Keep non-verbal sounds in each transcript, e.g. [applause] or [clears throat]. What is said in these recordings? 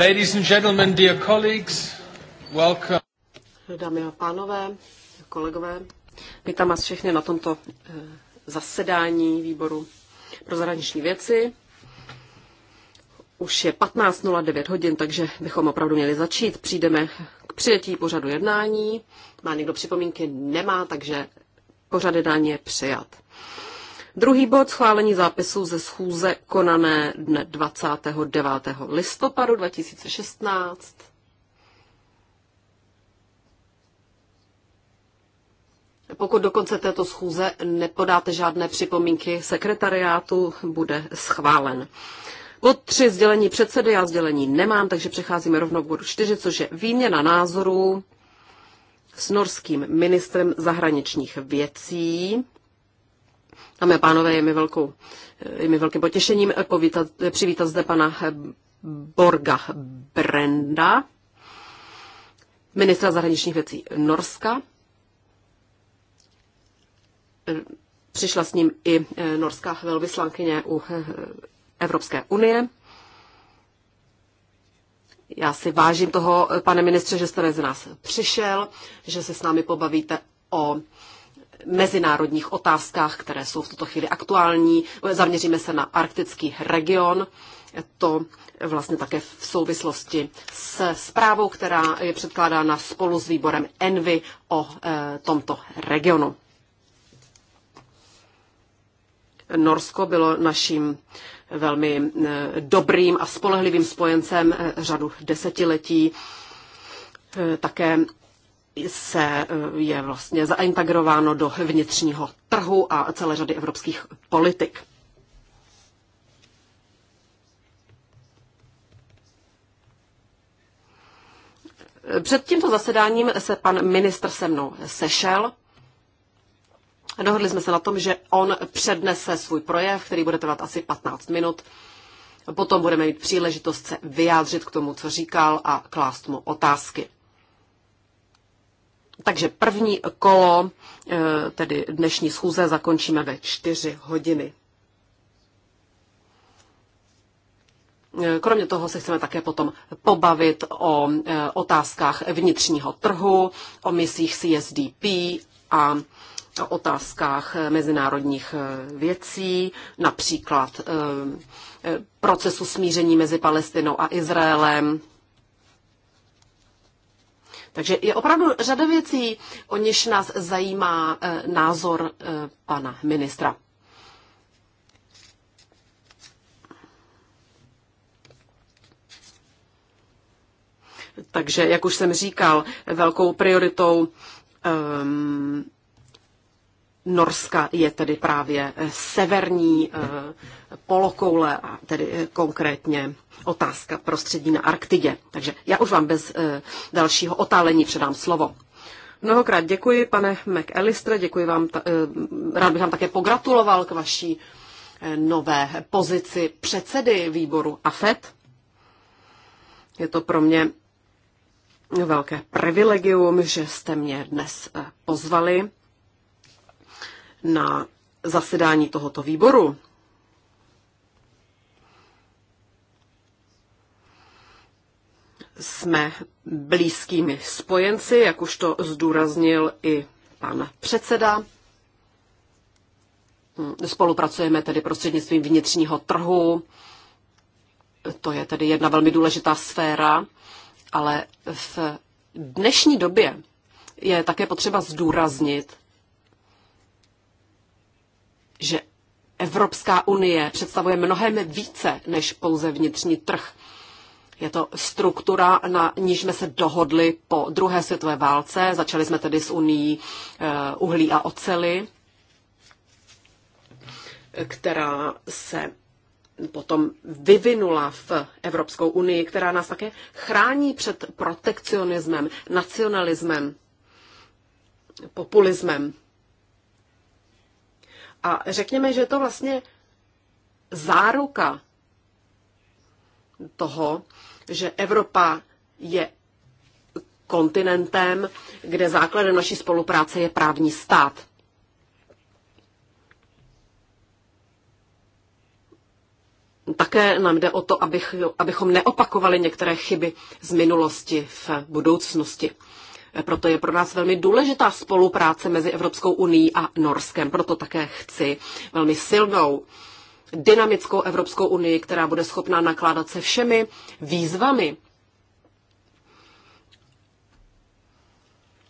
Ladies and gentlemen, dear colleagues, welcome. Dámy a pánové, kolegové, vítám vás všechny na tomto eh, zasedání výboru pro zahraniční věci. Už je 15.09 hodin, takže bychom opravdu měli začít. Přijdeme k přijetí pořadu jednání. Má někdo připomínky? Nemá, takže pořad jednání je přijat. Druhý bod schválení zápisu ze schůze konané dne 29. listopadu 2016. Pokud do konce této schůze nepodáte žádné připomínky sekretariátu, bude schválen. Bod tři sdělení předsedy já sdělení nemám, takže přecházíme rovnou k bodu čtyři, což je výměna názorů s norským ministrem zahraničních věcí Dámy a pánové, je mi, velkou, je mi velkým potěšením povítat, přivítat zde pana Borga Brenda, ministra zahraničních věcí Norska. Přišla s ním i norská velvyslankyně u Evropské unie. Já si vážím toho, pane ministře, že jste mezi nás přišel, že se s námi pobavíte o mezinárodních otázkách, které jsou v tuto chvíli aktuální. Zaměříme se na arktický region. To vlastně také v souvislosti s zprávou, která je předkládána spolu s výborem Envy o eh, tomto regionu. Norsko bylo naším eh, velmi eh, dobrým a spolehlivým spojencem řadu desetiletí. Také se eh, je vlastně zaintegrováno do vnitřního trhu a celé řady evropských politik. Před tímto zasedáním se pan ministr se mnou sešel. Dohodli jsme se na tom, že on přednese svůj projev, který bude trvat asi 15 minut. Potom budeme mít příležitost se vyjádřit k tomu, co říkal a klást mu otázky. Takže první kolo, eh, tedy dnešní schůze, zakončíme ve čtyři hodiny. Eh, kromě toho se chceme také potom pobavit o eh, otázkách vnitřního trhu, o misích CSDP a o otázkách mezinárodních věcí, například procesu smíření mezi Palestinou a Izraelem, takže je opravdu řada věcí, o něž nás zajímá eh, názor eh, pana ministra. Takže, jak už jsem říkal, velkou prioritou um, Norska je tedy právě eh, severní eh, polokoule a tedy eh, konkrétně otázka prostředí na Arktidě. Takže já už vám bez dalšího otálení předám slovo. Mnohokrát děkuji, pane McAllister, děkuji vám, rád bych vám také pogratuloval k vaší nové pozici předsedy výboru AFET. Je to pro mě velké privilegium, že jste mě dnes pozvali na zasedání tohoto výboru. Jsme blízkými spojenci, jak už to zdůraznil i pan předseda. Spolupracujeme tedy prostřednictvím vnitřního trhu. To je tedy jedna velmi důležitá sféra, ale v dnešní době je také potřeba zdůraznit, že Evropská unie představuje mnohem více než pouze vnitřní trh. Je to struktura, na níž jsme se dohodli po druhé světové válce. Začali jsme tedy s unii eh, uhlí a ocely, která se potom vyvinula v Evropskou unii, která nás také chrání před protekcionismem, nacionalismem, populismem. A řekněme, že je to vlastně záruka toho, že Evropa je kontinentem, kde základem naší spolupráce je právní stát. Také nám jde o to, abych, abychom neopakovali některé chyby z minulosti v budoucnosti. Proto je pro nás velmi důležitá spolupráce mezi Evropskou unii a Norskem. Proto také chci velmi silnou dynamickou Evropskou unii, která bude schopná nakládat se všemi výzvami,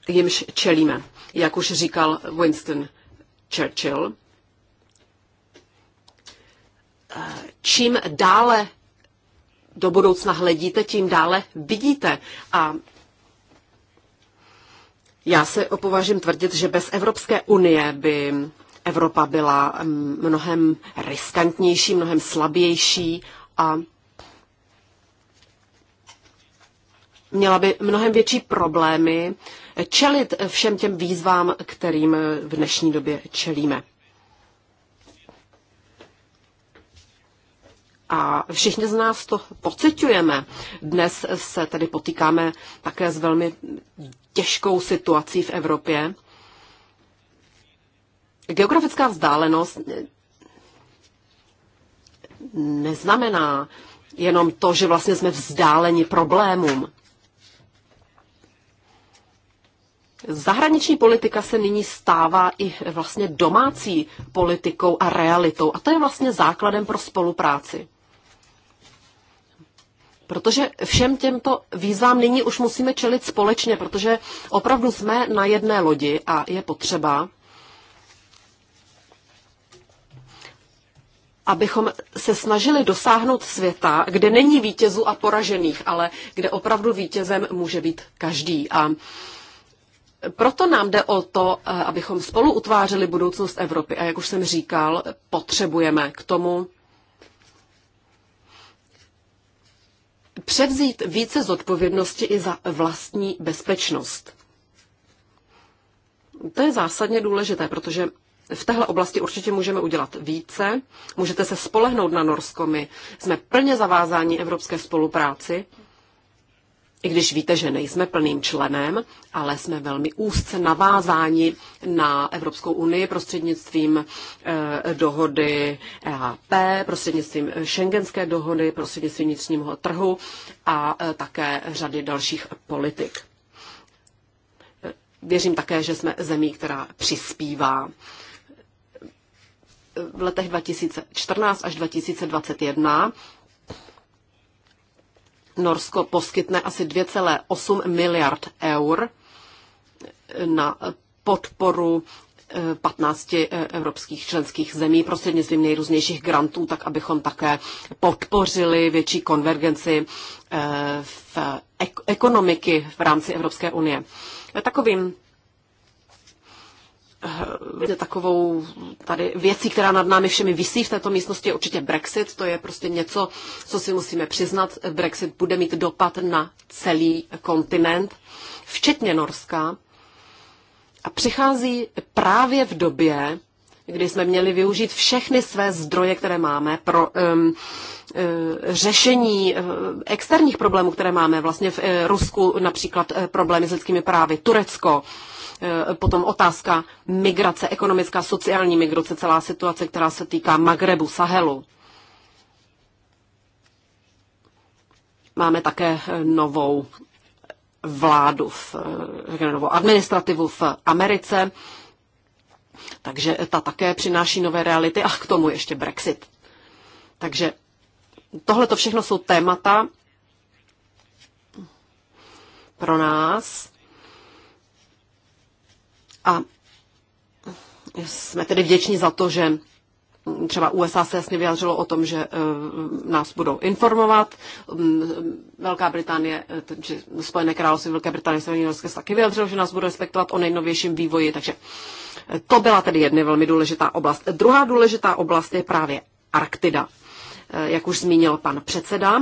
jimž čelíme. Jak už říkal Winston Churchill, čím dále do budoucna hledíte, tím dále vidíte. A já se opovažím tvrdit, že bez Evropské unie by Evropa byla mm, mnohem riskantnější, mnohem slabější a měla by mnohem větší problémy čelit všem těm výzvám, kterým v dnešní době čelíme. A všichni z nás to pocitujeme. Dnes se tedy potýkáme také s velmi těžkou situací v Evropě. Geografická vzdálenost neznamená jenom to, že vlastně jsme vzdáleni problémům. Zahraniční politika se nyní stává i vlastně domácí politikou a realitou a to je vlastně základem pro spolupráci. Protože všem těmto výzvám nyní už musíme čelit společně, protože opravdu jsme na jedné lodi a je potřeba, abychom se snažili dosáhnout světa, kde není vítězů a poražených, ale kde opravdu vítězem může být každý. A proto nám jde o to, eh, abychom spolu utvářeli budoucnost Evropy. A jak už jsem říkal, potřebujeme k tomu převzít více zodpovědnosti i za vlastní bezpečnost. To je zásadně důležité, protože v téhle oblasti určitě můžeme udělat více. Můžete se spolehnout na Norsko. My jsme plně zavázáni evropské spolupráci i když víte, že nejsme plným členem, ale jsme velmi úzce navázáni na Evropskou unii prostřednictvím eh, dohody EHP, prostřednictvím šengenské eh, dohody, prostřednictvím vnitřního trhu a eh, také řady dalších politik. Věřím také, že jsme zemí, která přispívá v letech 2014 až 2021 Norsko poskytne asi 2,8 miliard eur na podporu 15 eh, eh, evropských členských zemí prostřednictvím nejrůznějších grantů, tak abychom také podpořili větší konvergenci eh, v ekonomiky v rámci Evropské unie. Takovým Eh, takovou tady věcí, která nad námi všemi visí v této místnosti, je určitě Brexit. To je prostě něco, co si musíme přiznat. Brexit bude mít dopad na celý kontinent, včetně Norska. A přichází právě v době, kdy jsme měli využít všechny své zdroje, které máme pro um, řešení eh, externích problémů, které máme vlastně v Rusku, například problémy s lidskými právy, Turecko, Eh, potom otázka migrace, ekonomická, sociální migrace, celá situace, která se týká Magrebu, Sahelu. Máme také eh, novou vládu, v, eh, novou administrativu v Americe, takže ta také přináší nové reality a k tomu ještě Brexit. Takže tohle to všechno jsou témata pro nás, a jsme tedy vděční za to, že třeba USA se jasně vyjádřilo o tom, že e, nás budou informovat. Velká Británie, e, že Spojené království Velké Británie se Norské taky vyjádřilo, že nás budou respektovat o nejnovějším vývoji. Takže e, to byla tedy jedna velmi důležitá oblast. Druhá důležitá oblast je právě Arktida. Jak už zmínil pan předseda,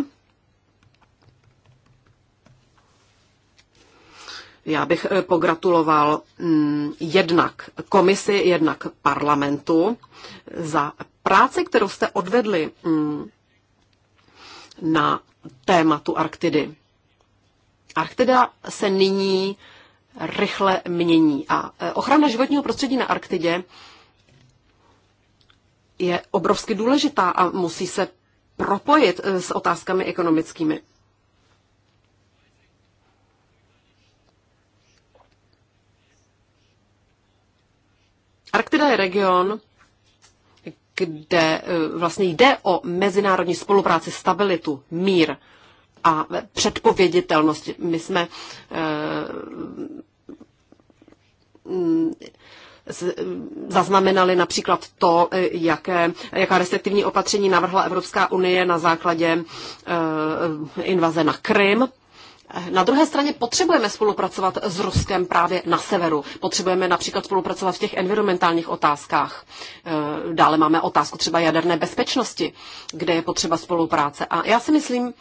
Já bych eh, pogratuloval mm, jednak komisi, jednak parlamentu za práci, kterou jste odvedli mm, na tématu Arktidy. Arktida se nyní rychle mění a eh, ochrana životního prostředí na Arktidě je obrovsky důležitá a musí se propojit eh, s otázkami ekonomickými. Arktida je region, kde e, vlastně jde o mezinárodní spolupráci, stabilitu, mír a předpověditelnost. My jsme e, zaznamenali například to, e, jaké, jaká restriktivní opatření navrhla Evropská unie na základě invaze na Krym na druhé straně potřebujeme spolupracovat s Ruskem právě na severu. Potřebujeme například spolupracovat v těch environmentálních otázkách. Eh, dále máme otázku třeba jaderné bezpečnosti, kde je potřeba spolupráce. A já si myslím,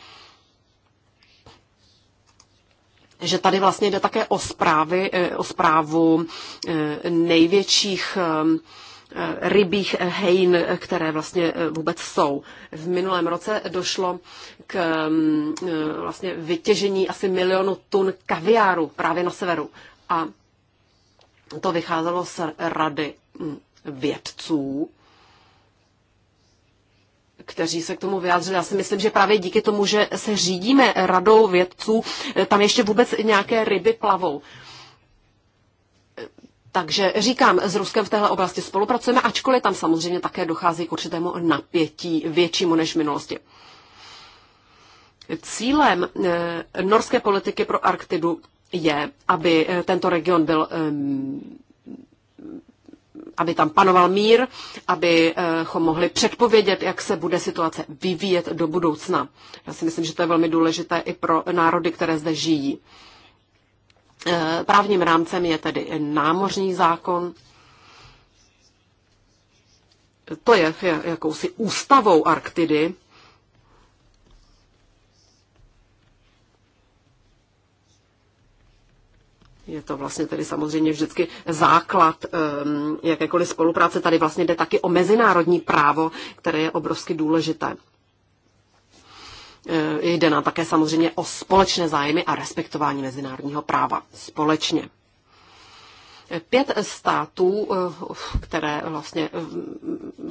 že tady vlastně jde také o, zprávy, eh, o zprávu eh, největších Eh, rybích hejn, které vlastně eh, vůbec jsou. V minulém roce došlo k mm, eh, vlastně vytěžení asi milionu tun kaviáru právě na severu. A to vycházelo z rady mm, vědců, kteří se k tomu vyjádřili. Já si myslím, že právě díky tomu, že se řídíme radou vědců, tam ještě vůbec nějaké ryby plavou. Takže říkám, s Ruskem v téhle oblasti spolupracujeme, ačkoliv tam samozřejmě také dochází k určitému napětí většímu než v minulosti. Cílem eh, norské politiky pro Arktidu je, aby eh, tento region byl ehm, aby tam panoval mír, abychom eh, mohli předpovědět, jak se bude situace vyvíjet do budoucna. Já si myslím, že to je velmi důležité i pro národy, které zde žijí. Eh, právním rámcem je tedy námořní zákon. To je jakousi ústavou Arktidy. Je to vlastně tedy samozřejmě vždycky základ um, jakékoliv spolupráce. Tady vlastně jde taky o mezinárodní právo, které je obrovsky důležité. Eh, jde nám také samozřejmě o společné zájmy a respektování mezinárodního práva společně. Eh, pět států, eh, které vlastně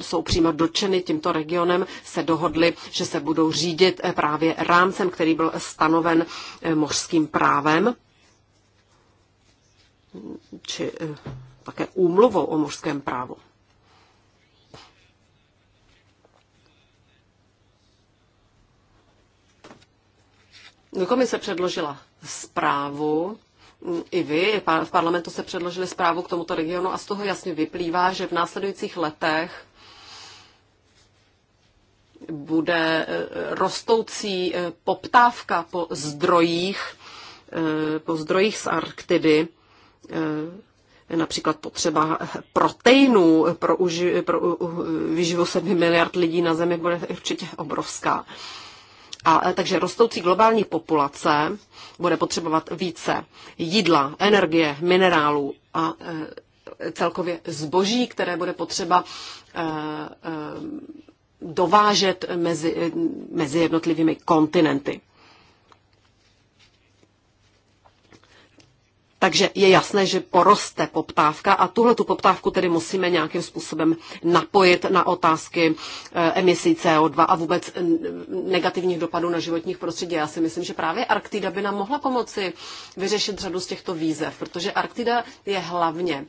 jsou přímo dotčeny tímto regionem, se dohodly, že se budou řídit právě rámcem, který byl stanoven mořským právem, či také úmluvou o mořském právu. Komise předložila zprávu, i vy v parlamentu se předložili zprávu k tomuto regionu a z toho jasně vyplývá, že v následujících letech bude eh, rostoucí eh, poptávka po zdrojích, eh, po zdrojích z Arktidy, například potřeba proteinů pro, uži, pro výživu 7 miliard lidí na Zemi bude určitě obrovská. A, e, takže rostoucí globální populace bude potřebovat více jídla, energie, minerálů a e, celkově zboží, které bude potřeba e, dovážet mezi, mezi jednotlivými kontinenty. Takže je jasné, že poroste poptávka a tuhle tu poptávku tedy musíme nějakým způsobem napojit na otázky eh, emisí CO2 a vůbec negativních dopadů na životních prostředí. Já si myslím, že právě Arktida by nám mohla pomoci vyřešit řadu z těchto výzev, protože Arktida je hlavně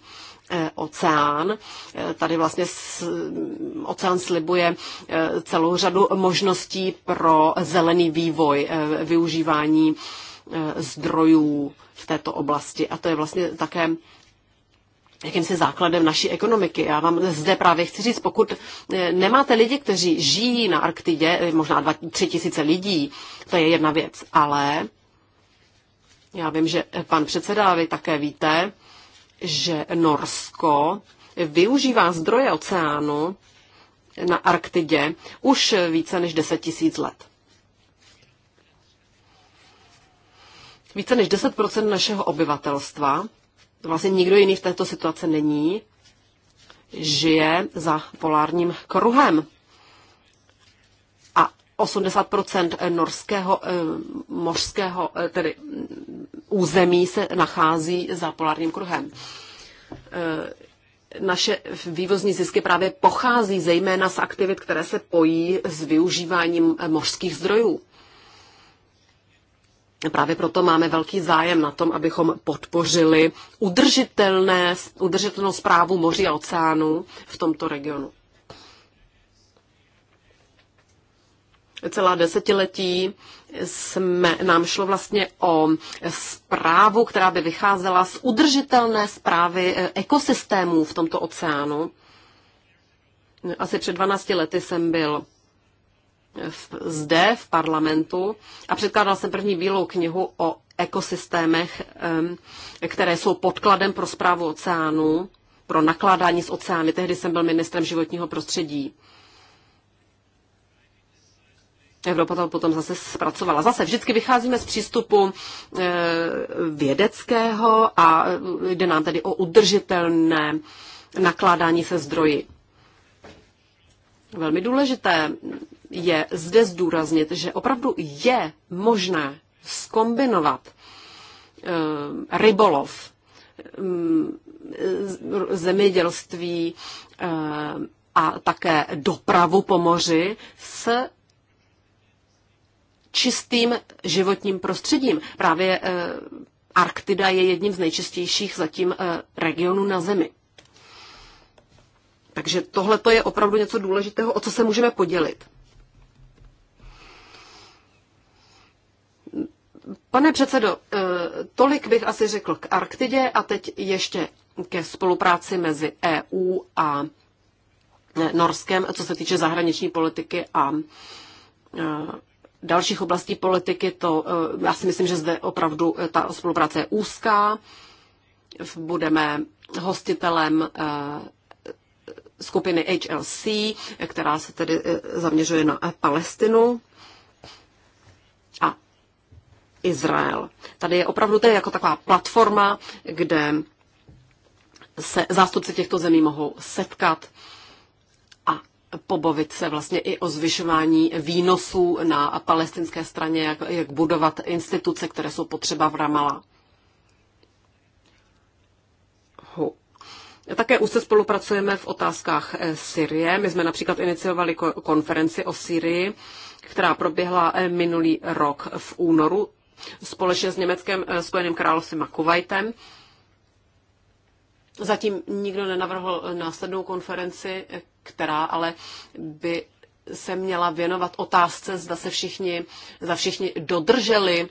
eh, oceán. Eh, tady vlastně oceán slibuje celou řadu možností pro zelený vývoj, využívání Eh, zdrojů v této oblasti. A to je vlastně také jakýmsi základem naší ekonomiky. Já vám zde právě chci říct, pokud eh, nemáte lidi, kteří žijí na Arktidě, eh, možná dva, tři tisíce lidí, to je jedna věc, ale já vím, že pan předseda, vy také víte, že Norsko využívá zdroje oceánu na Arktidě už více než 10 tisíc let. více než 10% našeho obyvatelstva, vlastně nikdo jiný v této situaci není, žije za polárním kruhem. A 80% norského eh, mořského, eh, tedy mm, území se nachází za polárním kruhem eh, naše vývozní zisky právě pochází zejména z aktivit, které se pojí s využíváním mořských zdrojů. Právě proto máme velký zájem na tom, abychom podpořili udržitelné, udržitelnou zprávu moří a oceánů v tomto regionu. celá desetiletí jsme, nám šlo vlastně o zprávu, která by vycházela z udržitelné zprávy eh, ekosystémů v tomto oceánu. Asi před 12 lety jsem byl v, zde v parlamentu a předkládal jsem první bílou knihu o ekosystémech, které jsou podkladem pro zprávu oceánů, pro nakládání s oceány. Tehdy jsem byl ministrem životního prostředí. Evropa to potom zase zpracovala. Zase vždycky vycházíme z přístupu eh, vědeckého a eh, jde nám tedy o udržitelné nakládání se zdroji. Velmi důležité je zde zdůraznit, že opravdu je možné skombinovat eh, rybolov, mm, eh, zemědělství eh, a také dopravu po moři s čistým životním prostředím. Právě Arktida je jedním z nejčistějších zatím regionů na Zemi. Takže tohle je opravdu něco důležitého, o co se můžeme podělit. Pane předsedo, eh, tolik bych asi řekl k Arktidě a teď ještě ke spolupráci mezi EU a eh, Norskem, co se týče zahraniční politiky a eh, dalších oblastí politiky, to já si myslím, že zde opravdu ta spolupráce je úzká. Budeme hostitelem skupiny HLC, která se tedy zaměřuje na Palestinu. Izrael. Tady je opravdu to je jako taková platforma, kde se zástupci těchto zemí mohou setkat a pobavit se vlastně i o zvyšování výnosů na palestinské straně, jak, jak budovat instituce, které jsou potřeba v Ramala. Také už se spolupracujeme v otázkách eh, Syrie. My jsme například iniciovali konferenci o Syrii, která proběhla eh, minulý rok v únoru společně s Německem, eh, Spojeným královstvím a Kuwaitem. Zatím nikdo nenavrhl eh, následnou konferenci, eh, která ale by se měla věnovat otázce, zda se všichni, za všichni dodrželi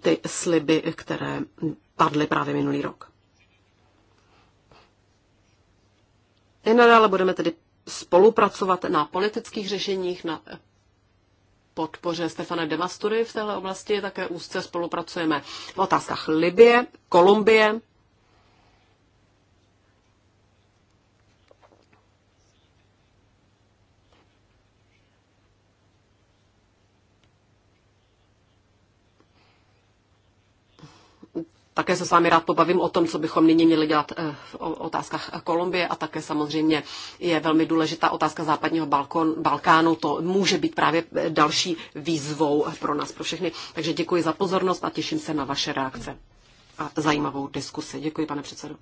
ty sliby, které padly právě minulý rok. I nadále budeme tedy spolupracovat na politických řešeních, na podpoře Stefana Demastury v této oblasti také úzce spolupracujeme v otázkách Libie, Kolumbie, Také se s vámi rád pobavím o tom, co bychom nyní měli dělat eh, v otázkách eh, Kolumbie a také samozřejmě je velmi důležitá otázka západního Balkon, Balkánu. To může být právě eh, další výzvou pro nás, pro všechny. Takže děkuji za pozornost a těším se na vaše reakce a zajímavou diskusi. Děkuji, pane předsedo.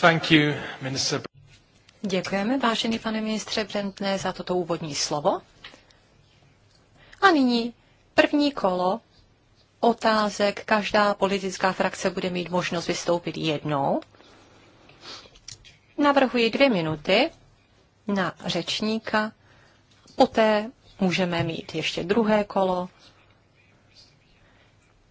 Thank you, minister. Děkujeme, vážený pane ministře Brentné, za toto úvodní slovo. A nyní První kolo otázek každá politická frakce bude mít možnost vystoupit jednou. Navrhuji dvě minuty na řečníka, poté můžeme mít ještě druhé kolo.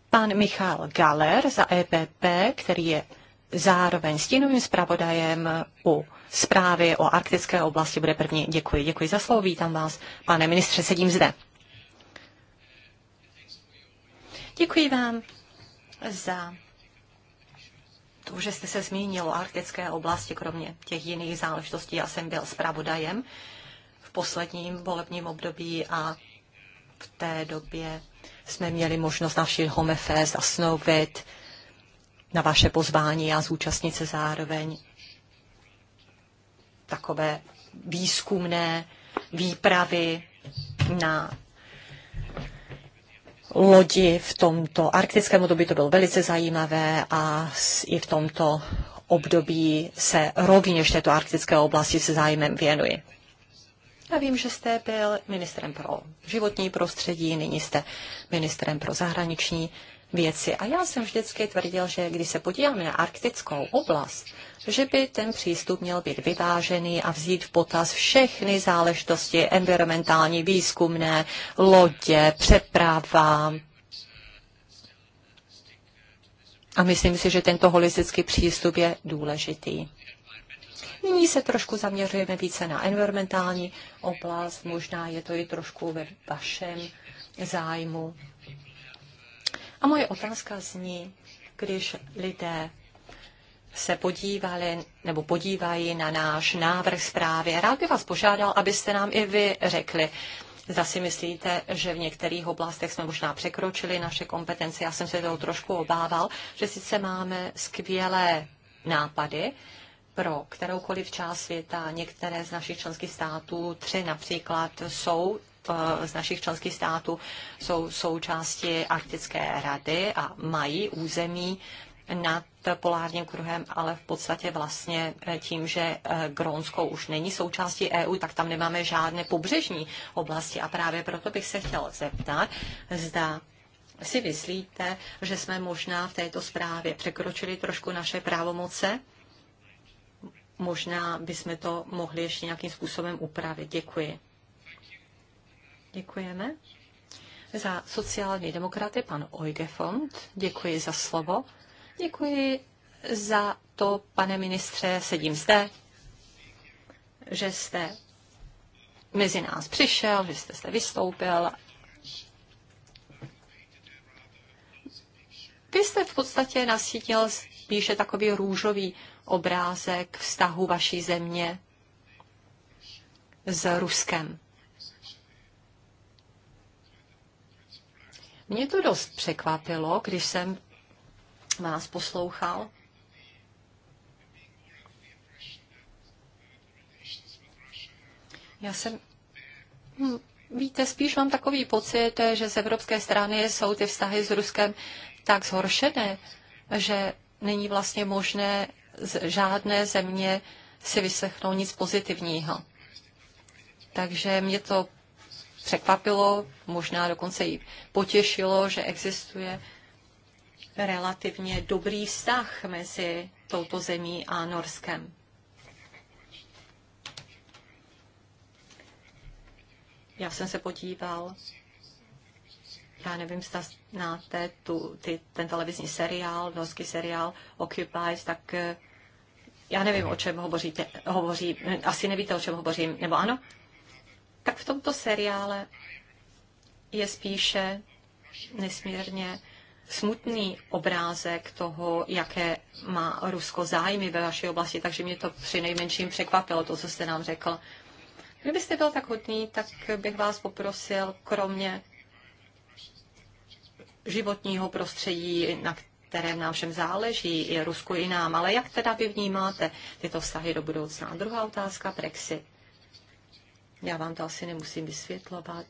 Pan Michal Galer za EPP, který je zároveň stínovým zpravodajem u zprávy o arktické oblasti, bude první. Děkuji, děkuji za slovo, vítám vás. Pane ministře, sedím zde. Děkuji vám za to, že jste se zmínil o arktické oblasti, kromě těch jiných záležitostí. Já jsem byl zpravodajem v posledním volebním období a v té době jsme měli možnost navštívit Homefest a snoubit na vaše pozvání a zúčastnit se zároveň takové výzkumné výpravy na lodi v tomto arktickém období, to bylo velice zajímavé a i v tomto období se rovněž této arktické oblasti se zájmem věnuji. Já vím, že jste byl ministrem pro životní prostředí, nyní jste ministrem pro zahraniční věci. A já jsem vždycky tvrdil, že když se podíváme na arktickou oblast, že by ten přístup měl být vyvážený a vzít v potaz všechny záležitosti environmentální, výzkumné, lodě, přeprava. A myslím si, že tento holistický přístup je důležitý. Nyní se trošku zaměřujeme více na environmentální oblast, možná je to i trošku ve vašem zájmu. A moje otázka zní, když lidé se podívali nebo podívají na náš návrh zprávy. Rád bych vás požádal, abyste nám i vy řekli, Zda si myslíte, že v některých oblastech jsme možná překročili naše kompetence? Já jsem se toho trošku obával, že sice máme skvělé nápady pro kteroukoliv část světa, některé z našich členských států, tři například, jsou Eh, z našich členských států jsou součástí Arktické rady a mají území nad polárním kruhem, ale v podstatě vlastně eh, tím, že eh, Grónsko už není součástí EU, tak tam nemáme žádné pobřežní oblasti. A právě proto bych se chtěla zeptat, zda si myslíte, že jsme možná v této zprávě překročili trošku naše právomoce? Možná bychom to mohli ještě nějakým způsobem upravit. Děkuji. Děkujeme. Za sociální demokraty pan Oigefond. Děkuji za slovo. Děkuji za to, pane ministře, sedím zde, že jste mezi nás přišel, že jste zde vystoupil. Vy jste v podstatě nasítil spíše takový růžový obrázek vztahu vaší země s Ruskem. Mě to dost překvapilo, když jsem vás poslouchal. Já jsem hm, Víte, spíš mám takový pocit, že z evropské strany jsou ty vztahy s Ruskem tak zhoršené, že není vlastně možné z žádné země si vyslechnout nic pozitivního. Takže mě to překvapilo, možná dokonce i potěšilo, že existuje relativně dobrý vztah mezi touto zemí a Norskem. Já jsem se podíval, já nevím, zda znáte tu, ty, ten televizní seriál, norský seriál Occupies, tak eh, já nevím, o čem hovoříte, hovoří, asi nevíte, o čem hovořím, nebo ano? tak v tomto seriále je spíše nesmírně smutný obrázek toho, jaké má Rusko zájmy ve vaší oblasti, takže mě to při nejmenším překvapilo, to, co jste nám řekl. Kdybyste byl tak hodný, tak bych vás poprosil, kromě životního prostředí, na kterém nám všem záleží, i Rusku, i nám, ale jak teda vy vnímáte tyto vztahy do budoucna? A druhá otázka, Brexit. Já vám to asi nemusím vysvětlovat,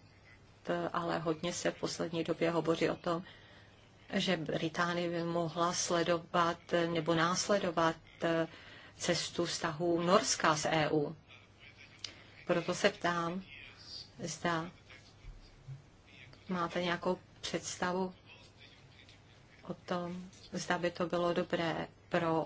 ale hodně se v poslední době hovoří o tom, že Británie by mohla sledovat nebo následovat cestu vztahů Norska z EU. Proto se ptám, zda máte nějakou představu o tom, zda by to bylo dobré pro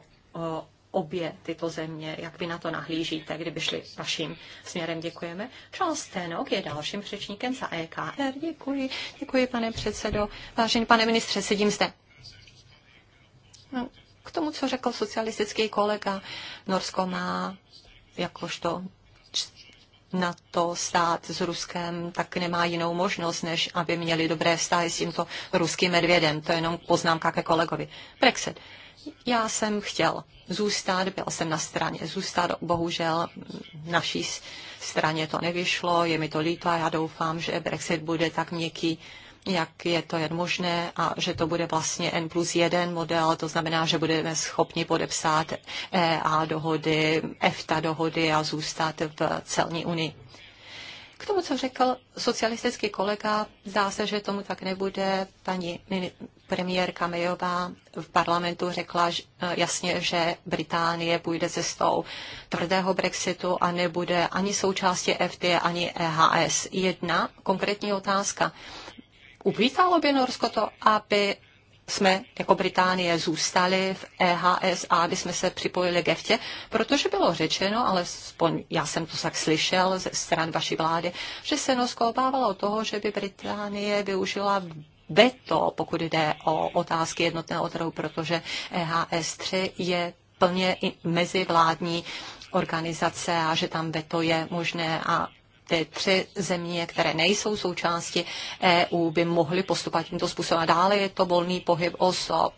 obě tyto země, jak vy na to nahlížíte, kdyby šli vaším směrem. Děkujeme. Charles Tenok je dalším řečníkem za EKR. Děkuji, děkuji, pane předsedo. Vážený pane ministře, sedím zde. No, k tomu, co řekl socialistický kolega, Norsko má jakožto na to stát s Ruskem, tak nemá jinou možnost, než aby měli dobré vztahy s tímto ruským medvědem. To je jenom poznámka ke kolegovi. Brexit já jsem chtěl zůstat, byl jsem na straně zůstat, bohužel naší straně to nevyšlo, je mi to líto a já doufám, že Brexit bude tak měkký, jak je to jen možné a že to bude vlastně N plus 1 model, to znamená, že budeme schopni podepsat EA dohody, EFTA dohody a zůstat v celní unii. K tomu, co řekl socialistický kolega, zdá se, že tomu tak nebude. Paní premiérka Kamejová v parlamentu řekla jasně, že Británie půjde cestou tvrdého Brexitu a nebude ani součástí FT, ani EHS. Jedna konkrétní otázka. Uvítalo by Norsko to, aby jsme jako Británie zůstali v EHS a aby jsme se připojili k EFTě, protože bylo řečeno, ale já jsem to tak slyšel ze stran vaší vlády, že se Nosko obávalo toho, že by Británie využila veto, pokud jde o otázky jednotného trhu, protože EHS 3 je plně mezivládní organizace a že tam veto je možné a ty tři země, které nejsou součástí EU, by mohly postupovat tímto způsobem. A dále je to volný pohyb osob.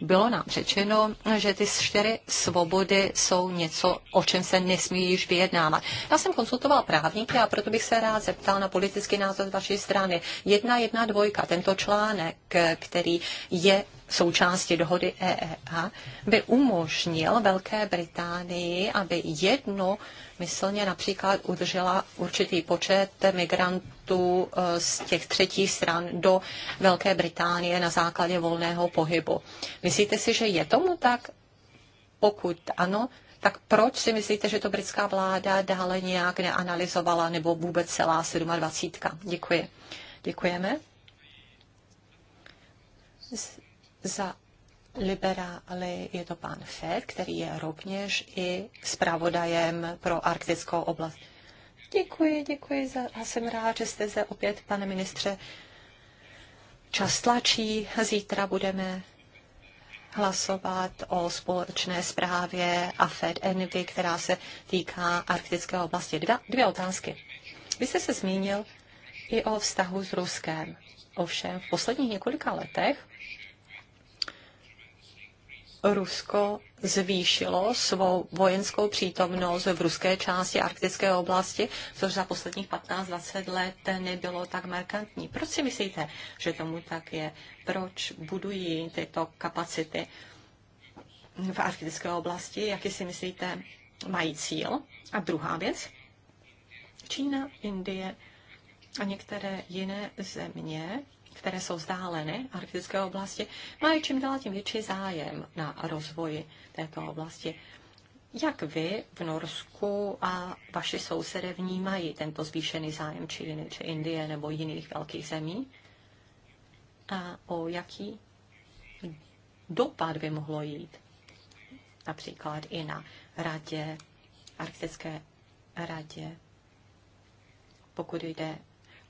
Bylo nám řečeno, že ty čtyři svobody jsou něco, o čem se nesmí již vyjednávat. Já jsem konsultoval právníky a proto bych se rád zeptal na politický názor z vaší strany. Jedna, jedna, dvojka, tento článek, který je součástí dohody EEA, by umožnil Velké Británii, aby jedno myslně například udržela určitý počet migrantů eh, z těch třetích stran do Velké Británie na základě volného pohybu. Myslíte si, že je tomu tak? Pokud ano, tak proč si myslíte, že to britská vláda dále nějak neanalyzovala nebo vůbec celá 27? Děkuji. Děkujeme. Za liberály je to pan Fed, který je rovněž i zpravodajem pro arktickou oblast. Děkuji, děkuji za, a jsem rád, že jste se opět, pane ministře. Čas tlačí, zítra budeme hlasovat o společné zprávě a Fed Envy, která se týká arktické oblasti. Dva, dvě otázky. Vy jste se zmínil i o vztahu s Ruskem. Ovšem, v posledních několika letech Rusko zvýšilo svou vojenskou přítomnost v ruské části arktické oblasti, což za posledních 15-20 let nebylo tak markantní. Proč si myslíte, že tomu tak je? Proč budují tyto kapacity v arktické oblasti? Jaký si myslíte mají cíl? A druhá věc, Čína, Indie a některé jiné země které jsou vzdáleny arktické oblasti, mají čím dál tím větší zájem na rozvoji této oblasti. Jak vy v Norsku a vaši sousedé vnímají tento zvýšený zájem Číny či Indie nebo jiných velkých zemí? A o jaký dopad by mohlo jít například i na radě, arktické radě, pokud jde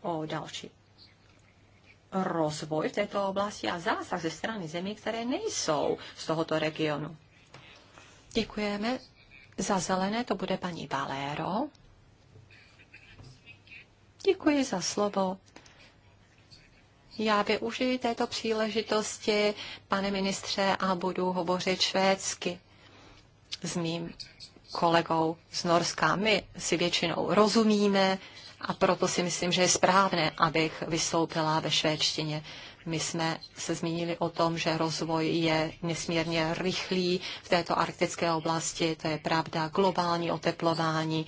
o další rozvoj v této oblasti a zásah ze strany zemí, které nejsou z tohoto regionu. Děkujeme. Za zelené to bude paní Valero. Děkuji za slovo. Já využiji této příležitosti, pane ministře, a budu hovořit švédsky s mým kolegou z Norska. My si většinou rozumíme, a proto si myslím, že je správné, abych vystoupila ve švédštině. My jsme se zmínili o tom, že rozvoj je nesmírně rychlý v této arktické oblasti, to je pravda, globální oteplování,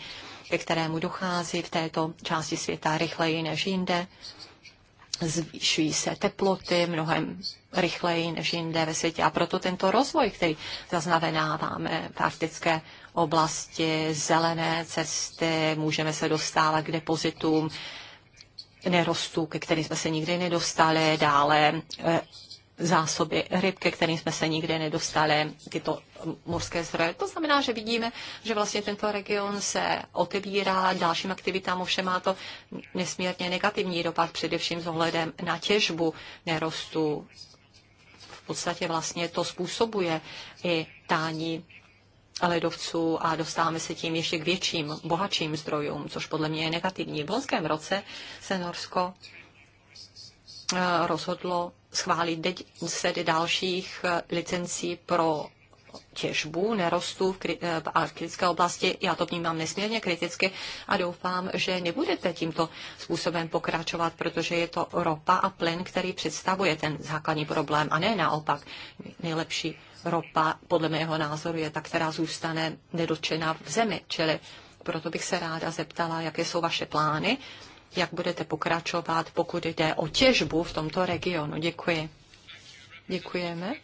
ke kterému dochází v této části světa rychleji než jinde. Zvýšují se teploty mnohem rychleji než jinde ve světě a proto tento rozvoj, který zaznamenáváme v arktické oblasti zelené cesty, můžeme se dostávat k depozitům nerostů, ke kterým jsme se nikdy nedostali, dále eh, zásoby ryb, ke kterým jsme se nikdy nedostali, tyto mořské zdroje. To znamená, že vidíme, že vlastně tento region se otevírá dalším aktivitám, ovšem má to nesmírně negativní dopad, především s ohledem na těžbu nerostů. V podstatě vlastně to způsobuje i tání ledovců a dostáváme se tím ještě k větším, bohatším zdrojům, což podle mě je negativní. V loňském roce se Norsko eh, rozhodlo schválit 10 dalších eh, licencí pro těžbu nerostů v eh, arktické oblasti. Já to vnímám nesmírně kriticky a doufám, že nebudete tímto způsobem pokračovat, protože je to ropa a plyn, který představuje ten základní problém a ne naopak nejlepší ropa, podle mého názoru, je ta, která zůstane nedotčená v zemi. Čili proto bych se ráda zeptala, jaké jsou vaše plány, jak budete pokračovat, pokud jde o těžbu v tomto regionu. Děkuji. Děkujeme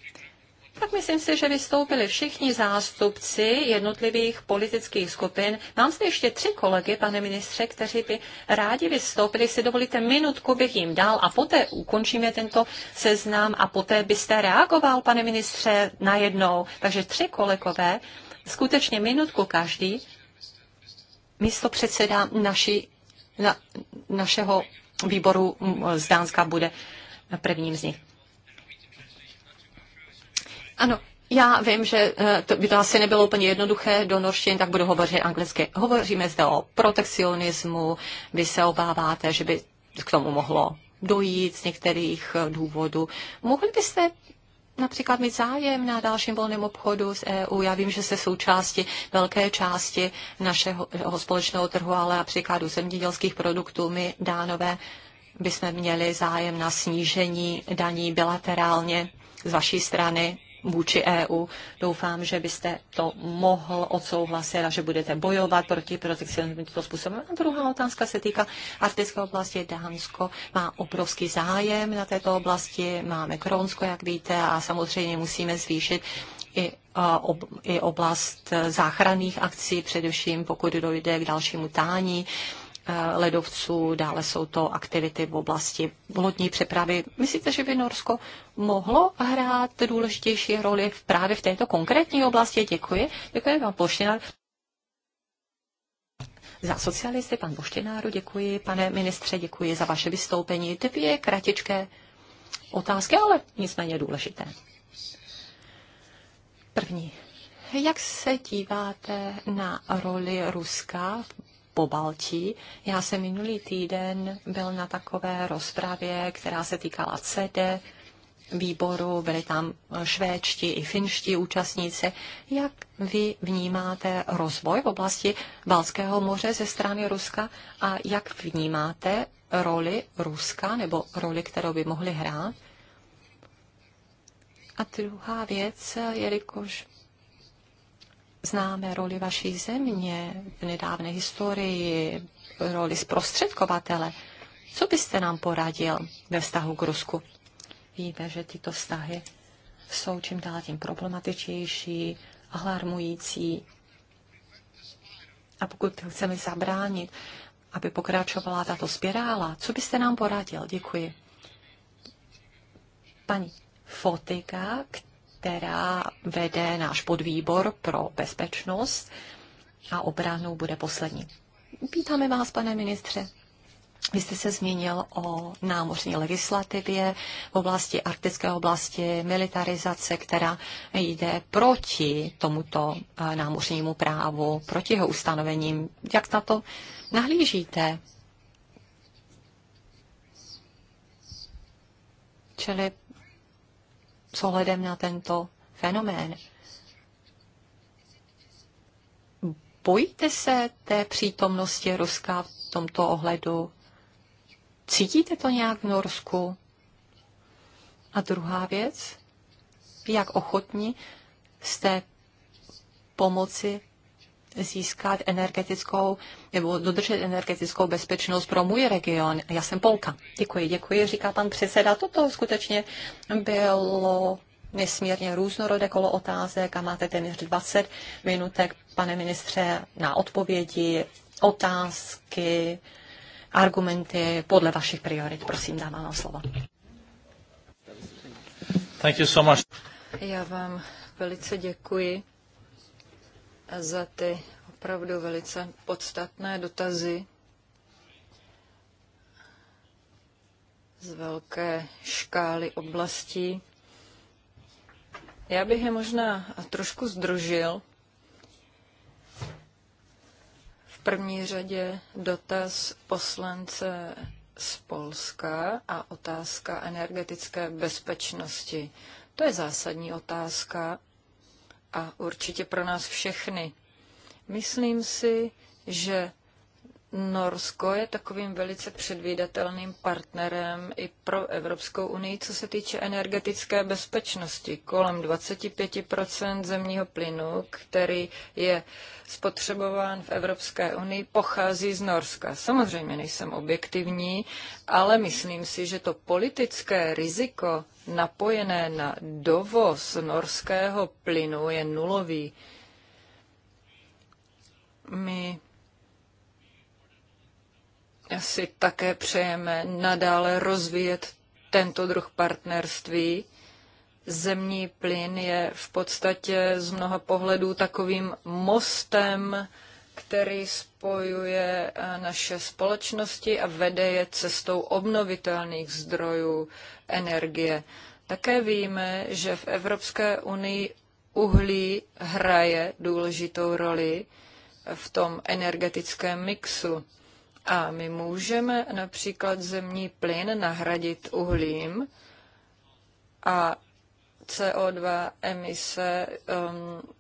tak myslím si, že vystoupili všichni zástupci jednotlivých politických skupin. Mám zde ještě tři kolegy, pane ministře, kteří by rádi vystoupili. Si dovolíte minutku, bych jim dal a poté ukončíme tento seznam a poté byste reagoval, pane ministře, najednou. Takže tři kolegové, skutečně minutku každý, místo předseda naši, na, našeho výboru z Dánska bude prvním z nich. Ano, já vím, že eh, to by to asi nebylo úplně jednoduché do norštiny, tak budu hovořit anglicky. Hovoříme zde o protekcionismu, vy se obáváte, že by k tomu mohlo dojít z některých eh, důvodů. Mohli byste například mít zájem na dalším volném obchodu s EU. Já vím, že se součástí velké části našeho společného trhu, ale například u zemědělských produktů my dánové bychom měli zájem na snížení daní bilaterálně z vaší strany vůči EU. Doufám, že byste to mohl odsouhlasit a že budete bojovat proti protekcionismu tímto způsobem. A druhá otázka se týká arktické oblasti. Dánsko má obrovský zájem na této oblasti. Máme Kronsko, jak víte, a samozřejmě musíme zvýšit i, i oblast záchranných akcí, především pokud dojde k dalšímu tání Eh, ledovců, dále jsou to aktivity v oblasti lodní přepravy. Myslíte, že by Norsko mohlo hrát důležitější roli právě v této konkrétní oblasti? Děkuji. Děkuji vám, Poštěnár. Za socialisty, pan Boštěnáru, děkuji. Pane ministře, děkuji za vaše vystoupení. Dvě kratičké otázky, ale nicméně důležité. První. Jak se díváte na roli Ruska po Baltii. Já jsem minulý týden byl na takové rozpravě, která se týkala CD výboru, byli tam švédští i finští účastníci. Jak vy vnímáte rozvoj v oblasti Balského moře ze strany Ruska a jak vnímáte roli Ruska nebo roli, kterou by mohli hrát? A druhá věc, jelikož známe roli vaší země v nedávné historii, roli zprostředkovatele. Co byste nám poradil ve vztahu k Rusku? Víme, že tyto vztahy jsou čím dál tím problematičnější, alarmující. A pokud chceme zabránit, aby pokračovala tato spirála, co byste nám poradil? Děkuji. Paní Fotika, která vede náš podvýbor pro bezpečnost a obranu bude poslední. Vítáme vás, pane ministře. Vy jste se zmínil o námořní legislativě v oblasti arktické oblasti, militarizace, která jde proti tomuto eh, námořnímu právu, proti jeho ustanovením. Jak na to nahlížíte? Čili s ohledem na tento fenomén. Bojíte se té přítomnosti Ruska v tomto ohledu? Cítíte to nějak v Norsku? A druhá věc, jak ochotní jste pomoci získat energetickou nebo dodržet energetickou bezpečnost pro můj region. Já jsem Polka. Děkuji, děkuji, říká pan předseda. Toto skutečně bylo nesmírně různorodé kolo otázek a máte téměř 20 minutek, pane ministře, na odpovědi, otázky, argumenty podle vašich priorit. Prosím, dám vám slovo. Thank you so much. Já vám velice děkuji za ty opravdu velice podstatné dotazy z velké škály oblastí. Já bych je možná trošku združil. V první řadě dotaz poslance z Polska a otázka energetické bezpečnosti. To je zásadní otázka a určitě pro nás všechny. Myslím si, že Norsko je takovým velice předvídatelným partnerem i pro Evropskou unii, co se týče energetické bezpečnosti. Kolem 25 zemního plynu, který je spotřebován v Evropské unii, pochází z Norska. Samozřejmě nejsem objektivní, ale myslím si, že to politické riziko napojené na dovoz norského plynu je nulový. My si také přejeme nadále rozvíjet tento druh partnerství. Zemní plyn je v podstatě z mnoha pohledů takovým mostem, který spojuje eh, naše společnosti a vede je cestou obnovitelných zdrojů energie. Také víme, že v Evropské unii uhlí hraje důležitou roli v tom energetickém mixu. A my můžeme například zemní plyn nahradit uhlím a CO2 emise um,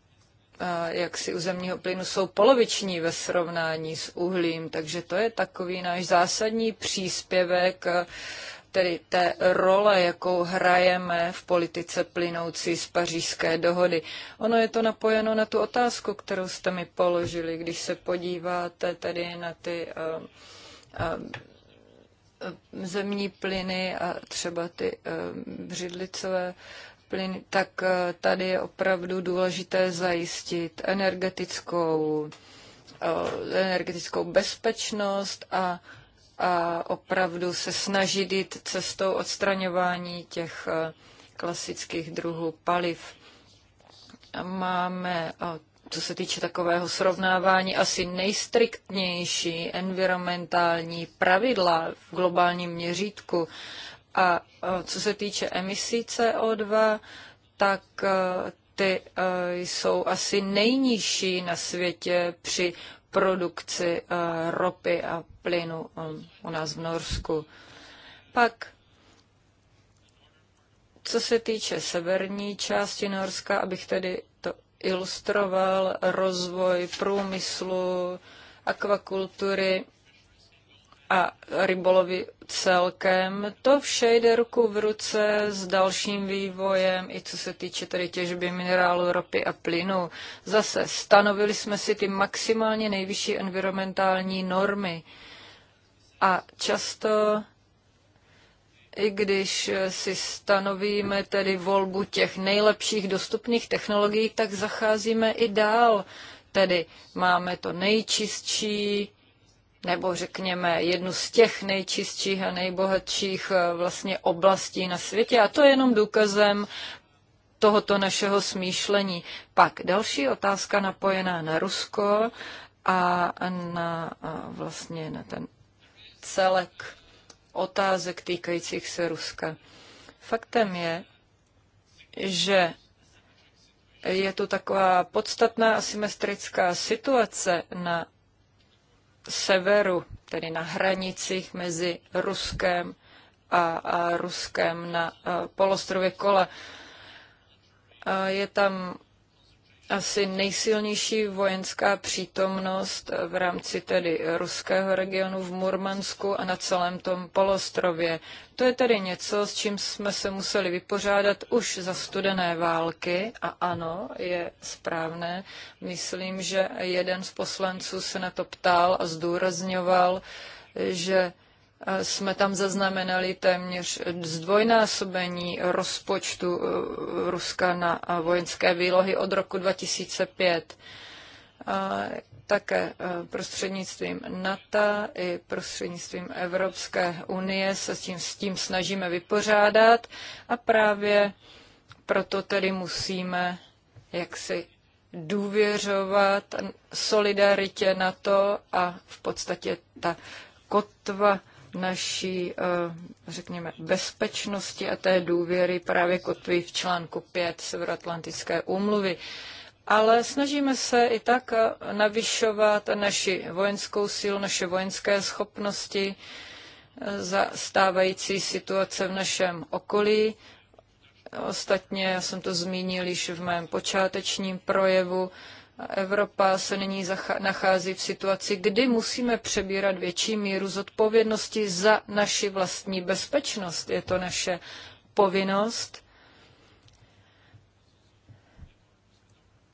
jak si u zemního plynu jsou poloviční ve srovnání s uhlím, takže to je takový náš zásadní příspěvek tedy té role, jakou hrajeme v politice plynoucí z pařížské dohody. Ono je to napojeno na tu otázku, kterou jste mi položili, když se podíváte tedy na ty um, um, zemní plyny a třeba ty um, břidlicové plyny, tak uh, tady je opravdu důležité zajistit energetickou, uh, energetickou bezpečnost a a opravdu se snažit jít cestou odstraňování těch e, klasických druhů paliv. Máme, co se týče takového srovnávání, asi nejstriktnější environmentální pravidla v globálním měřítku. A e, co se týče emisí CO2, tak e, ty jsou asi nejnižší na světě při produkci eh, ropy a plynu eh, u nás v Norsku. Pak, co se týče severní části Norska, abych tedy to ilustroval, rozvoj průmyslu, akvakultury, a rybolovi celkem. To vše jde ruku v ruce s dalším vývojem, i co se týče tedy těžby minerálu, ropy a plynu. Zase stanovili jsme si ty maximálně nejvyšší environmentální normy. A často i když si stanovíme tedy volbu těch nejlepších dostupných technologií, tak zacházíme i dál. Tedy máme to nejčistší, nebo řekněme jednu z těch nejčistších a nejbohatších eh, vlastně oblastí na světě. A to je jenom důkazem tohoto našeho smýšlení. Pak další otázka napojená na Rusko a na a vlastně na ten celek otázek týkajících se Ruska. Faktem je, že je tu taková podstatná asymetrická situace na severu, tedy na hranicích mezi Ruskem a, a Ruskem na a polostrově Kola. A je tam asi nejsilnější vojenská přítomnost v rámci tedy ruského regionu v Murmansku a na celém tom polostrově. To je tedy něco, s čím jsme se museli vypořádat už za studené války a ano, je správné. Myslím, že jeden z poslanců se na to ptal a zdůrazňoval, že Eh, jsme tam zaznamenali téměř zdvojnásobení rozpočtu eh, Ruska na eh, vojenské výlohy od roku 2005. Také prostřednictvím NATO i prostřednictvím Evropské unie se s tím, s tím snažíme vypořádat a právě proto tedy musíme jaksi důvěřovat solidaritě NATO a v podstatě ta kotva naší, eh, řekněme, bezpečnosti a té důvěry právě kotví v článku 5 Severoatlantické úmluvy. Ale snažíme se i tak eh, navyšovat naši vojenskou sílu, naše vojenské schopnosti eh, za stávající situace v našem okolí. Ostatně, já jsem to zmínil již v mém počátečním projevu, Evropa se nyní nachází v situaci, kdy musíme přebírat větší míru zodpovědnosti za naši vlastní bezpečnost. Je to naše povinnost.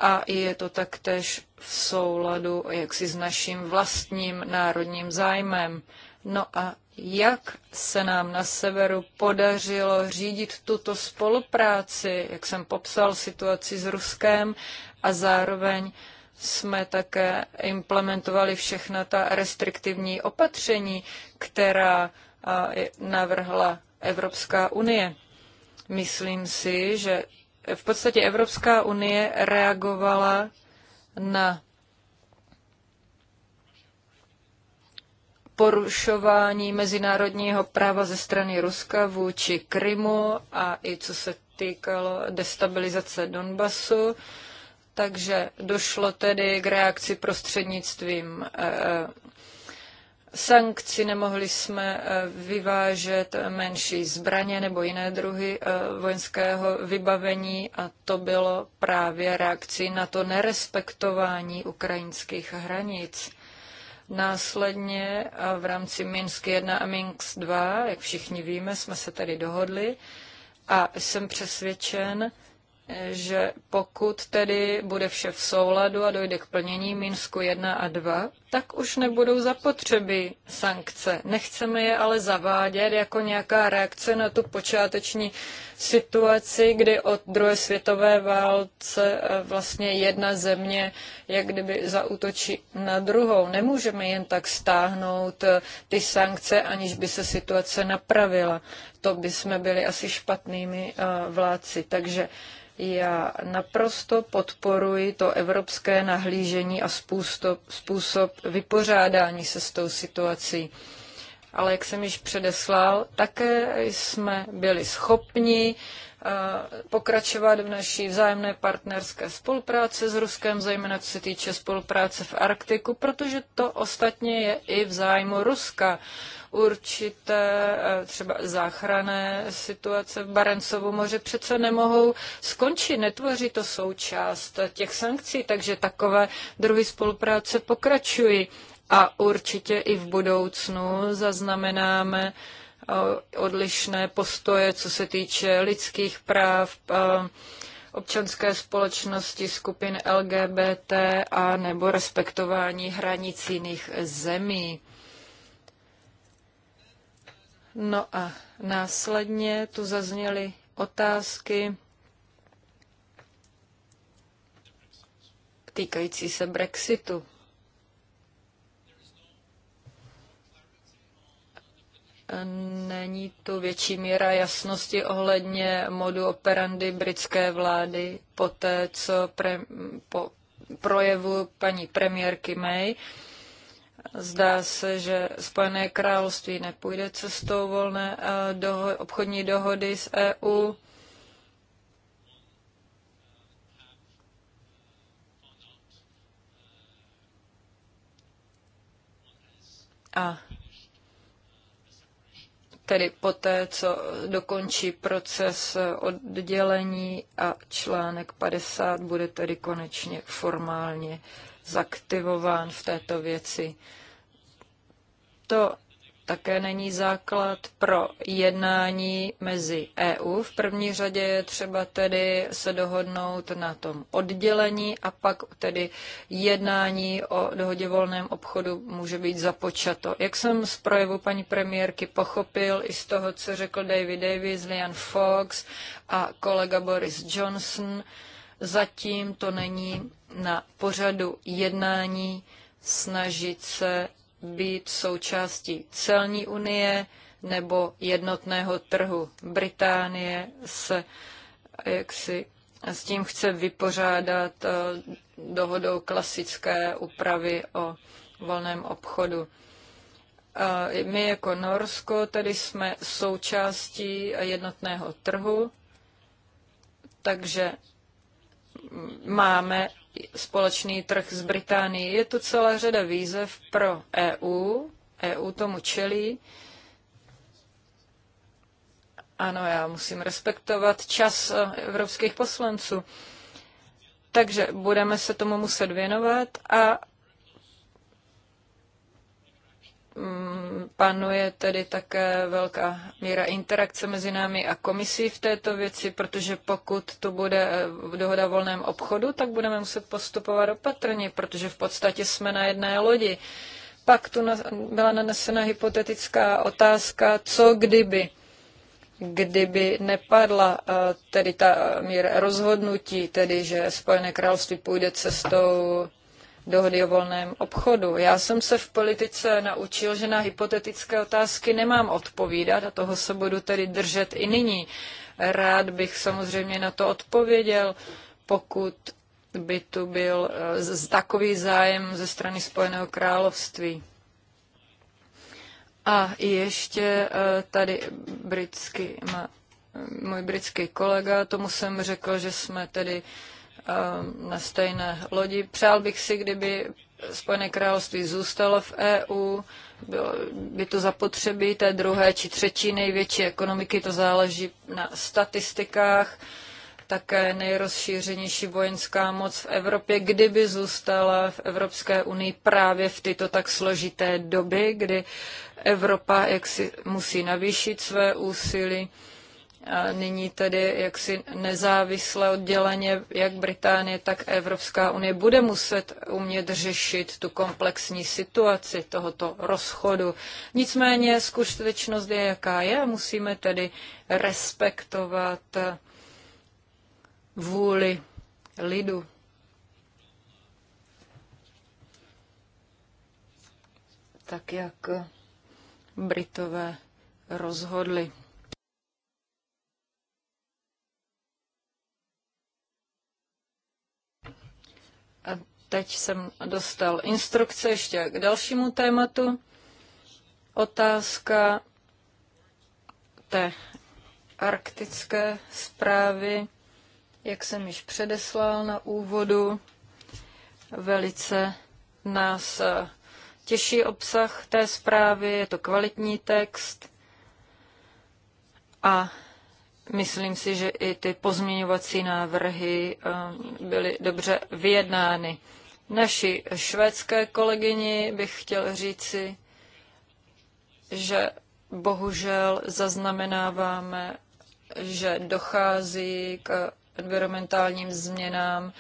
a je to taktéž v souladu jaksi s naším vlastním národním zájmem. No a jak se nám na severu podařilo řídit tuto spolupráci, jak jsem popsal situaci s Ruskem a zároveň jsme také implementovali všechna ta restriktivní opatření, která navrhla Evropská unie. Myslím si, že v podstatě Evropská unie reagovala na porušování mezinárodního práva ze strany Ruska vůči Krymu a i co se týkalo destabilizace Donbasu. Takže došlo tedy k reakci prostřednictvím eh, sankci, nemohli jsme eh, vyvážet menší zbraně nebo jiné druhy eh, vojenského vybavení a to bylo právě reakcí na to nerespektování ukrajinských hranic. Následně v rámci Minsk 1 a Minsk 2, jak všichni víme, jsme se tedy dohodli a jsem přesvědčen, že pokud tedy bude vše v souladu a dojde k plnění Minsku 1 a 2, tak už nebudou zapotřeby sankce. Nechceme je ale zavádět jako nějaká reakce na tu počáteční situaci, kdy od druhé světové válce eh, vlastně jedna země jak kdyby zautočí na druhou. Nemůžeme jen tak stáhnout eh, ty sankce, aniž by se situace napravila. To by jsme byli asi špatnými eh, vládci. Takže já naprosto podporuji to evropské nahlížení a způsob, způsob vypořádání se s tou situací. Ale jak jsem již předeslal, také jsme byli schopni eh, pokračovat v naší vzájemné partnerské spolupráci s Ruskem, zejména co se týče spolupráce v Arktiku, protože to ostatně je i v zájmu Ruska určité eh, třeba záchrané situace v Barencovu moře přece nemohou skončit, netvoří to součást těch sankcí, takže takové druhy spolupráce pokračují. A určitě i v budoucnu zaznamenáme eh, odlišné postoje, co se týče lidských práv, eh, občanské společnosti, skupin LGBT a nebo respektování hranic jiných zemí. No a následně tu zazněly otázky týkající se Brexitu. Není tu větší míra jasnosti ohledně modu operandy britské vlády po té, co pre, po projevu paní premiérky May. Uh, Zdá se, že Spojené království nepůjde cestou volné eh, doho- obchodní dohody s EU. A tedy poté, co dokončí proces oddělení a článek 50 bude tedy konečně formálně uh, zaktivován v této věci. To také není základ pro jednání mezi EU. V první řadě je třeba tedy se dohodnout na tom oddělení a pak tedy jednání o dohodě volném obchodu může být započato. Jak jsem z projevu paní premiérky pochopil, i z toho, co řekl David Davis, Lian Fox a kolega Boris Johnson, zatím to není na pořadu jednání snažit se být součástí celní unie nebo jednotného trhu. Británie se jaksi s tím chce vypořádat eh, dohodou klasické úpravy o volném obchodu. Eh, my jako Norsko tedy jsme součástí jednotného trhu, takže máme společný trh s Británií. Je tu celá řada výzev pro EU, EU tomu čelí. Ano, já musím respektovat čas eh, evropských poslanců. Takže budeme se tomu muset věnovat a Mm, panuje tedy také velká míra interakce mezi námi a komisí v této věci, protože pokud to bude eh, dohoda o volném obchodu, tak budeme muset postupovat opatrně, protože v podstatě jsme na jedné lodi. Pak tu byla nanesena hypotetická otázka, co kdyby kdyby nepadla eh, tedy ta míra rozhodnutí, tedy že Spojené království půjde cestou dohody o volném obchodu. Já jsem se v politice naučil, že na hypotetické otázky nemám odpovídat a toho se budu tedy držet i nyní. Rád bych samozřejmě na to odpověděl, pokud by tu byl eh, z takový zájem ze strany Spojeného království. A ještě eh, tady britský, můj britský kolega, tomu jsem řekl, že jsme tedy Eh, na stejné lodi. Přál bych si, kdyby Spojené království zůstalo v EU, bylo by to zapotřebí té druhé či třetí největší ekonomiky, to záleží na statistikách, také nejrozšířenější vojenská moc v Evropě, kdyby zůstala v Evropské unii právě v tyto tak složité doby, kdy Evropa jaksi musí navýšit své úsilí nyní tedy jaksi nezávisle odděleně, jak Británie, tak Evropská unie bude muset umět řešit tu komplexní situaci tohoto rozchodu. Nicméně skutečnost je, jaká je a musíme tedy respektovat vůli lidu. Tak jak Britové rozhodli. Teď jsem dostal instrukce ještě k dalšímu tématu. Otázka té arktické zprávy, jak jsem již předeslal na úvodu, velice nás eh, těší obsah té zprávy, je to kvalitní text a Myslím si, že i ty pozměňovací návrhy eh, byly dobře vyjednány. Naší švédské kolegyni bych chtěl říci, že bohužel zaznamenáváme, že dochází k environmentálním změnám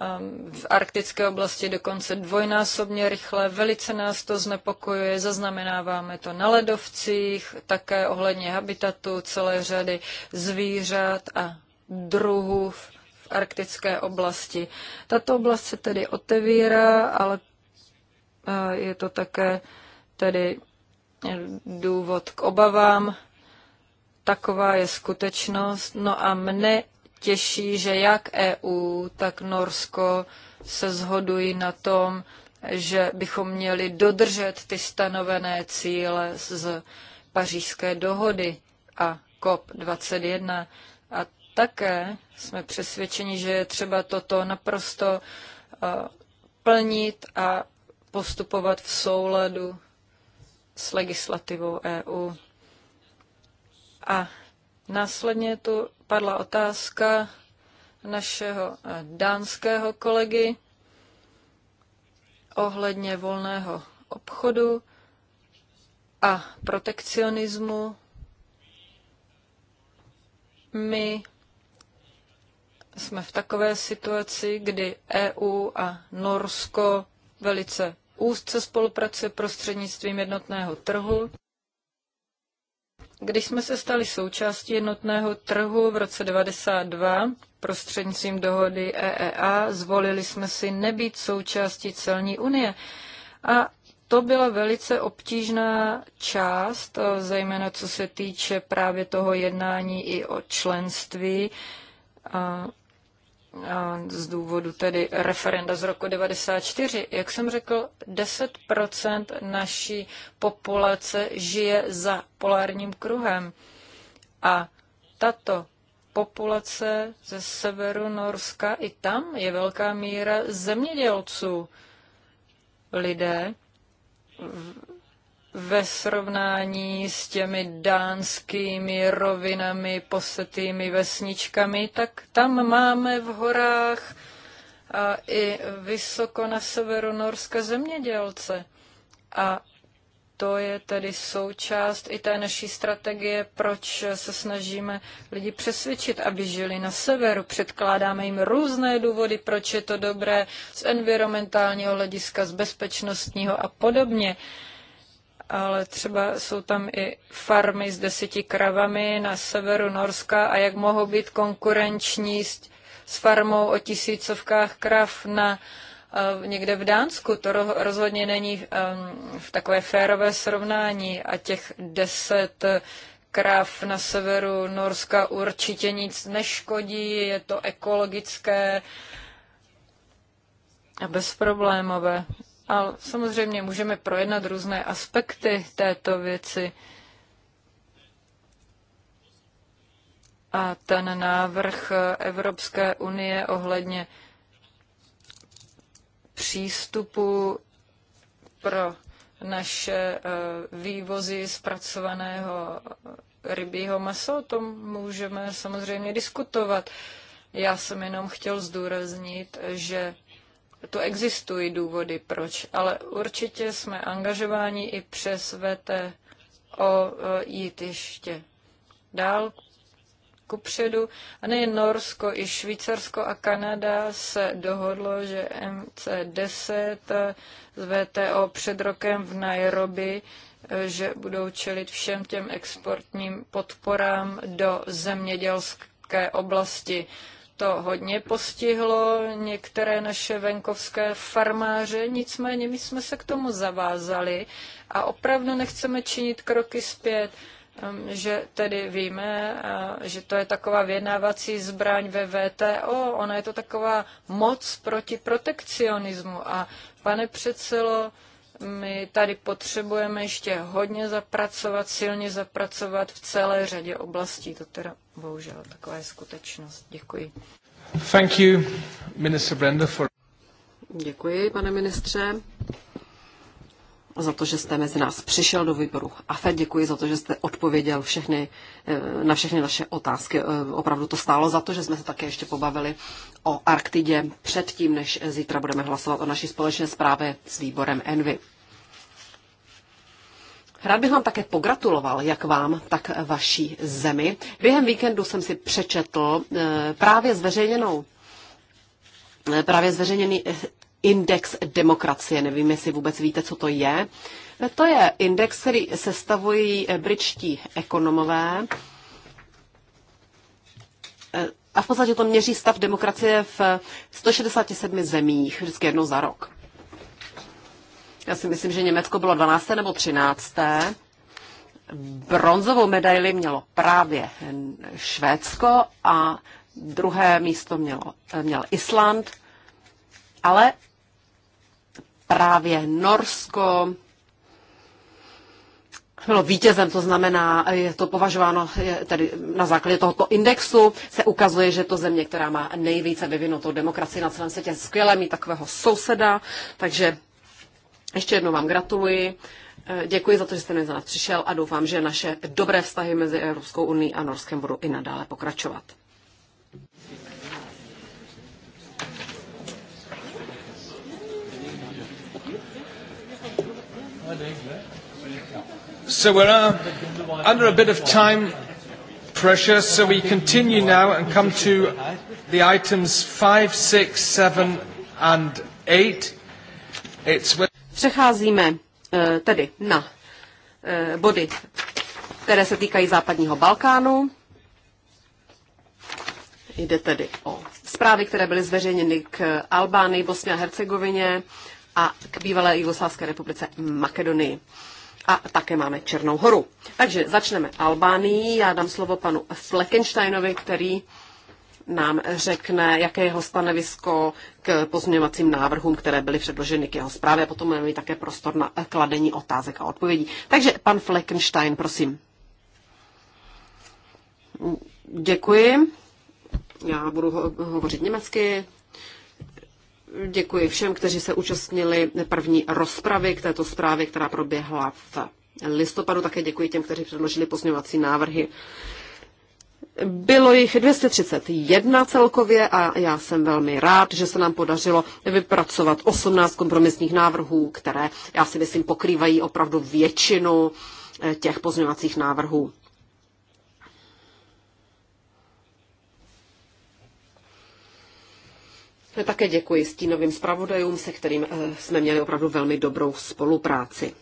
Ehm, v arktické oblasti dokonce dvojnásobně rychle. Velice nás to znepokojuje, zaznamenáváme to na ledovcích, také ohledně habitatu celé řady zvířat a druhů v arktické oblasti. Tato oblast se tedy otevírá, ale eh, je to také tedy eh, důvod k obavám. Taková je skutečnost. No a mne těší, že jak EU, tak Norsko se zhodují na tom, že bychom měli dodržet ty stanovené cíle z pařížské dohody a COP21. A také jsme přesvědčeni, že je třeba toto naprosto eh, plnit a postupovat v souladu s legislativou EU. A následně tu padla otázka našeho eh, dánského kolegy ohledně volného obchodu a protekcionismu. My jsme v takové situaci, kdy EU a Norsko velice úzce spolupracuje prostřednictvím jednotného trhu. Když jsme se stali součástí jednotného trhu v roce 92 prostřednictvím dohody EEA, zvolili jsme si nebýt součástí celní unie. A to byla velice obtížná část, eh, zejména co se týče právě toho jednání i o členství. A z důvodu tedy referenda z roku 94. Jak jsem řekl, 10% naší populace žije za polárním kruhem. A tato populace ze severu Norska, i tam je velká míra zemědělců. Lidé ve srovnání s těmi dánskými rovinami, posetými vesničkami, tak tam máme v horách a i vysoko na severu Norska zemědělce. A to je tedy součást i té naší strategie, proč se snažíme lidi přesvědčit, aby žili na severu. Předkládáme jim různé důvody, proč je to dobré z environmentálního hlediska, z bezpečnostního a podobně. Uh, ale třeba jsou tam i farmy s deseti kravami na severu Norska a jak mohou být konkurenční s, s farmou o tisícovkách krav na eh, někde v Dánsku. To rozhodně není ehm, v takové férové srovnání a těch deset eh, krav na severu Norska určitě nic neškodí, je to ekologické a bezproblémové ale samozřejmě můžeme projednat různé aspekty této věci. A ten návrh Evropské unie ohledně přístupu pro naše eh, vývozy zpracovaného eh, rybího masa, o tom můžeme samozřejmě diskutovat. Já jsem jenom chtěl zdůraznit, že tu existují důvody proč, ale určitě jsme angažováni i přes VTO e, jít ještě dál kupředu. A nejen Norsko, i Švýcarsko a Kanada se dohodlo, že MC10 e, z VTO před rokem v Nairobi e, že budou čelit všem těm exportním podporám do zemědělské oblasti to hodně postihlo některé naše venkovské farmáře, nicméně my jsme se k tomu zavázali a opravdu nechceme činit kroky zpět um, že tedy víme, že to je taková vyjednávací zbraň ve VTO, ona je to taková moc proti protekcionismu. A pane předselo, my tady potřebujeme ještě hodně zapracovat, silně zapracovat v celé řadě oblastí. To teda bohužel taková je skutečnost. Děkuji. Thank you, Minister Brenda, for... Děkuji, pane ministře, za to, že jste mezi nás přišel do výboru A Fed, Děkuji za to, že jste odpověděl všechny, eh, na všechny naše otázky. Eh, opravdu to stálo za to, že jsme se také ještě pobavili o Arktidě předtím, než zítra budeme hlasovat o naší společné zprávě s výborem Envy. Rád bych vám také pogratuloval, jak vám, tak vaší zemi. Během víkendu jsem si přečetl eh, právě zveřejněnou eh, právě zveřejněný eh, index demokracie. Nevím, jestli vůbec víte, co to je. To je index, který sestavují britští ekonomové. A v podstatě to měří stav demokracie v 167 zemích, vždycky jednou za rok. Já si myslím, že Německo bylo 12. nebo 13. Bronzovou medaili mělo právě Švédsko a druhé místo mělo, měl Island, ale právě Norsko bylo vítězem, to znamená, je to považováno je tedy na základě tohoto indexu, se ukazuje, že to země, která má nejvíce vyvinutou demokracii na celém světě, skvěle mít takového souseda, takže ještě jednou vám gratuluji. Eh, děkuji za to, že jste mezi nás přišel a doufám, že naše dobré vztahy mezi Evropskou unii a Norskem budou i nadále pokračovat. So we're uh, under a bit of time pressure, so we continue now and come to the items five, six, seven and eight. It's Přecházíme eh, tedy na eh, body, které se týkají západního Balkánu. Jde tedy o zprávy, které byly zveřejněny k Albánii, Bosně a Hercegovině a k bývalé Jugoslávské republice Makedonii. A také máme Černou horu. Takže začneme Albánií. Já dám slovo panu Fleckensteinovi, který nám řekne, jaké je jeho stanovisko k pozměňovacím návrhům, které byly předloženy k jeho zprávě. Potom máme mít také prostor na kladení otázek a odpovědí. Takže pan Fleckenstein, prosím. Děkuji. Já budu ho- hovořit německy. Děkuji všem, kteří se účastnili první rozpravy k této zprávě, která proběhla v listopadu. Také děkuji těm, kteří předložili pozměňovací návrhy. Bylo jich 231 celkově a já jsem velmi rád, že se nám podařilo vypracovat 18 kompromisních návrhů, které já si myslím pokrývají opravdu většinu eh, těch pozměňovacích návrhů. Také děkuji stínovým zpravodajům, se kterým eh, jsme měli opravdu velmi dobrou spolupráci.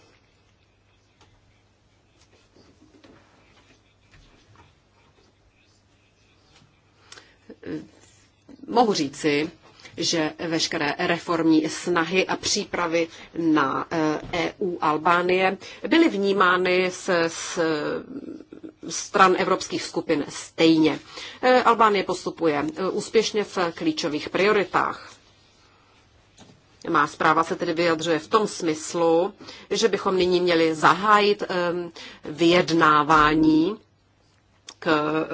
mohu říci, že veškeré reformní snahy a přípravy na EU eh, e Albánie byly vnímány se s stran evropských skupin stejně. Eh, Albánie postupuje eh, úspěšně v klíčových prioritách. Má zpráva se tedy vyjadřuje v tom smyslu, že bychom nyní měli zahájit vyjednávání k, e,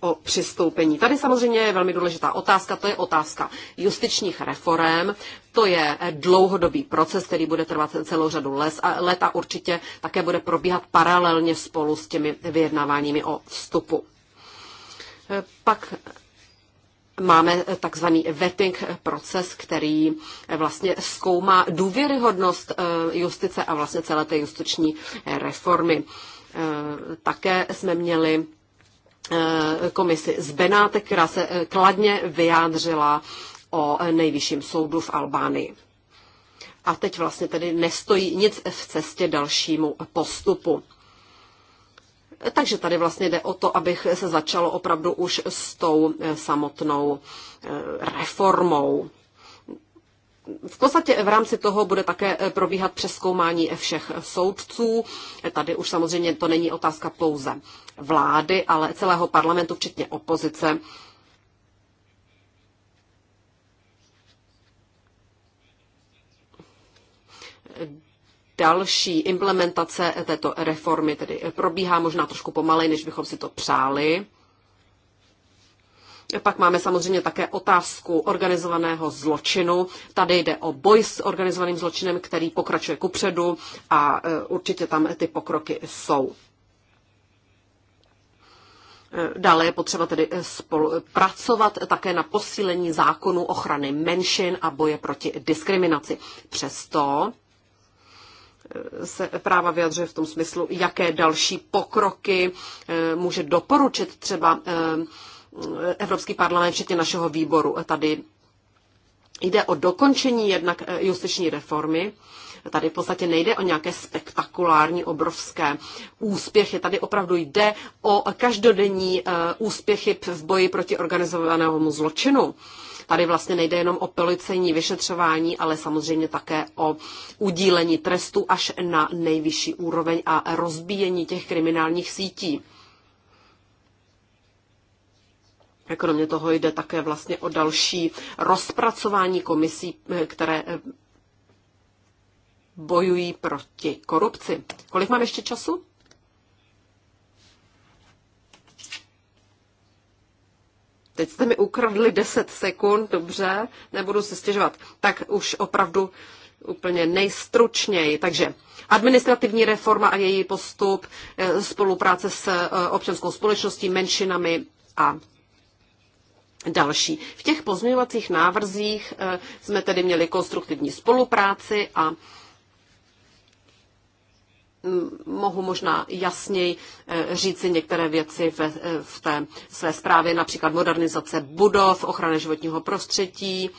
o přistoupení. Tady samozřejmě je velmi důležitá otázka, to je otázka justičních reform. To je dlouhodobý proces, který bude trvat celou řadu les a let a určitě také bude probíhat paralelně spolu s těmi vyjednáváními o vstupu. E, pak máme takzvaný vetting proces, který vlastně zkoumá důvěryhodnost e, justice a vlastně celé té justiční reformy. Také jsme měli Eh, komisi z Benátek, která se eh, kladně vyjádřila o eh, nejvyšším soudu v Albánii. A teď vlastně tedy nestojí nic v cestě dalšímu postupu. Takže tady vlastně jde o to, abych se začalo opravdu už s tou samotnou reformou v podstatě v rámci toho bude také eh, probíhat přeskoumání všech soudců. Eh, tady už samozřejmě to není otázka pouze vlády, ale celého parlamentu, včetně opozice. Další implementace této reformy tedy probíhá možná trošku pomalej, než bychom si to přáli. Pak máme samozřejmě také otázku organizovaného zločinu. Tady jde o boj s organizovaným zločinem, který pokračuje kupředu a e, určitě tam ty pokroky jsou. E, dále je potřeba tedy spolupracovat také na posílení zákonu ochrany menšin a boje proti diskriminaci. Přesto e, se práva vyjadřuje v tom smyslu, jaké další pokroky může doporučit třeba Evropský parlament, včetně našeho výboru tady. Jde o dokončení jednak eh, justiční reformy, Tady v podstatě nejde o nějaké spektakulární, obrovské úspěchy. Tady opravdu jde o každodenní eh, úspěchy v boji proti organizovanému zločinu. Tady vlastně nejde jenom o policejní vyšetřování, ale samozřejmě také o udílení trestu až na nejvyšší úroveň a rozbíjení těch kriminálních sítí. Kromě toho jde také vlastně o další rozpracování komisí, eh, které eh, bojují proti korupci. Kolik mám ještě času? Teď jste mi ukradli 10 sekund, dobře, nebudu se stěžovat. Tak už opravdu úplně nejstručněji. Takže administrativní reforma a její postup, eh, spolupráce s občanskou společností, menšinami a další. V těch pozměňovacích návrzích eh, jsme tedy měli konstruktivní spolupráci a mm, mohu možná jasněji eh, říci některé věci ve, eh, v té své zprávě, například modernizace budov, ochrana životního prostředí,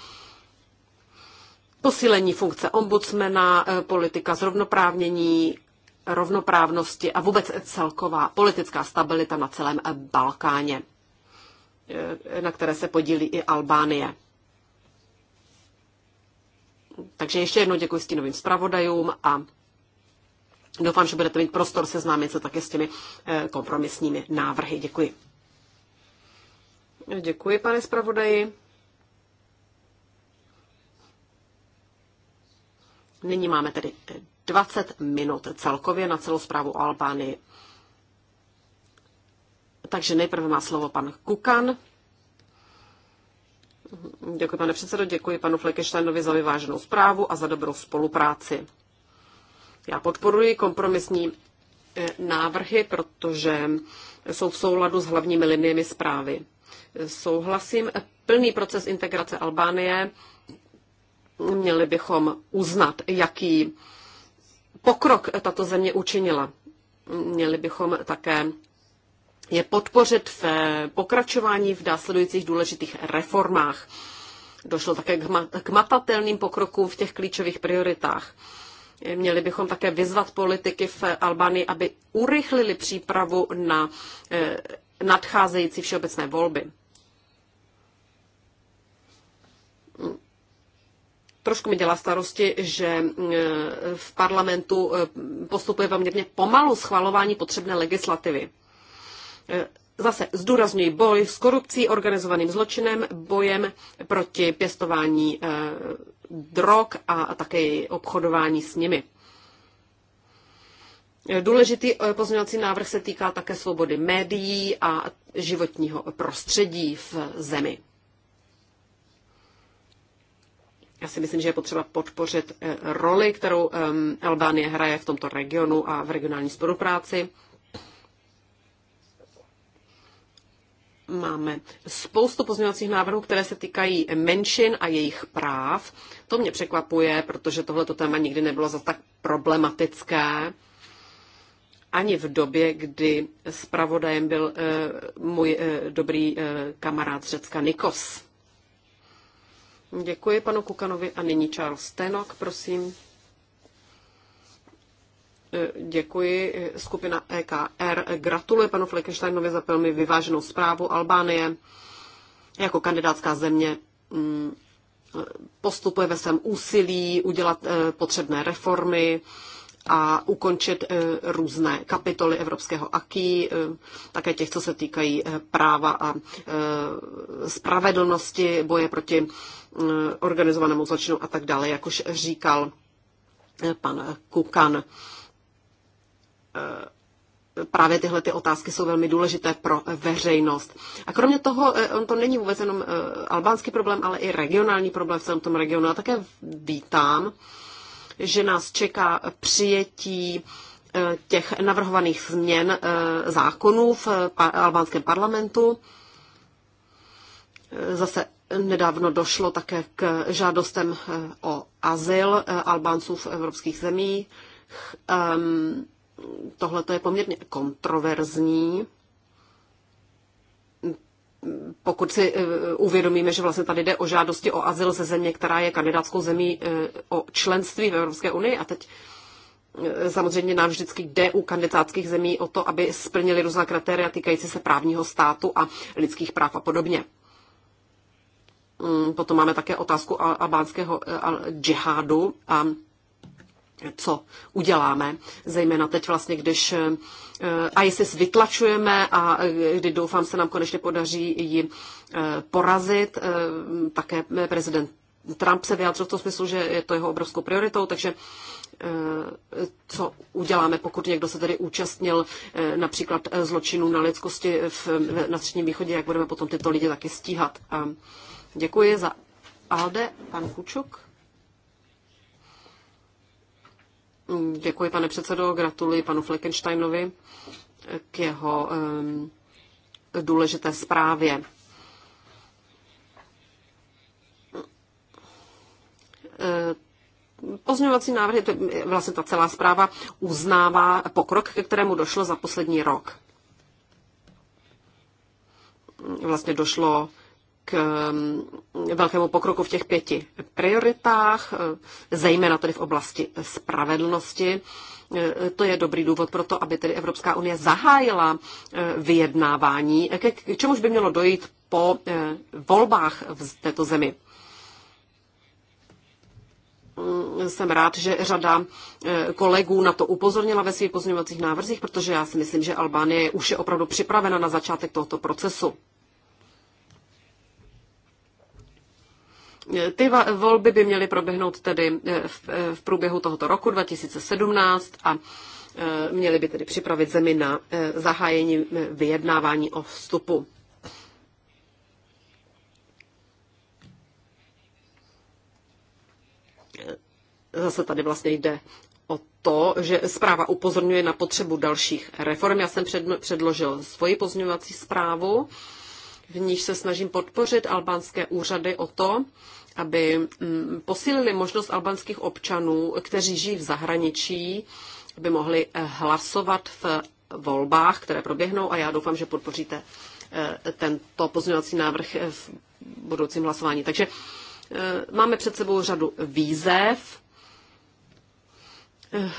posílení funkce ombudsmana, politika zrovnoprávnění, rovnoprávnosti a vůbec celková politická stabilita na celém Balkáně. Eh, na které se podílí i Albánie. Takže ještě jednou děkuji novým zpravodajům a doufám, že budete mít prostor seznámit se také s těmi eh, kompromisními návrhy. Děkuji. Děkuji, pane zpravodaji. Nyní máme tedy 20 minut celkově na celou zprávu Albánii. Takže nejprve má slovo pan Kukan. Děkuji, pane předsedo, děkuji panu Fleckensteinovi za vyváženou zprávu a za dobrou spolupráci. Já podporuji kompromisní eh, návrhy, protože jsou v souladu s hlavními liniemi zprávy. Souhlasím, plný proces integrace Albánie měli bychom uznat, jaký pokrok tato země učinila. Měli bychom také je podpořit v eh, pokračování v následujících důležitých reformách. Došlo také k matatelným pokrokům v těch klíčových prioritách. Eh, měli bychom také vyzvat politiky v Albánii, aby urychlili přípravu na eh, nadcházející všeobecné volby. Trošku mi dělá starosti, že v parlamentu postupuje poměrně pomalu schvalování potřebné legislativy. E, zase zdůrazňuji boj s korupcí, organizovaným zločinem, bojem proti pěstování e, drog a také obchodování s nimi. E, důležitý pozměňovací návrh se týká také svobody médií a životního prostředí v zemi. Já si myslím, že je potřeba podpořit roli, kterou Albánie hraje v tomto regionu a v regionální spolupráci. Máme spoustu pozměňovacích návrhů, které se týkají menšin a jejich práv. To mě překvapuje, protože tohleto téma nikdy nebylo za tak problematické. Ani v době, kdy zpravodajem byl uh, můj uh, dobrý uh, kamarád Řecka Nikos. Děkuji panu Kukanovi a nyní Charles Tenok, prosím. Děkuji. Skupina EKR gratuluje panu Fleckensteinovi za velmi vyváženou zprávu Albánie jako kandidátská země mm, postupuje ve svém úsilí udělat eh, potřebné reformy a ukončit eh, různé kapitoly evropského AKI, eh, také těch, co se týkají práva a spravedlnosti, boje proti organizovanému zločinu a tak dále, jak už říkal pan Kukan. Eh, právě tyhle ty otázky jsou velmi důležité pro veřejnost. A kromě toho, eh, on to není vůbec jenom eh, albánský problém, ale i regionální problém v celém tom regionu. A také vítám, že nás čeká přijetí těch navrhovaných změn zákonů v albánském parlamentu. Zase nedávno došlo také k žádostem o azyl Albánců v evropských zemích ehm, tohle je poměrně kontroverzní. Pokud si eh, uvědomíme, že vlastně tady jde o žádosti o azyl ze země, která je kandidátskou zemí eh, o členství v Evropské unii a teď eh, samozřejmě nám vždycky jde u kandidátských zemí o to, aby splnili různá kritéria týkající se právního státu a lidských práv a podobně. Mm, potom máme také otázku albánského džihádu a co uděláme. Zejména teď vlastně, když a eh, ISIS vytlačujeme a eh, kdy doufám se nám konečně podaří ji eh, porazit. Také prezident Trump se vyjádřil v tom smyslu, že je to jeho obrovskou prioritou, takže co uděláme, pokud někdo se tedy účastnil například zločinů na lidskosti v, na Středním východě, jak budeme potom tyto lidi taky stíhat. Děkuji za Alde, pan Kučuk. Mm, děkuji, pane předsedo, gratuluji panu Fleckensteinovi k jeho um, důležité zprávě. E, pozměňovací návrhy, to je vlastně ta celá zpráva, uznává pokrok, ke kterému došlo za poslední rok. Vlastně došlo k mm, velkému pokroku v těch pěti prioritách, eh, zejména tedy v oblasti spravedlnosti. Eh, to je dobrý důvod pro to, aby tedy Evropská unie zahájila eh, vyjednávání, k čemuž by mělo dojít po volbách v této zemi mm, jsem rád, že řada kolegů na to upozornila ve svých pozměňovacích návrzích, protože já si myslím, že Albánie už je opravdu připravena na začátek tohoto procesu. Ty volby by měly proběhnout tedy eh, eh, v průběhu tohoto roku 2017 a eh, měli by tedy připravit zemi na zahájení vyjednávání o vstupu. Zase tady vlastně jde o to, že zpráva upozorňuje na potřebu dalších reform. Já jsem předložil svoji pozměňovací zprávu, v níž se snažím podpořit albánské úřady o to, aby mm, posílili možnost albanských občanů, kteří žijí v zahraničí, aby mohli eh, hlasovat v volbách, které proběhnou a já doufám, že podpoříte eh, tento pozměňovací návrh eh, v budoucím hlasování. Takže máme před sebou řadu výzev.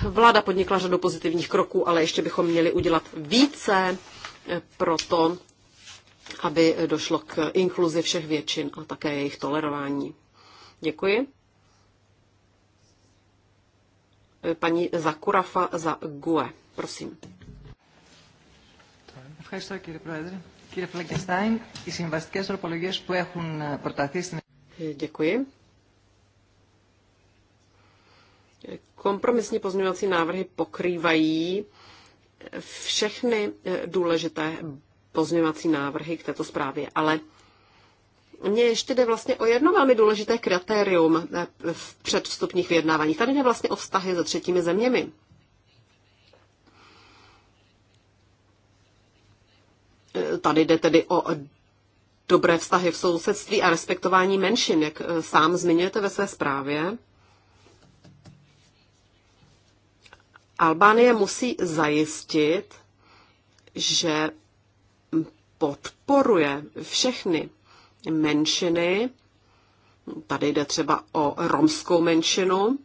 Vláda podnikla řadu pozitivních kroků, ale ještě bychom měli udělat více pro to, aby došlo k inkluzi všech většin a také jejich tolerování. Děkuji. E, paní Zakurafa za GUE, prosím. Děkuji. Kompromisní pozměňovací návrhy pokrývají e, všechny e, důležité pozměňovací návrhy k této zprávě, ale mě ještě jde vlastně o jedno velmi důležité kritérium eh, v předvstupních vyjednáváních. Tady jde vlastně o vztahy se třetími zeměmi. Eh, tady jde tedy o dobré vztahy v sousedství a respektování menšin, jak eh, sám zmiňujete ve své zprávě. Albánie musí zajistit, že podporuje všechny menšiny. Tady jde třeba o romskou menšinu.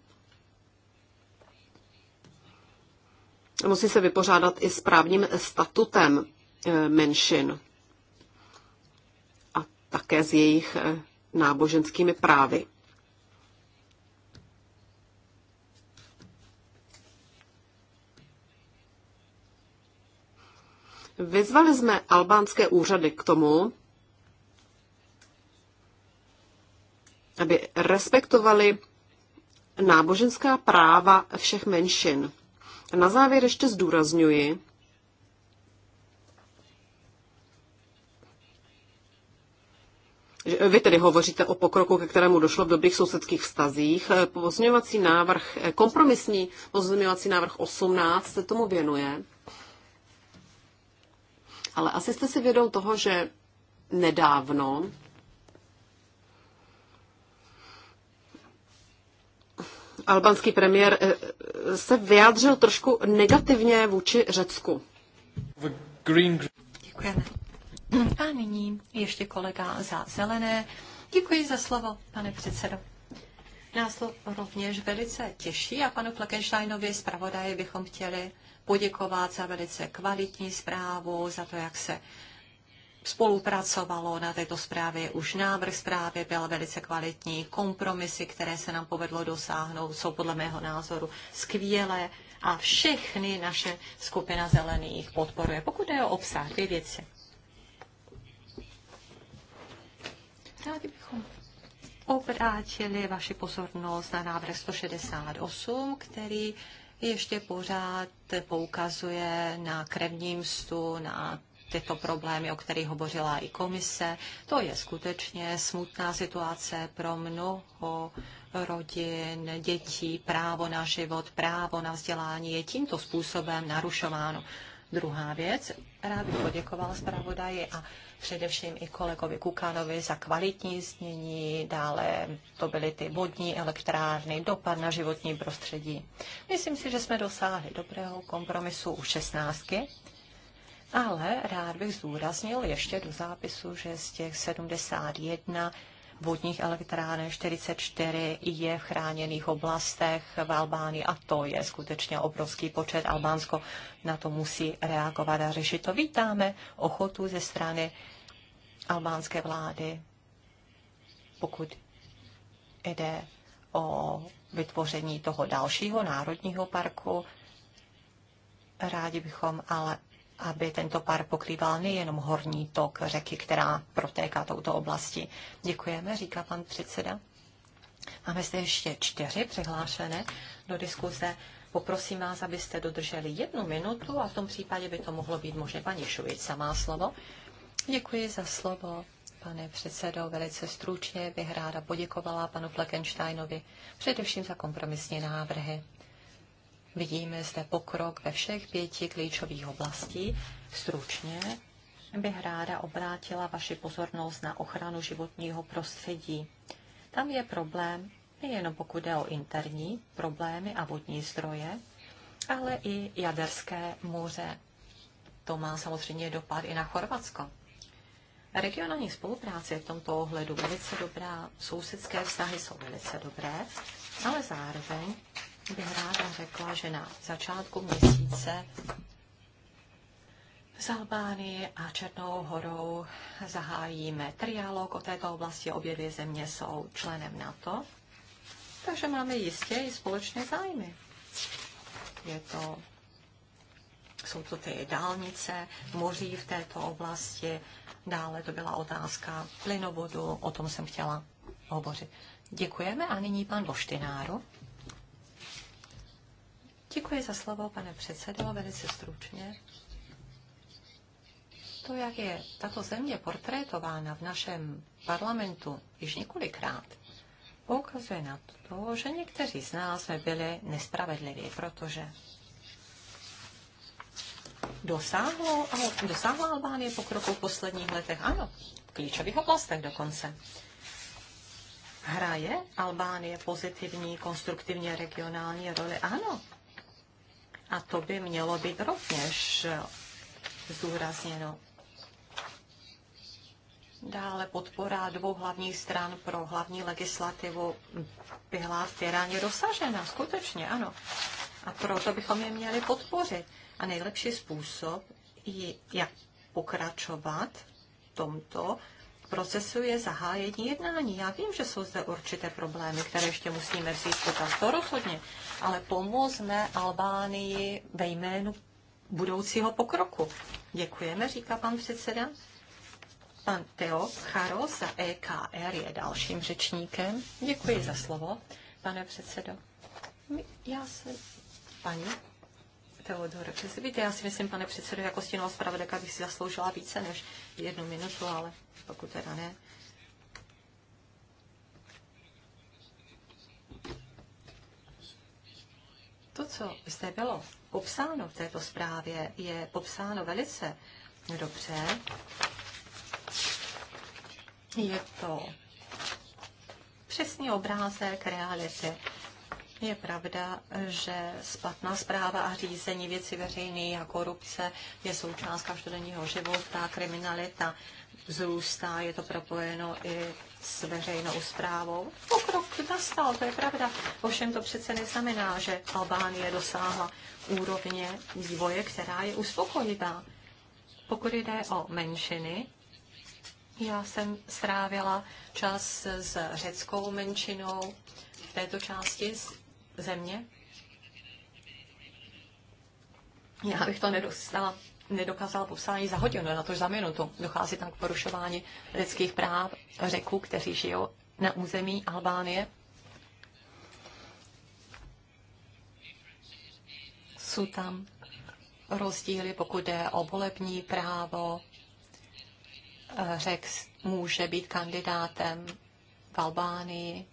Musí se vypořádat i s právním statutem eh, menšin a také s jejich eh, náboženskými právy. Vyzvali jsme albánské úřady k tomu, aby respektovali náboženská práva všech menšin. A na závěr ještě zdůrazňuji, Vy tedy hovoříte o pokroku, ke kterému došlo v dobrých sousedských vztazích. Pozměňovací návrh, kompromisní pozměňovací návrh 18 se tomu věnuje. Ale asi jste si vědou toho, že nedávno albanský premiér eh, se vyjádřil trošku negativně vůči Řecku. Děkujeme. [clears throat] A nyní ještě kolega za zelené. Děkuji za slovo, pane předsedo. Nás to rovněž velice těší a panu Fleckensteinovi zpravodaji bychom chtěli poděkovat za velice kvalitní zprávu, za to, jak se spolupracovalo na této zprávě. Už návrh zprávy byl velice kvalitní. Kompromisy, které se nám povedlo dosáhnout, jsou podle mého názoru skvělé a všechny naše skupina zelených podporuje. Pokud je o obsah, dvě věci. Rádi bychom obrátili vaši pozornost na návrh 168, který ještě pořád poukazuje na krevním mstu, na tyto problémy, o kterých hovořila i komise. To je skutečně smutná situace pro mnoho rodin, dětí, právo na život, právo na vzdělání je tímto způsobem narušováno. Druhá věc, rád bych poděkovala zpravodaji a především i kolegovi Kukanovi za kvalitní znění, dále to byly ty vodní elektrárny, dopad na životní prostředí. Myslím si, že jsme dosáhli dobrého kompromisu u šestnáctky. Ale rád bych zdůraznil ještě do zápisu, že z těch 71 vodních elektráren 44 je v chráněných oblastech v Albánii a to je skutečně obrovský počet. Albánsko na to musí reagovat a řešit to. Vítáme ochotu ze strany albánské vlády, pokud jde o vytvoření toho dalšího národního parku. Rádi bychom ale aby tento pár pokrýval nejenom horní tok řeky, která protéká touto oblasti. Děkujeme, říká pan předseda. Máme zde ještě čtyři přihlášené do diskuze. Poprosím vás, abyste dodrželi jednu minutu a v tom případě by to mohlo být možná Paní Šujica má slovo. Děkuji za slovo, pane předsedo. Velice stručně bych ráda poděkovala panu Fleckensteinovi především za kompromisní návrhy. Vidíme zde pokrok ve všech pěti klíčových oblastí. Stručně bych ráda obrátila vaši pozornost na ochranu životního prostředí. Tam je problém nejenom pokud jde o interní problémy a vodní zdroje, ale i Jaderské moře. To má samozřejmě dopad i na Chorvatsko. Regionální spolupráce je v tomto ohledu velice dobrá, sousedské vztahy jsou velice dobré, ale zároveň bych ráda řekla, že na začátku měsíce s Albánií a Černou horou zahájíme trialog o této oblasti. Obě dvě země jsou členem NATO, takže máme jistě i společné zájmy. Je to, jsou to ty dálnice, moří v této oblasti. Dále to byla otázka plynovodu, o tom jsem chtěla hovořit. Děkujeme a nyní pan Boštináru. Děkuji za slovo, pane předsedo, velice stručně. To, jak je tato země portrétována v našem parlamentu již několikrát, poukazuje na to, že někteří z nás jsme byli nespravedliví, protože dosáhlo, dosáhla Albánie pokroku v posledních letech? Ano, v klíčových oblastech dokonce. Hraje Albánie pozitivní, konstruktivně regionální roli? Ano, a to by mělo být rovněž zdůrazněno. Dále podpora dvou hlavních stran pro hlavní legislativu byla v dosažena, skutečně, ano. A proto bychom je měli podpořit. A nejlepší způsob, jak pokračovat v tomto, procesu je zahájení jednání. Já vím, že jsou zde určité problémy, které ještě musíme vzít potaz. To rozhodně. Ale pomozme Albánii ve jménu budoucího pokroku. Děkujeme, říká pan předseda. Pan Teo Charos za EKR je dalším řečníkem. Děkuji za slovo, pane předsedo. Já se... Paní? Teodor Víte, já si myslím, pane předsedo, jako stěnová zpravodajka bych si zasloužila více než jednu minutu, ale pokud teda ne. To, co zde bylo popsáno v této zprávě, je popsáno velice dobře. Je to přesný obrázek reality je pravda, že splatná zpráva a řízení věci veřejné a korupce je součást každodenního života, kriminalita zrůstá, je to propojeno i s veřejnou zprávou. Pokrok nastal, to je pravda. Ovšem to přece neznamená, že Albánie dosáhla úrovně vývoje, která je uspokojivá. Pokud jde o menšiny, já jsem strávila čas s řeckou menšinou v této části země. Já bych to nedostala, nedokázala popsat ani za hodinu, na to za minutu. Dochází tam k porušování lidských práv řeků, kteří žijou na území Albánie. Jsou tam rozdíly, pokud jde o volební právo. Eh, řek může být kandidátem v Albánii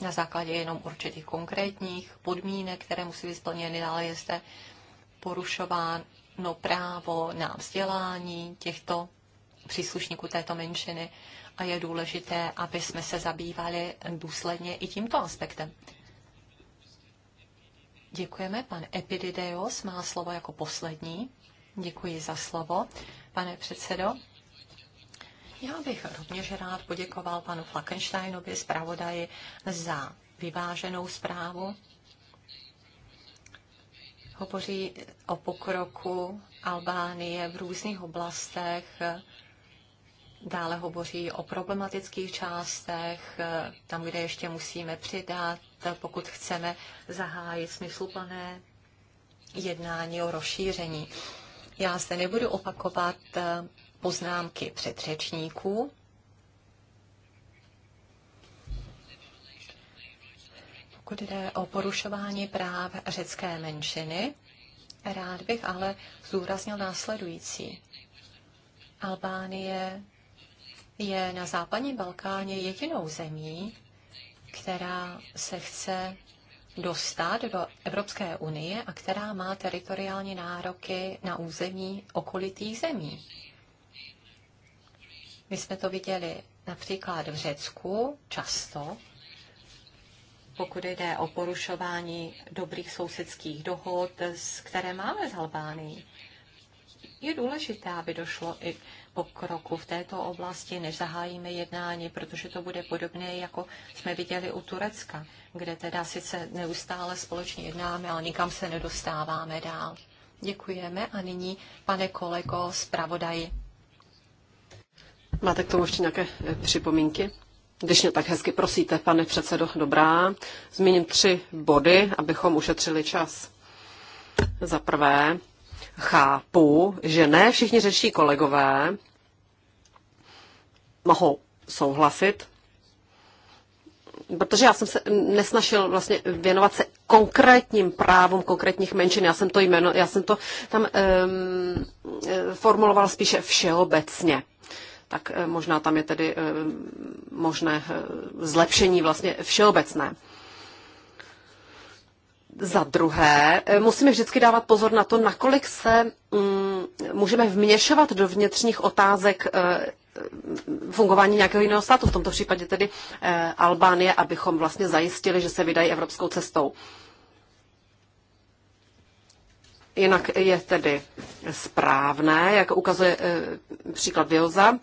na základě jenom určitých konkrétních podmínek, které musí být splněny, ale je zde porušováno právo na vzdělání těchto příslušníků této menšiny a je důležité, aby jsme se zabývali důsledně i tímto aspektem. Děkujeme. Pan Epidideos má slovo jako poslední. Děkuji za slovo, pane předsedo. Já bych rovněž rád poděkoval panu Flakensteinovi zpravodaji za vyváženou zprávu. Hovoří o pokroku Albánie v různých oblastech, dále hovoří o problematických částech, tam, kde ještě musíme přidat, pokud chceme zahájit smysluplné jednání o rozšíření. Já se nebudu opakovat poznámky předřečníků. Pokud jde o porušování práv řecké menšiny, rád bych ale zúraznil následující. Albánie je na západní Balkáně jedinou zemí, která se chce dostat do Evropské unie a která má teritoriální nároky na území okolitých zemí. My jsme to viděli například v Řecku často, pokud jde o porušování dobrých sousedských dohod, které máme s Albánií. Je důležité, aby došlo i pokroku v této oblasti, než zahájíme jednání, protože to bude podobné, jako jsme viděli u Turecka, kde teda sice neustále společně jednáme, ale nikam se nedostáváme dál. Děkujeme a nyní, pane kolego, zpravodaji. Máte k tomu ještě nějaké eh, připomínky? Když mě tak hezky prosíte, pane předsedo, dobrá. Zmíním tři body, abychom ušetřili čas. Za prvé, chápu, že ne všichni řeší kolegové mohou souhlasit, protože já jsem se nesnažil vlastně věnovat se konkrétním právům konkrétních menšin. Já jsem to jméno, já jsem to tam um, formuloval spíše všeobecně tak eh, možná tam je tedy eh, možné eh, zlepšení vlastně všeobecné. Za druhé, musíme vždycky dávat pozor na to, nakolik se mm, můžeme vměšovat do vnitřních otázek fungování nějakého jiného státu, v tomto případě tedy Albánie, abychom vlastně zajistili, že se vydají evropskou cestou. Jinak je tedy správné, jak ukazuje e, příklad Vioza,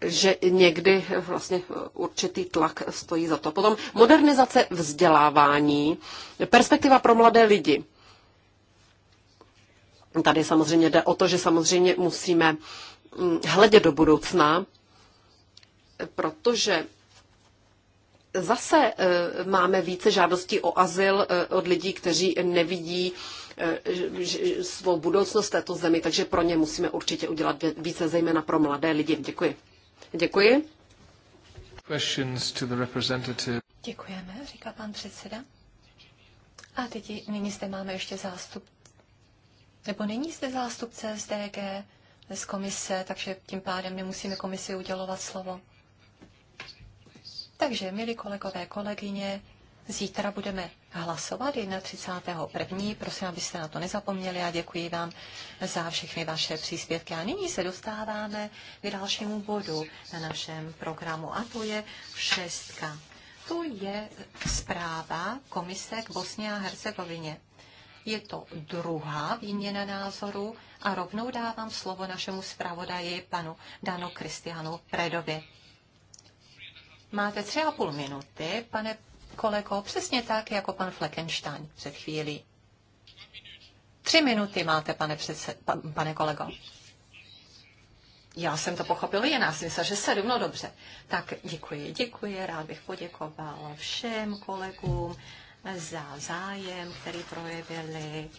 že někdy vlastně určitý tlak stojí za to. Potom modernizace vzdělávání, perspektiva pro mladé lidi. Tady samozřejmě jde o to, že samozřejmě musíme mm, hledět do budoucna, protože zase eh, máme více žádostí o azyl eh, od lidí, kteří nevidí eh, svou budoucnost této zemi, takže pro ně musíme určitě udělat více, zejména pro mladé lidi. Děkuji. Děkuji. Děkujeme, říká pan předseda. A teď nyní zde máme ještě zástup. Nebo není zde zástupce z DG, z komise, takže tím pádem nemusíme komisi udělovat slovo. Takže, milí kolegové, kolegyně, zítra budeme hlasovat 31.1. Prosím, abyste na to nezapomněli a děkuji vám za všechny vaše příspěvky. A nyní se dostáváme k dalšímu bodu na našem programu a to je šestka. To je zpráva Komise k Bosně a Hercegovině. Je to druhá výměna názoru a rovnou dávám slovo našemu zpravodaji panu Danu Kristianu Predovi. Máte tři a půl minuty, pane kolego, přesně tak, jako pan Fleckenstein před chvílí. Tři minuty máte, pane, předse, pa, pane kolego. Já jsem to pochopil Je jsem myslel, že sedm, no dobře. Tak děkuji, děkuji, rád bych poděkoval všem kolegům za zájem, který projevili.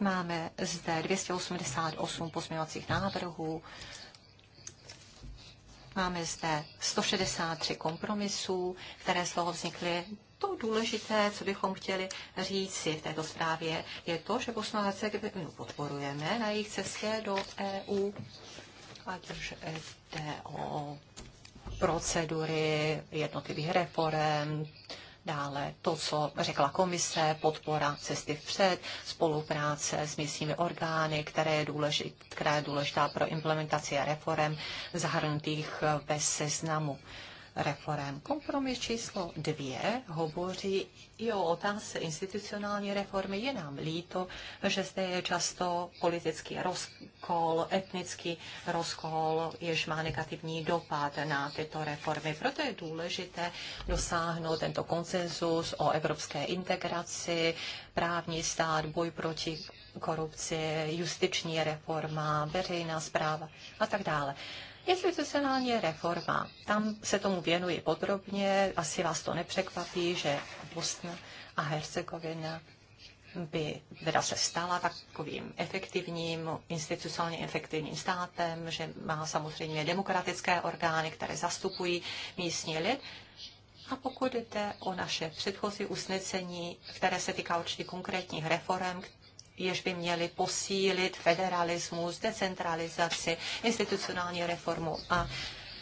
Máme zde 288 pozměňovacích návrhů Máme zde 163 kompromisů, které z toho vznikly. To důležité, co bychom chtěli říci v této zprávě, je to, že Bosnu a podporujeme na jejich cestě do EU a jde o procedury jednotlivých reform, Dále to, co řekla komise, podpora cesty vpřed, spolupráce s místními orgány, které je, důležit, která je důležitá pro implementaci reform zahrnutých ve seznamu reform. Kompromis číslo dvě hovoří i o otázce institucionální reformy. Je nám líto, že zde je často politický rozkol, etnický rozkol, jež má negativní dopad na tyto reformy. Proto je důležité dosáhnout tento konsenzus o evropské integraci, právní stát, boj proti korupci, justiční reforma, veřejná zpráva a tak dále. Institucionální reforma, tam se tomu věnuji podrobně, asi vás to nepřekvapí, že Bosna a Hercegovina by teda se stala takovým efektivním, institucionálně efektivním státem, že má samozřejmě demokratické orgány, které zastupují místní lid. A pokud jde o naše předchozí usnesení, které se týká určitě konkrétních reform, jež by měly posílit federalismus, decentralizaci, institucionální reformu a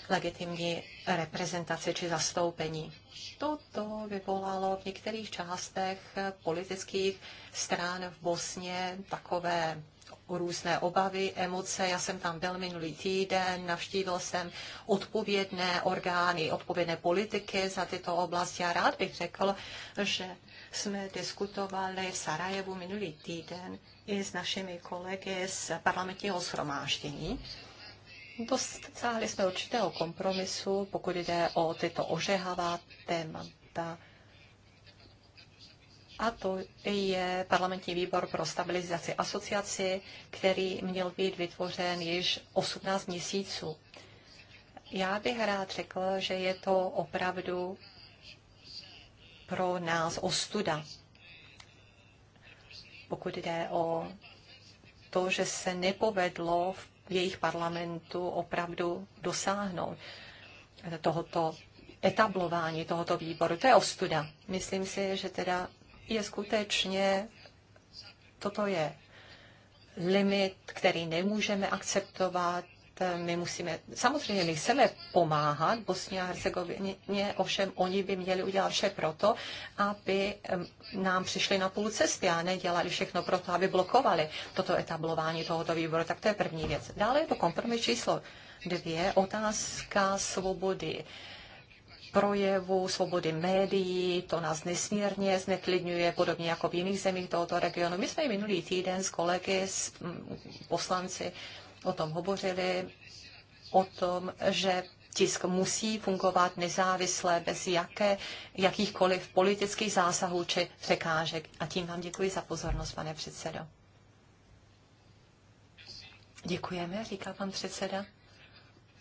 legitimní reprezentaci či zastoupení. Toto vyvolalo v některých částech politických stran v Bosně takové různé obavy, emoce. Já jsem tam byl minulý týden, navštívil jsem odpovědné orgány, odpovědné politiky za tyto oblasti a rád bych řekl, že jsme diskutovali v Sarajevu minulý týden i s našimi kolegy z parlamentního shromáždění. Dostáhli jsme určitého kompromisu, pokud jde o tyto ožehavá témata. A to je parlamentní výbor pro stabilizaci asociaci, který měl být vytvořen již 18 měsíců. Já bych rád řekl, že je to opravdu pro nás ostuda, pokud jde o to, že se nepovedlo v jejich parlamentu opravdu dosáhnout tohoto etablování tohoto výboru. To je ostuda. Myslím si, že teda je skutečně, toto je limit, který nemůžeme akceptovat my musíme, samozřejmě my chceme pomáhat Bosně a Hercegovině, ovšem oni by měli udělat vše proto, aby nám přišli na půl cesty a nedělali všechno proto, aby blokovali toto etablování tohoto výboru. Tak to je první věc. Dále je to kompromis číslo dvě, otázka svobody projevu, svobody médií, to nás nesmírně zneklidňuje, podobně jako v jiných zemích tohoto regionu. My jsme minulý týden s kolegy, s poslanci o tom hovořili, o tom, že tisk musí fungovat nezávisle, bez jaké, jakýchkoliv politických zásahů či překážek. A tím vám děkuji za pozornost, pane předsedo. Děkujeme, říká pan předseda.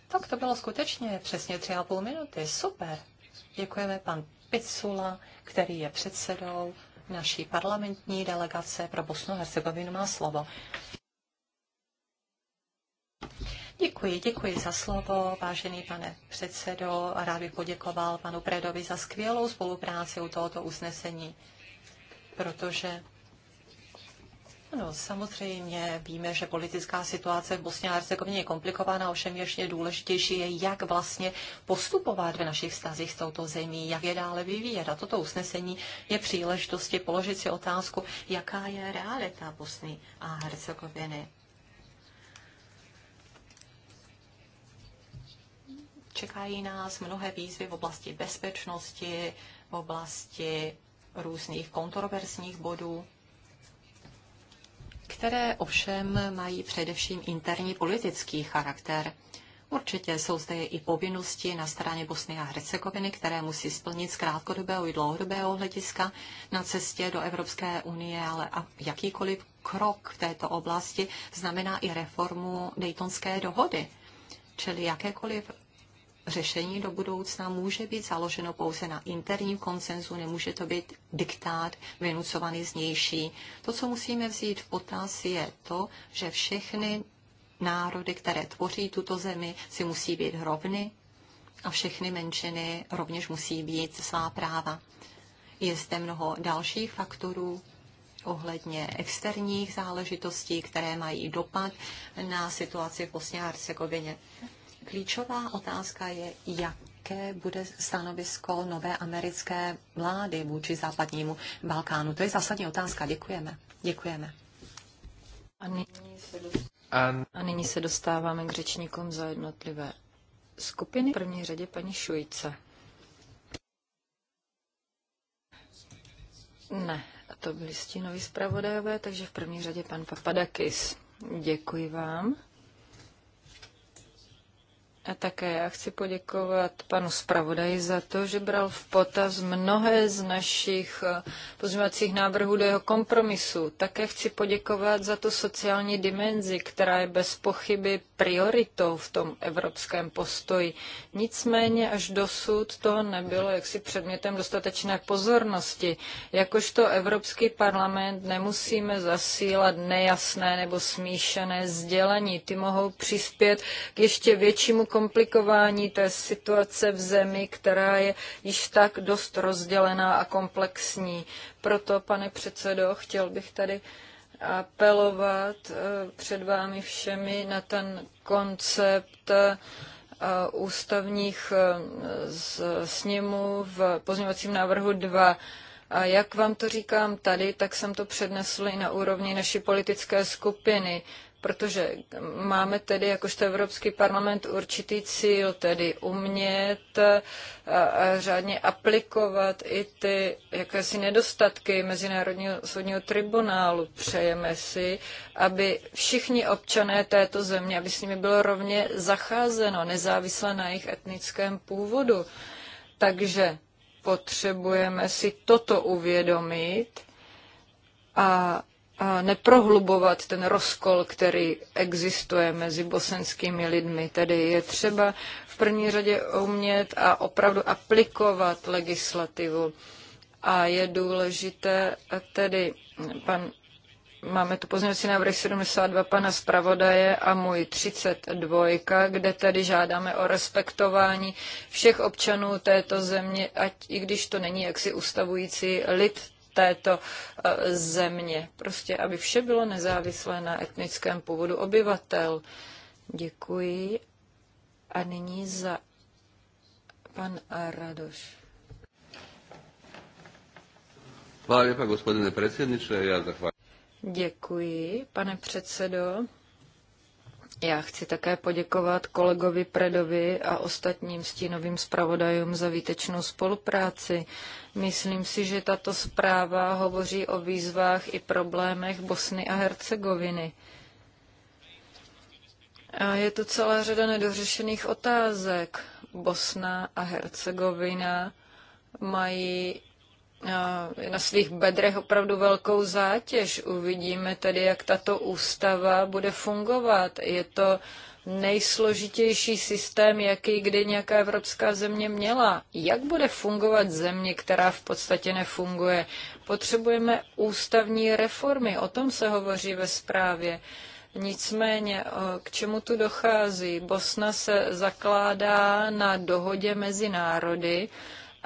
Tak to bylo skutečně přesně tři a půl minuty. Super. Děkujeme pan Picula, který je předsedou naší parlamentní delegace pro Bosnu a Hercegovinu má slovo. Děkuji, děkuji za slovo, vážený pane předsedo. Rád bych poděkoval panu Predovi za skvělou spolupráci u tohoto usnesení, protože ano, samozřejmě víme, že politická situace v Bosně a Hercegovině je komplikovaná, ovšem ještě důležitější je, jak vlastně postupovat v našich vztazích s touto zemí, jak je dále vyvíjet. A toto usnesení je příležitosti položit si otázku, jaká je realita Bosny a Hercegoviny. Čekají nás mnohé výzvy v oblasti bezpečnosti, v oblasti různých kontroverzních bodů, které ovšem mají především interní politický charakter. Určitě jsou zde i povinnosti na straně Bosny a Hercegoviny, které musí splnit z krátkodobého i dlouhodobého hlediska na cestě do Evropské unie, ale a jakýkoliv krok v této oblasti znamená i reformu Daytonské dohody. Čili jakékoliv řešení do budoucna může být založeno pouze na interním koncenzu, nemůže to být diktát vynucovaný znější. To, co musíme vzít v potaz, je to, že všechny národy, které tvoří tuto zemi, si musí být rovny a všechny menšiny rovněž musí být svá práva. Je zde mnoho dalších faktorů, ohledně externích záležitostí, které mají dopad na situaci v Bosně a Hercegovině. Klíčová otázka je, jaké bude stanovisko nové americké vlády vůči západnímu Balkánu. To je zásadní otázka. Děkujeme. Děkujeme. A nyní se, dostáváme, a nyní se dostáváme k řečníkům za jednotlivé skupiny. V první řadě paní Šujce. Ne, to byli stínoví zpravodajové, takže v první řadě pan Papadakis. Děkuji vám. A také já chci poděkovat panu zpravodaji za to, že bral v potaz mnohé z našich eh, pozměňovacích návrhů do jeho kompromisu. Také chci poděkovat za tu sociální dimenzi, která je bez pochyby prioritou v tom evropském postoji. Nicméně až dosud to nebylo jaksi předmětem dostatečné pozornosti. Jakožto Evropský parlament nemusíme zasílat nejasné nebo smíšené sdělení. Ty mohou přispět k ještě většímu komplikování té situace v zemi, která je již tak dost rozdělená a komplexní. Proto, pane předsedo, chtěl bych tady apelovat eh, před vámi všemi na ten koncept eh, ústavních eh, sněmů v pozměňovacím návrhu 2. A jak vám to říkám tady, tak jsem to přednesl i na úrovni naší politické skupiny protože máme tedy jakožto Evropský parlament určitý cíl, tedy umět a, eh, a eh, řádně aplikovat i ty jakési nedostatky Mezinárodního soudního tribunálu. Přejeme si, aby všichni občané této země, aby s nimi bylo rovně zacházeno, nezávisle na jejich etnickém původu. Takže potřebujeme si toto uvědomit a neprohlubovat ten rozkol, který existuje mezi bosenskými lidmi. Tedy je třeba v první řadě umět a opravdu aplikovat legislativu. A je důležité tedy, pan, máme tu pozměňovací návrh 72 pana zpravodaje a můj 32, kde tedy žádáme o respektování všech občanů této země, ať i když to není jaksi ustavující lid této eh, země. Prostě, aby vše bylo nezávislé na etnickém původu obyvatel. Děkuji. A nyní za pan Radoš. Hvala lijepa, gospodine predsjedniče. Ja zahvaljujem. Děkuji, pane předsedo. Já chci také poděkovat kolegovi Predovi a ostatním stínovým zpravodajům za výtečnou spolupráci. Myslím si, že tato zpráva hovoří o výzvách i problémech Bosny a Hercegoviny. A je tu celá řada nedořešených otázek. Bosna a Hercegovina mají na svých bedrech opravdu velkou zátěž. Uvidíme tedy, jak tato ústava bude fungovat. Je to nejsložitější systém, jaký kdy nějaká evropská země měla. Jak bude fungovat země, která v podstatě nefunguje? Potřebujeme ústavní reformy, o tom se hovoří ve zprávě. Nicméně, eh, k čemu tu dochází? Bosna se zakládá na dohodě mezi národy,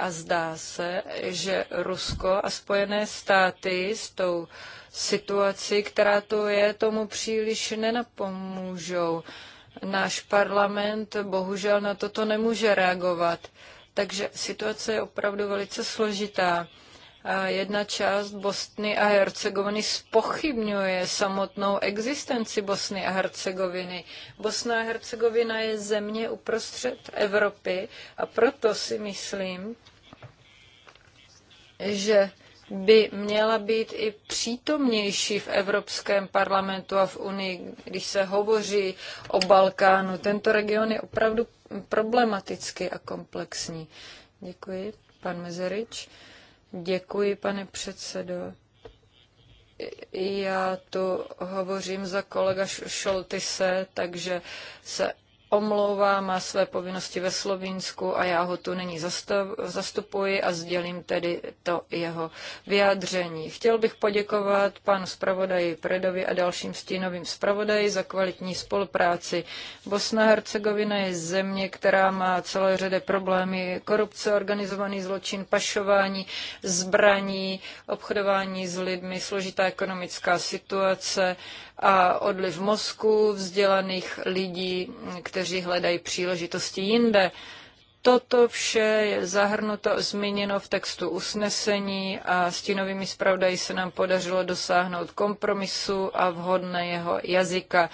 a zdá se, že Rusko a Spojené státy s tou situací, která to je, tomu příliš nenapomůžou. Náš parlament bohužel na toto nemůže reagovat. Takže situace je opravdu velice složitá. A jedna část Bosny a Hercegoviny spochybňuje samotnou existenci Bosny a Hercegoviny. Bosna a Hercegovina je země uprostřed Evropy a proto si myslím, že by měla být i přítomnější v Evropském parlamentu a v Unii, když se hovoří o Balkánu. Tento region je opravdu problematický a komplexní. Děkuji, pan Mezerič. Děkuji, pane předsedo. Já tu hovořím za kolega Šoltise, takže se omlouvá, má své povinnosti ve Slovinsku a já ho tu nyní zastupuji a sdělím tedy to jeho vyjádření. Chtěl bych poděkovat panu zpravodaji Predovi a dalším stínovým zpravodaji za kvalitní spolupráci. Bosna Hercegovina je země, která má celé řady problémy korupce, organizovaný zločin, pašování, zbraní, obchodování s lidmi, složitá ekonomická situace a odliv mozku vzdělaných lidí, kteří kteří hledají příležitosti jinde. Toto vše je zahrnuto, zmíněno v textu usnesení a stínovými zpravodají se nám podařilo dosáhnout kompromisu a vhodné jeho jazyka.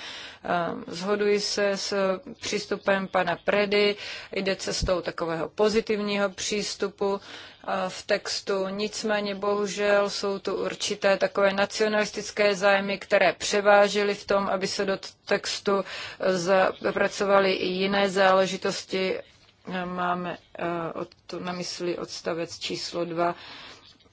Ehm, zhoduji se s přístupem pana Predy, jde cestou takového pozitivního přístupu eh, v textu. Nicméně bohužel jsou tu určité takové nacionalistické zájmy, které převážily v tom, aby se do textu eh, zapracovaly i jiné záležitosti máme eh, od, na mysli odstavec číslo 2.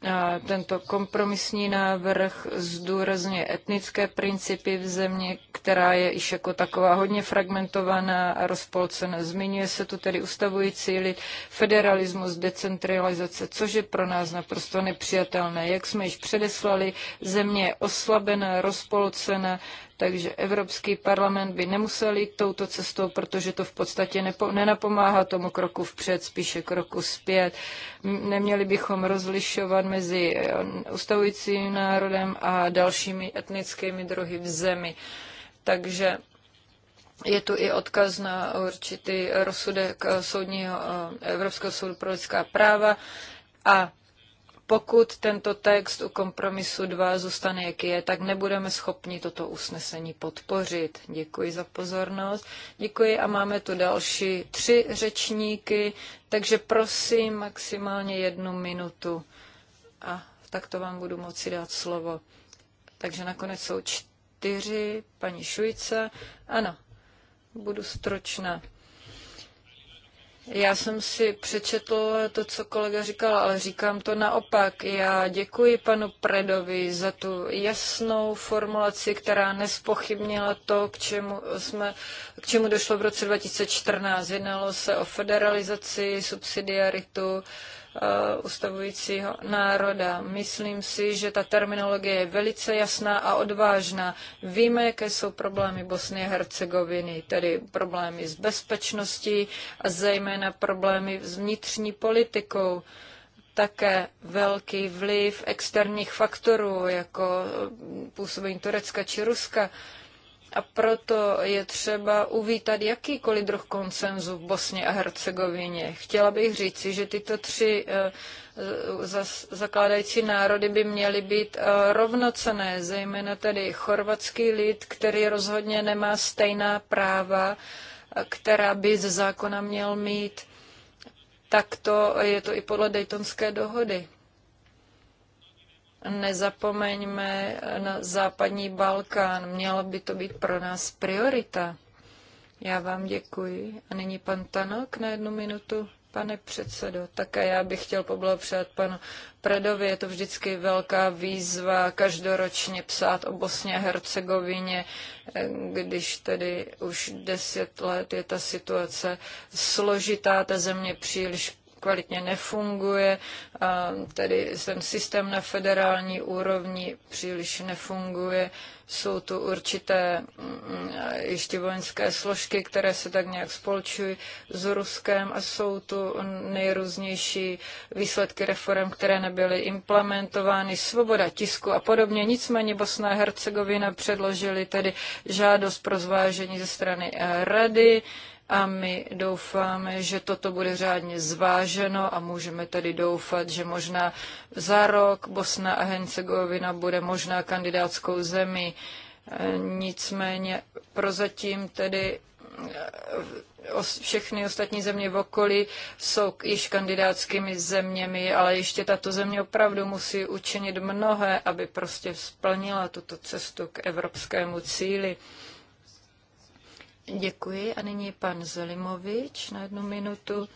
Eh, tento kompromisní návrh zdůrazně etnické principy v země, která je již jako taková hodně fragmentovaná a rozpolcená. Zmiňuje se tu tedy ustavující lid federalismus, decentralizace, což je pro nás naprosto nepřijatelné. Jak jsme již předeslali, země je oslabená, rozpolcená, takže Evropský parlament by nemusel jít touto cestou, protože to v podstatě nepo, nenapomáhá tomu kroku vpřed, spíše kroku zpět. Neměli bychom rozlišovat mezi eh, ustavujícím národem a dalšími etnickými druhy v zemi. Takže je tu i odkaz na určitý rozsudek eh, soudního eh, Evropského soudu pro lidská práva a pokud tento text u kompromisu 2 zůstane, jak je, tak nebudeme schopni toto usnesení podpořit. Děkuji za pozornost. Děkuji a máme tu další tři řečníky, takže prosím maximálně jednu minutu a takto vám budu moci dát slovo. Takže nakonec jsou čtyři, paní Šujce. Ano, budu stročná. Já jsem si přečetl to, co kolega říkal, ale říkám to naopak. Já děkuji panu Predovi za tu jasnou formulaci, která nespochybnila to, k čemu, jsme, k čemu došlo v roce 2014. Jednalo se o federalizaci, subsidiaritu, Eh, ustavujícího národa. Myslím si, že ta terminologie je velice jasná a odvážná. Víme, jaké jsou problémy Bosny a Hercegoviny, tedy problémy s bezpečností a zejména problémy s vnitřní politikou také velký vliv externích faktorů, jako eh, působení Turecka či Ruska. A proto je třeba uvítat jakýkoliv druh konsenzu v Bosně a Hercegovině. Chtěla bych říci, že tyto tři eh, eh, zakládající národy by měly být eh, rovnocené, zejména tedy chorvatský lid, který rozhodně nemá stejná práva, která by ze zákona měl mít. Tak to je to i podle Daytonské dohody. Nezapomeňme na západní Balkán. Měla by to být pro nás priorita. Já vám děkuji. A nyní pan Tanok na jednu minutu. Pane předsedo, také já bych chtěl poblahopřát panu Predovi. Je to vždycky velká výzva každoročně psát o Bosně a Hercegovině, když tedy už deset let je ta situace složitá, ta země příliš kvalitně nefunguje, tedy ten systém na federální úrovni příliš nefunguje. Jsou tu určité mm, ještě vojenské složky, které se tak nějak spolčují s Ruskem a jsou tu nejrůznější výsledky reform, které nebyly implementovány, svoboda tisku a podobně. Nicméně Bosna a Hercegovina předložili tedy žádost pro zvážení ze strany Rady a my doufáme, že toto bude řádně zváženo a můžeme tedy doufat, že možná za rok Bosna a Hercegovina bude možná kandidátskou zemi. E, nicméně prozatím tedy e, všechny ostatní země v okolí jsou již kandidátskými zeměmi, ale ještě tato země opravdu musí učinit mnohé, aby prostě splnila tuto cestu k evropskému cíli. Děkuji a nyní pan Zelimovič na jednu minutu.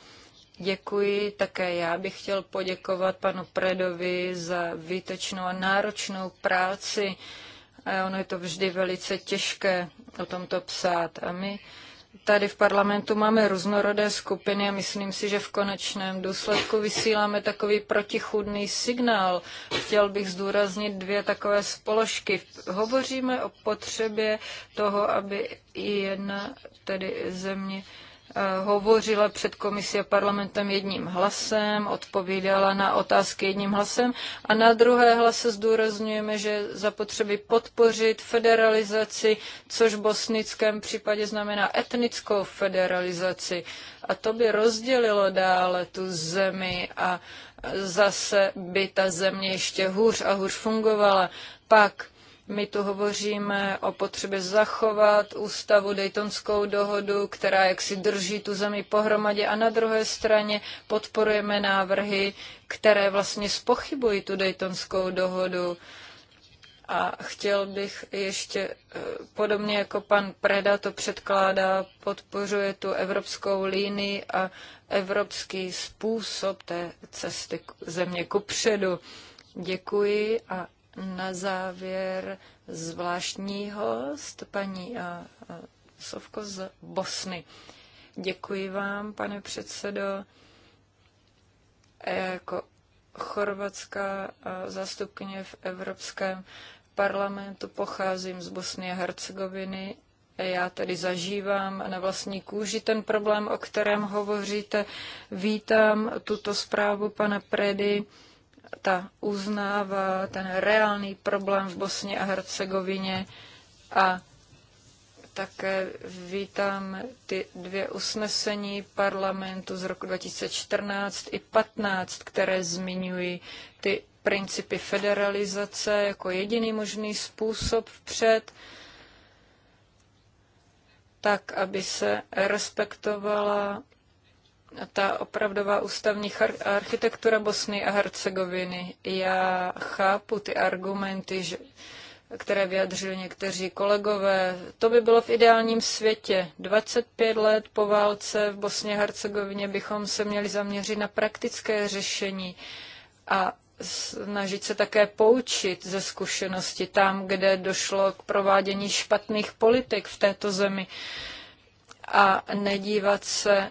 Děkuji. Také já bych chtěl poděkovat panu Predovi za výtečnou a náročnou práci. A ono je to vždy velice těžké o tomto psát. A my tady v parlamentu máme různorodé skupiny a myslím si, že v konečném důsledku vysíláme takový protichudný signál. Chtěl bych zdůraznit dvě takové spoložky. Hovoříme o potřebě toho, aby i jedna tedy země Eh, hovořila před komisí a parlamentem jedním hlasem, odpovídala na otázky jedním hlasem a na druhé hlase zdůrazňujeme, že zapotřebí podpořit federalizaci, což v bosnickém případě znamená etnickou federalizaci. A to by rozdělilo dále tu zemi a zase by ta země ještě hůř a hůř fungovala. Pak my tu hovoříme o potřebě zachovat ústavu Daytonskou dohodu, která jaksi drží tu zemi pohromadě a na druhé straně podporujeme návrhy, které vlastně spochybují tu Daytonskou dohodu. A chtěl bych ještě, eh, podobně jako pan Preda to předkládá, podpořuje tu evropskou línii a evropský způsob té cesty země kupředu. Děkuji a na závěr zvláštní host, paní Sovko z Bosny. Děkuji vám, pane předsedo. Jako chorvatská zastupkyně v Evropském parlamentu pocházím z Bosny a Hercegoviny. Já tedy zažívám na vlastní kůži ten problém, o kterém hovoříte. Vítám tuto zprávu pana Predy ta uznává ten reálný problém v Bosně a Hercegovině a také vítám ty dvě usnesení parlamentu z roku 2014 i 15, které zmiňují ty principy federalizace jako jediný možný způsob vpřed, tak, aby se respektovala ta opravdová ústavní architektura Bosny a Hercegoviny. Já chápu ty argumenty, že, které vyjadřili někteří kolegové. To by bylo v ideálním světě. 25 let po válce v Bosně a Hercegovině bychom se měli zaměřit na praktické řešení a snažit se také poučit ze zkušenosti tam, kde došlo k provádění špatných politik v této zemi a nedívat se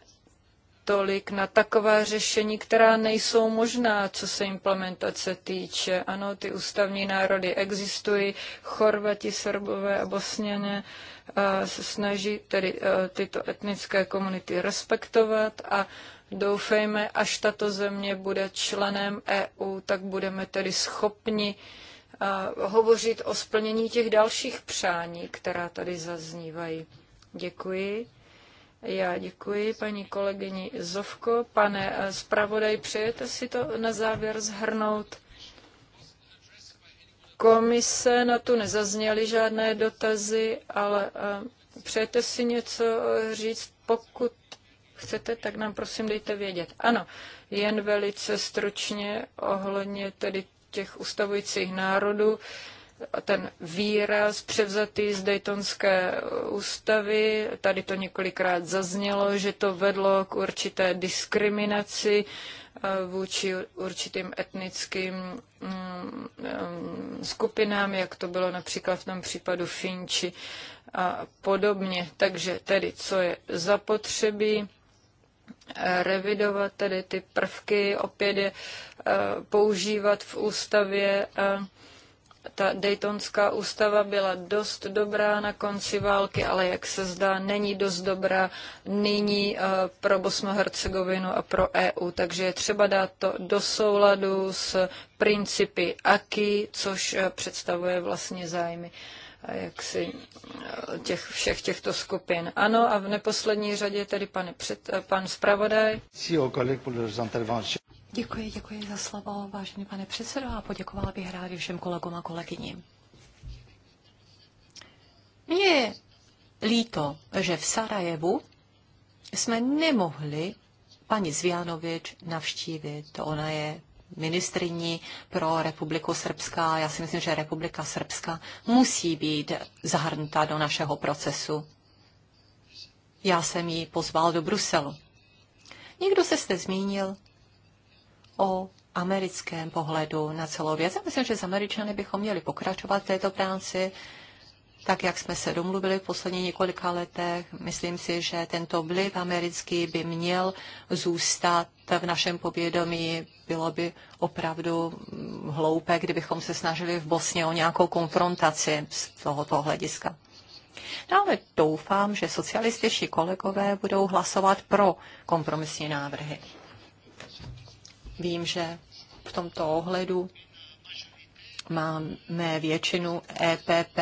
tolik na taková řešení, která nejsou možná, co se implementace týče. Ano, ty ústavní národy existují, Chorvati, Srbové a Bosněně se snaží tedy e, tyto etnické komunity respektovat a doufejme, až tato země bude členem EU, tak budeme tedy schopni e, hovořit o splnění těch dalších přání, která tady zaznívají. Děkuji. Já děkuji paní kolegyni Zovko. Pane eh, zpravodaj, přejete si to na závěr zhrnout? Komise na tu nezazněly žádné dotazy, ale eh, přejete si něco eh, říct, pokud chcete, tak nám prosím dejte vědět. Ano, jen velice stručně ohledně tedy těch ustavujících národů. Uh, ten výraz převzatý z Daytonské ústavy. Tady to několikrát zaznělo, že to vedlo k určité diskriminaci eh, vůči určitým etnickým mm, eh, skupinám, jak to bylo například v tom případu Finči a podobně. Takže tedy, co je zapotřebí, eh, revidovat tedy ty prvky, opět je používat v ústavě ta Daytonská ústava byla dost dobrá na konci války, ale jak se zdá, není dost dobrá nyní eh, pro Bosnu-Hercegovinu a pro EU. Takže je třeba dát to do souladu s principy AKI, což eh, představuje vlastně zájmy eh, jaksi těch, všech těchto skupin. Ano, a v neposlední řadě tedy pan, před, pan zpravodaj. Děkuji, děkuji za slovo, vážený pane předsedo, a poděkovala bych rádi všem kolegům a kolegyním. Mně je líto, že v Sarajevu jsme nemohli paní Zvianovič navštívit. Ona je ministriní pro republiku Srbská. Já si myslím, že republika Srbská musí být zahrnuta do našeho procesu. Já jsem ji pozval do Bruselu. Někdo se zde zmínil o americkém pohledu na celou věc. Já myslím, že s Američany bychom měli pokračovat v této práci, tak jak jsme se domluvili v posledních několika letech. Myslím si, že tento vliv americký by měl zůstat v našem povědomí. Bylo by opravdu hloupé, kdybychom se snažili v Bosně o nějakou konfrontaci z tohoto hlediska. No ale doufám, že socialističtí kolegové budou hlasovat pro kompromisní návrhy. Vím, že v tomto ohledu máme většinu EPP,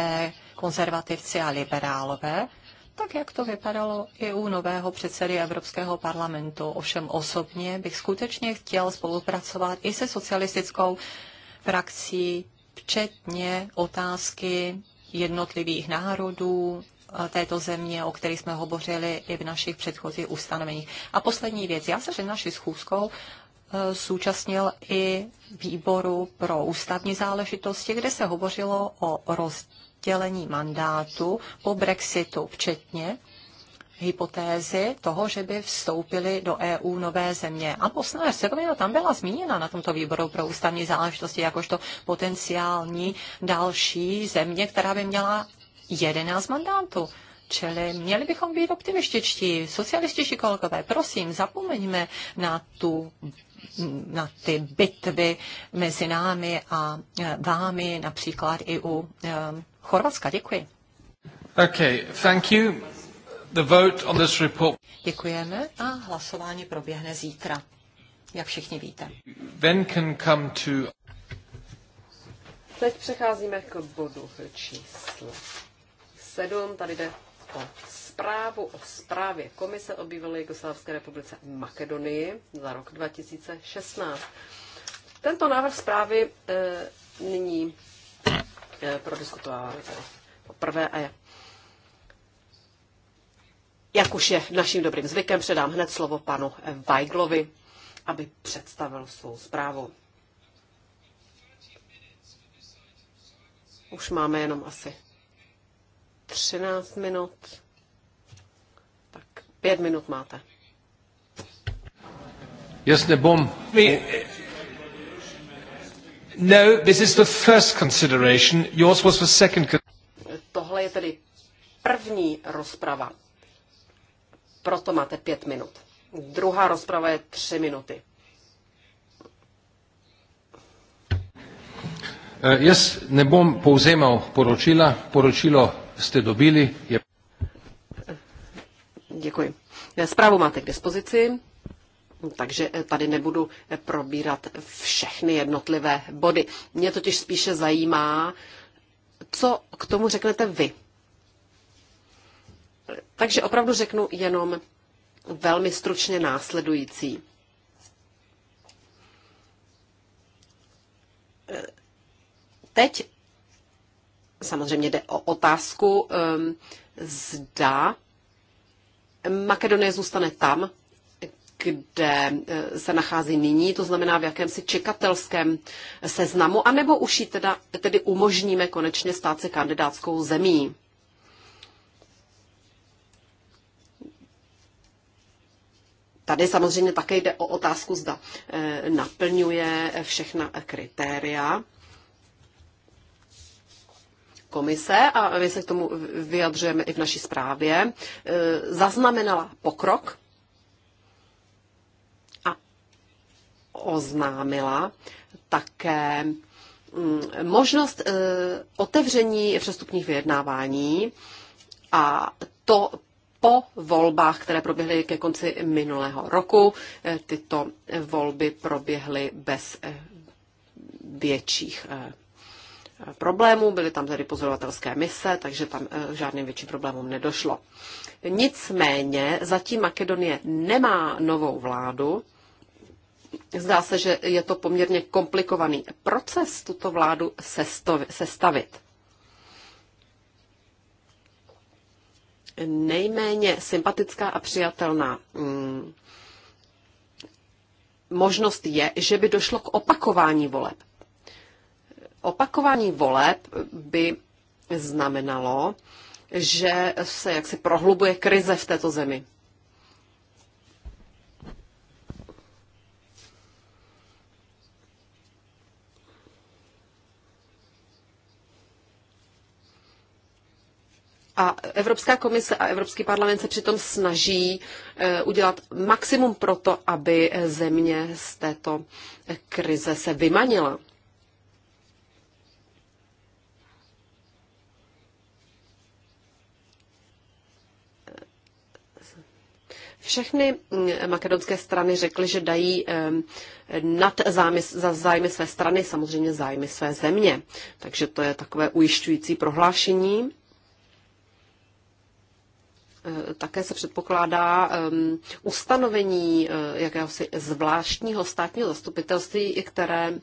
konzervativci a liberálové, tak jak to vypadalo i u nového předsedy Evropského parlamentu. Ovšem osobně bych skutečně chtěl spolupracovat i se socialistickou frakcí, včetně otázky jednotlivých národů eh, této země, o kterých jsme hovořili i v našich předchozích ustanoveních. A poslední věc. Já se před naší schůzkou Eh, zúčastnil i výboru pro ústavní záležitosti, kde se hovořilo o rozdělení mandátu po Brexitu, včetně hypotézy toho, že by vstoupili do EU nové země. A Bosna a Hercegovina tam byla zmíněna na tomto výboru pro ústavní záležitosti jakožto potenciální další země, která by měla 11 mandátů. Čili měli bychom být optimističtí, socialističtí kolegové, prosím, zapomeňme na tu na ty bitvy mezi námi a eh, vámi, například i u eh, Chorvatska. Děkuji. Okay, thank you. The vote on this report. Děkujeme a hlasování proběhne zítra, jak všichni víte. Then can come to... Teď přecházíme k bodu číslo 7. Tady jde o zprávu o zprávě Komise o bývalé Jugoslávské republice Makedonii za rok 2016. Tento návrh zprávy e, nyní e, prodiskutováváme tady poprvé a je. Jak už je naším dobrým zvykem, předám hned slovo panu Weiglovi, aby představil svou zprávu. Už máme jenom asi 13 minut. Pět minut máte. No, this is the first consideration. Yours was the second. Tohle je tedy první rozprava. Proto máte pět minut. Druhá rozprava je tři minuty. Jaz eh, ne bom povzemal poročila, poročilo ste dobili. Je... Děkuji. Zprávu máte k dispozici, takže eh, tady nebudu eh, probírat všechny jednotlivé body. Mě totiž spíše zajímá, co k tomu řeknete vy. Takže opravdu řeknu jenom velmi stručně následující. Eh, teď samozřejmě jde o otázku, ehm, zda Makedonie zůstane tam, kde eh, se nachází nyní, to znamená v jakémsi čekatelském eh, seznamu, anebo už ji teda, tedy umožníme konečně stát se kandidátskou zemí. Tady samozřejmě také jde o otázku, zda eh, naplňuje všechna kritéria komise, a my se k tomu vyjadřujeme i v naší zprávě, e, zaznamenala pokrok a oznámila také mm, možnost e, otevření přestupních vyjednávání a to po volbách, které proběhly ke konci minulého roku. E, tyto volby proběhly bez větších problémů, byly tam tedy pozorovatelské mise, takže tam eh, k žádným větším problémům nedošlo. Nicméně zatím Makedonie nemá novou vládu. Zdá se, že je to poměrně komplikovaný proces tuto vládu sestavit. Nejméně sympatická a přijatelná mm, možnost je, že by došlo k opakování voleb Opakování voleb by znamenalo, že se jaksi prohlubuje krize v této zemi. A Evropská komise a Evropský parlament se přitom snaží eh, udělat maximum pro to, aby země z této krize se vymanila. Všechny mm, makedonské strany řekly, že dají nad zájmy, za zájmy své strany samozřejmě zájmy své země. Takže to je takové ujišťující prohlášení. E, také se předpokládá um, ustanovení uh, jakéhosi zvláštního státního zastupitelství, které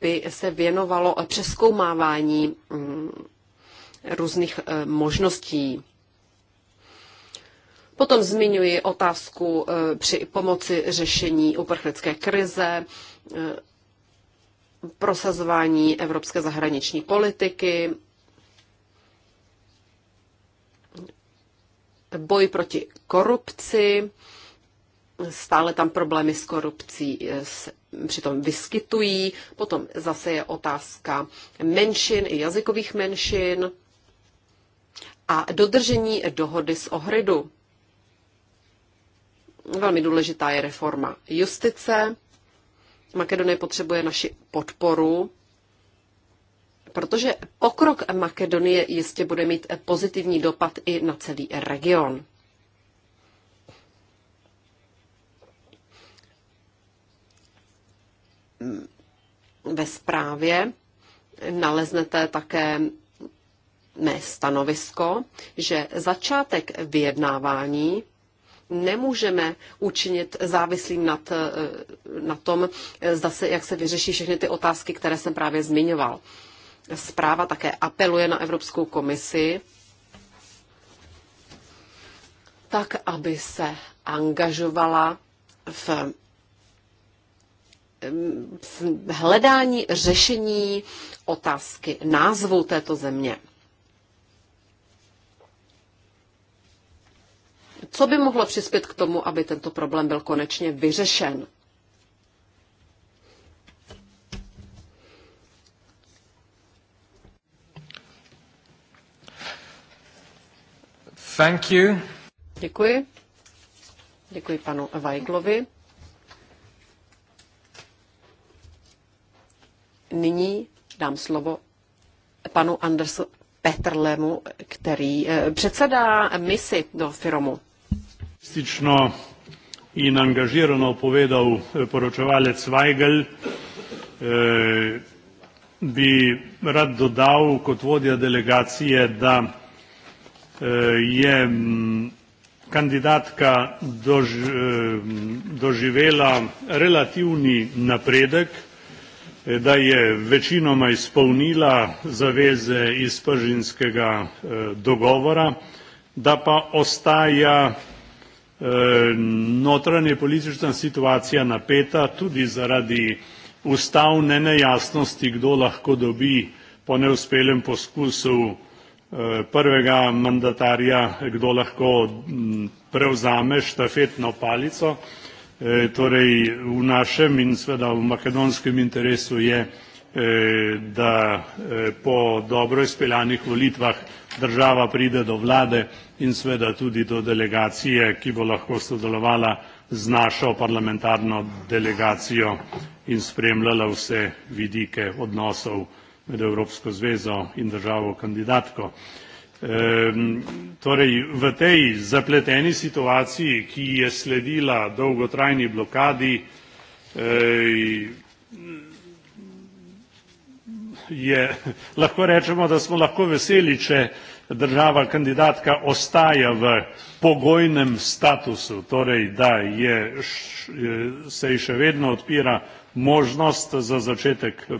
by se věnovalo přeskoumávání um, různých eh, možností. Potom zmiňuji otázku eh, při pomoci řešení uprchlické krize, eh, prosazování evropské zahraniční politiky, boj proti korupci, stále tam problémy s korupcí se přitom vyskytují. Potom zase je otázka menšin i jazykových menšin a dodržení dohody z Ohridu. Velmi důležitá je reforma justice. Makedonie potřebuje naši podporu, protože pokrok Makedonie jistě bude mít pozitivní dopad i na celý region. Ve zprávě naleznete také mé stanovisko, že začátek vyjednávání nemůžeme učinit závislým nad, eh, na tom, eh, zda se, jak se vyřeší všechny ty otázky, které jsem právě zmiňoval. Zpráva také apeluje na Evropskou komisi, tak, aby se angažovala v, eh, v hledání řešení otázky názvu této země. Co by mohlo přispět k tomu, aby tento problém byl konečně vyřešen? Thank you. Děkuji. Děkuji panu Weiglovi. Nyní dám slovo panu Andersu Petrlemu, který eh, předsedá misi do Firomu optimistično in angažirano povedal eh, poročevalec Weigel, eh, bi rad dodal kot vodja delegacije, da eh, je mm, kandidatka doživela relativni napredek, da je večinoma izpolnila zaveze iz pržinskega dogovora, da pa ostaja Eh, notranje politična situacija napeta tudi zaradi ustavne nejasnosti, kdo lahko dobi po neuspelem poskusu eh, prvega mandatarja, kdo lahko mm, prevzame štafetno palico. Eh, torej v našem in seveda v makedonskem interesu je, da po dobro izpeljanih volitvah država pride do vlade in seveda tudi do delegacije, ki bo lahko sodelovala z našo parlamentarno delegacijo in spremljala vse vidike odnosov med Evropsko zvezo in državo kandidatko. E, torej, v tej zapleteni situaciji, ki je sledila dolgotrajni blokadi, e, je, lahko rečemo, da smo lahko veseli, če država kandidatka ostaja v pogojnem statusu, torej da je, se ji še vedno odpira možnost za začetek eh,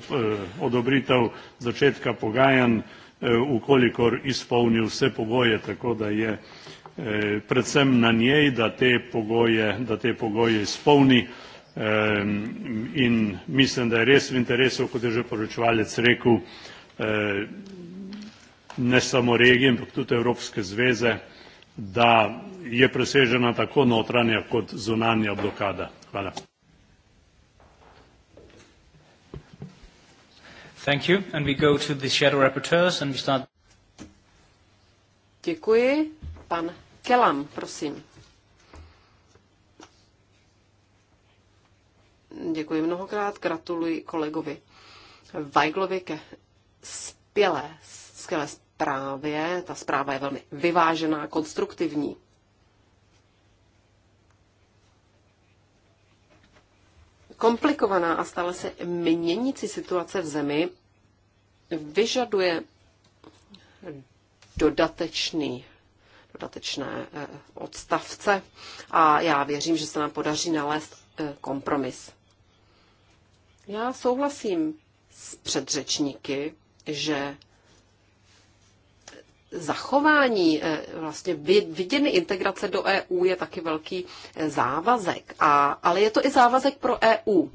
odobritev začetka pogajanj, eh, ukolikor izpolni vse pogoje, tako da je eh, predvsem na njej, da te pogoje, da te pogoje izpolni in mislim, da je res v interesu, kot je že poročevalec rekel, ne samo regije, ampak tudi Evropske zveze, da je presežena tako notranja kot zunanja blokada. Hvala. Thank you. And we go to the shadow rapporteurs and we start. Děkuji. Pan Kelam, prosím. Děkuji mnohokrát, gratuluji kolegovi Vajglovi ke spělé, skvělé zprávě. Ta zpráva je velmi vyvážená, konstruktivní. Komplikovaná a stále se měnící situace v zemi vyžaduje dodatečný, dodatečné eh, odstavce a já věřím, že se nám podaří nalézt eh, kompromis. Já souhlasím s předřečníky, že zachování eh, vlastně viděny integrace do EU je taky velký eh, závazek, a, ale je to i závazek pro EU.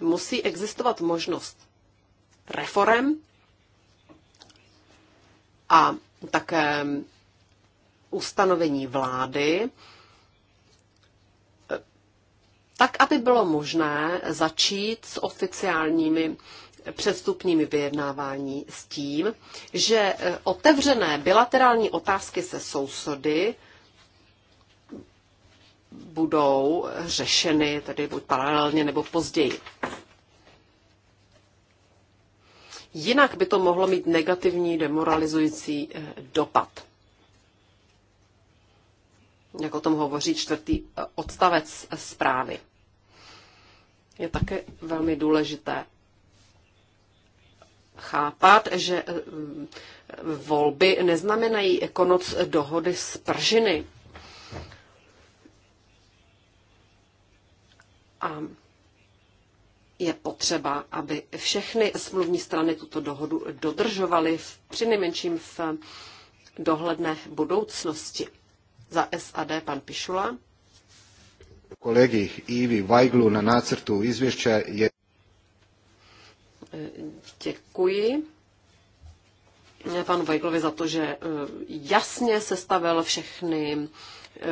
Musí existovat možnost reform a také ustanovení vlády, eh, tak, aby bylo možné začít s oficiálními předstupními vyjednávání s tím, že e, otevřené bilaterální otázky se sousody budou řešeny tedy buď paralelně nebo později. Jinak by to mohlo mít negativní demoralizující e, dopad. Jak o tom hovoří čtvrtý e, odstavec zprávy. Je také velmi důležité chápat, že eh, volby neznamenají konoc dohody z pržiny. A je potřeba, aby všechny smluvní strany tuto dohodu dodržovaly v, při nejmenším v dohledné budoucnosti. Za SAD pan Pišula. Kolegi Ivi Vajglu na nácrtu izvješća je Děkuji panu Vajklovi za to, že eh, jasně sestavil všechny eh,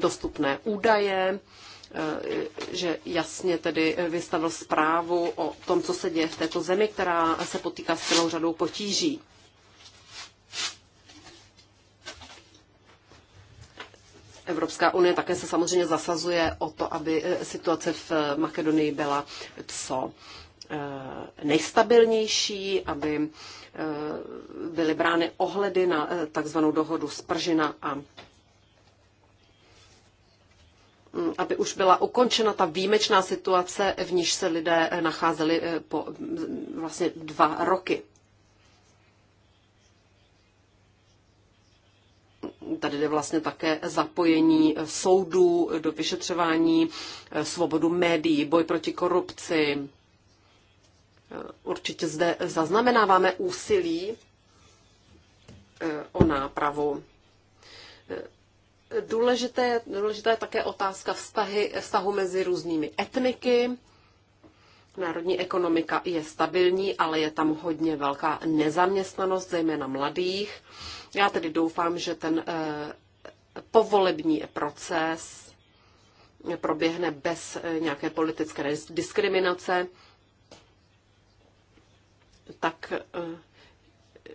dostupné údaje, eh, že jasně tedy vystavil zprávu o tom, co se děje v této zemi, která se potýká s celou řadou potíží. Evropská unie také se samozřejmě zasazuje o to, aby situace v Makedonii byla co Eh, nejstabilnější, aby eh, byly brány ohledy na eh, takzvanou dohodu z Pržina a mm, aby už byla ukončena ta výjimečná situace, v níž se lidé nacházeli po mm, vlastně dva roky. Tady jde vlastně také zapojení soudů do vyšetřování, svobodu médií, boj proti korupci, Určitě zde zaznamenáváme úsilí eh, o nápravu. Eh, důležité, důležitá je také otázka vztahy, vztahu mezi různými etniky. Národní ekonomika je stabilní, ale je tam hodně velká nezaměstnanost, zejména mladých. Já tedy doufám, že ten eh, povolební proces proběhne bez nějaké politické diskriminace tak eh,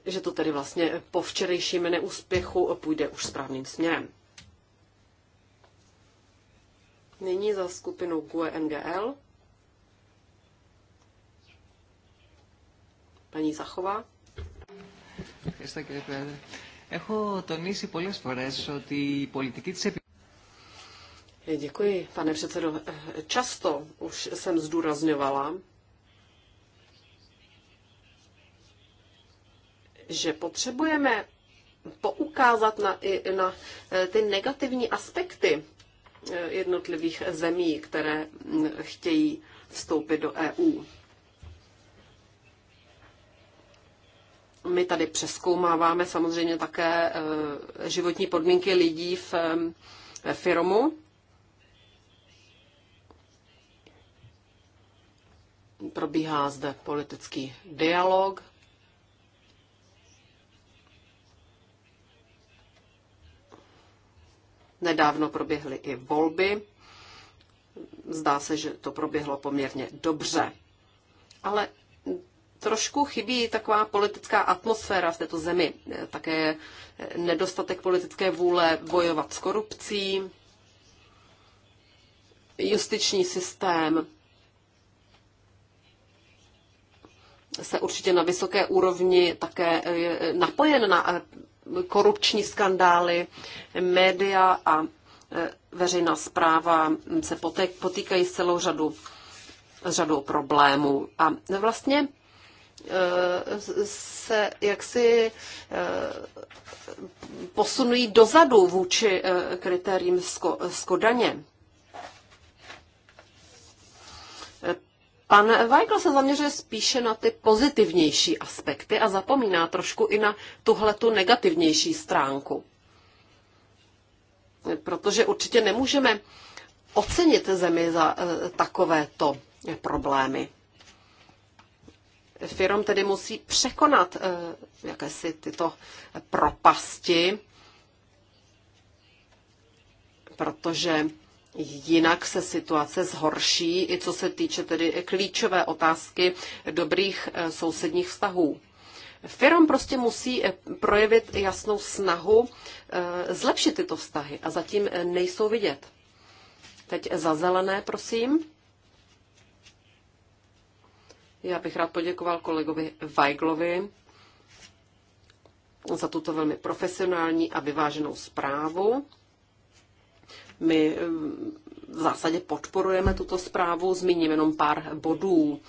že to tedy vlastně po včerejším neúspěchu půjde už správným směrem. Nyní za skupinu GUE NGL paní Zachová. Děkuji, pane předsedo. Eh, často už jsem zdůrazňovala, že potřebujeme poukázat na, i na e, ty negativní aspekty e, jednotlivých zemí, které chtějí vstoupit do EU. My tady přeskoumáváme samozřejmě také e, životní podmínky lidí v firmu. Probíhá zde politický dialog Nedávno proběhly i volby. Zdá se, že to proběhlo poměrně dobře. Ale trošku chybí taková politická atmosféra v této zemi. Také nedostatek politické vůle bojovat s korupcí, justiční systém se určitě na vysoké úrovni také napojen na korupční skandály, média a e, veřejná zpráva se potýkají s celou řadu, řadou problémů. A vlastně e, se jaksi e, posunují dozadu vůči kritériím Skodaně. Pan Weigl se zaměřuje spíše na ty pozitivnější aspekty a zapomíná trošku i na tuhle tu negativnější stránku. Protože určitě nemůžeme ocenit zemi za eh, takovéto problémy. Firm tedy musí překonat eh, jakési tyto propasti, protože Jinak se situace zhorší, i co se týče tedy klíčové otázky dobrých eh, sousedních vztahů. Firm prostě musí eh, projevit jasnou snahu eh, zlepšit tyto vztahy a zatím nejsou vidět. Teď za zelené, prosím. Já bych rád poděkoval kolegovi Weiglovi za tuto velmi profesionální a vyváženou zprávu. My eh, v zásadě podporujeme tuto zprávu, zmíním jenom pár bodů,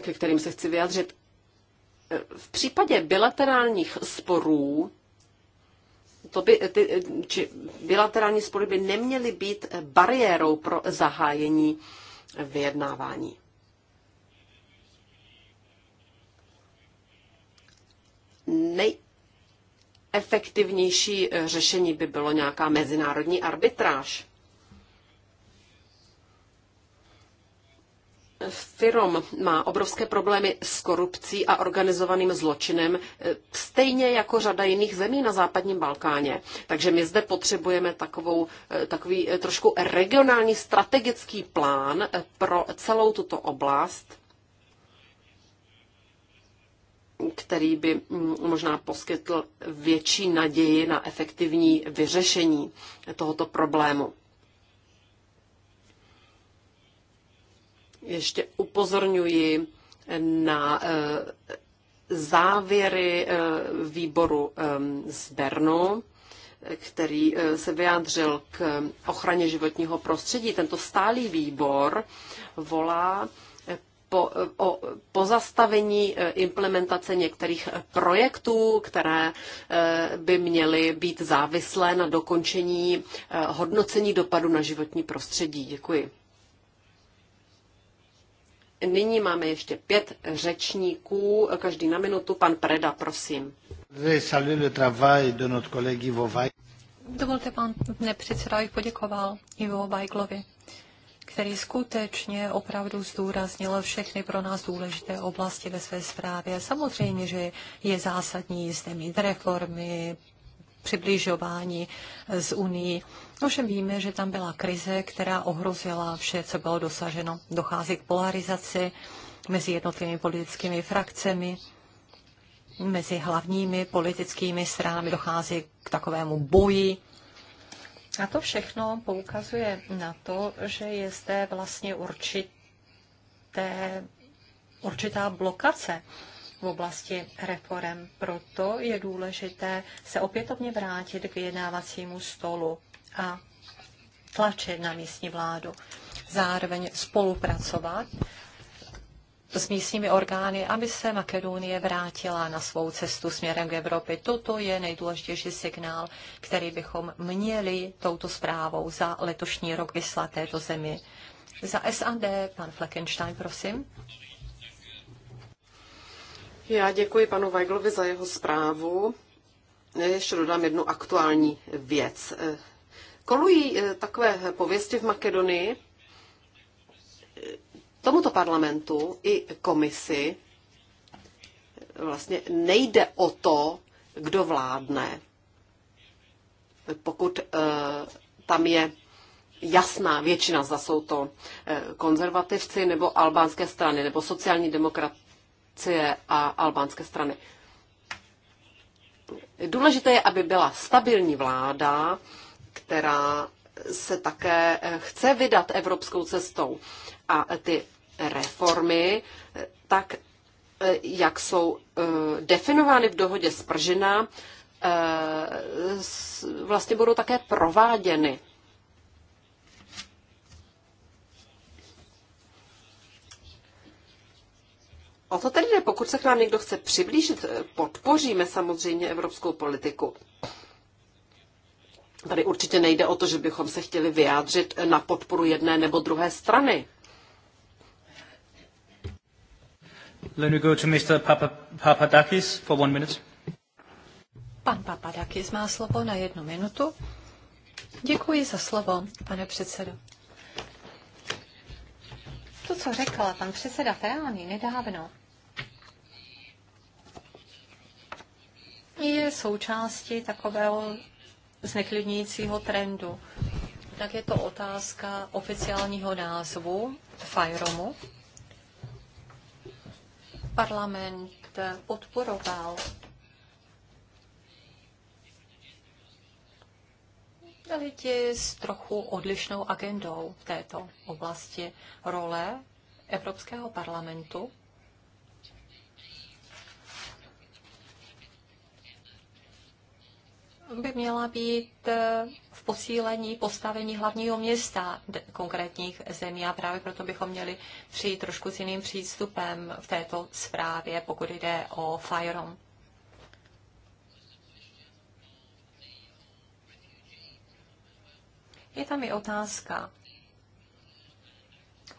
ke kterým se chci vyjádřit. Eh, v případě bilaterálních sporů to by, ty, či bilaterální spory by neměly být bariérou pro zahájení vyjednávání. Nej, efektivnější eh, řešení by bylo nějaká mezinárodní arbitráž. Firom má obrovské problémy s korupcí a organizovaným zločinem, eh, stejně jako řada jiných zemí na západním Balkáně. Takže my zde potřebujeme takovou, eh, takový trošku regionální strategický plán pro celou tuto oblast který by mm, možná poskytl větší naději na efektivní vyřešení tohoto problému. Ještě upozorňuji na eh, závěry eh, výboru ehm, z Bernu, který eh, se vyjádřil k ochraně životního prostředí. Tento stálý výbor volá po, o pozastavení e, implementace některých projektů, které e, by měly být závislé na dokončení e, hodnocení dopadu na životní prostředí. Děkuji. Nyní máme ještě pět řečníků, každý na minutu. Pan Preda, prosím. Dovolte, pan nepředseda, bych poděkoval Ivo Vajglovi který skutečně opravdu zdůraznil všechny pro nás důležité oblasti ve své zprávě. Samozřejmě, že je zásadní zde mít reformy, přibližování z Unii. Ovšem víme, že tam byla krize, která ohrozila vše, co bylo dosaženo. Dochází k polarizaci mezi jednotlivými politickými frakcemi, mezi hlavními politickými stranami dochází k takovému boji a to všechno poukazuje na to, že je zde vlastně určité, určitá blokace v oblasti reform. Proto je důležité se opětovně vrátit k vyjednávacímu stolu a tlačit na místní vládu. Zároveň spolupracovat s místními orgány, aby se Makedonie vrátila na svou cestu směrem k Evropě. Toto je nejdůležitější signál, který bychom měli touto zprávou za letošní rok vyslat této zemi. Za SAD, pan Fleckenstein, prosím. Já děkuji panu Weiglovi za jeho zprávu. Ještě dodám jednu aktuální věc. Kolují eh, takové pověsti v Makedonii, tomuto parlamentu i komisi vlastně nejde o to, kdo vládne. Pokud eh, tam je jasná většina, zda jsou to eh, konzervativci nebo albánské strany, nebo sociální demokracie a albánské strany. Důležité je, aby byla stabilní vláda, která se také eh, chce vydat evropskou cestou a ty reformy, tak eh, jak jsou eh, definovány v dohodě z Pržina, eh, vlastně budou také prováděny. O to tedy jde, pokud se k nám někdo chce přiblížit, podpoříme samozřejmě evropskou politiku. Tady určitě nejde o to, že bychom se chtěli vyjádřit na podporu jedné nebo druhé strany. Then we go to Mr. Papa, Papadakis for one minute. Pan Papadakis má slovo na jednu minutu. Děkuji za slovo, pane předsedo. To, co řekl pan předseda Tajani nedávno, je součástí takového zneklidňujícího trendu. Tak je to otázka oficiálního názvu FIROMu, parlament podporoval lidi s trochu odlišnou agendou v této oblasti role Evropského parlamentu. by měla být v posílení postavení hlavního města konkrétních zemí a právě proto bychom měli přijít trošku s jiným přístupem v této zprávě, pokud jde o FIROM. Je tam i otázka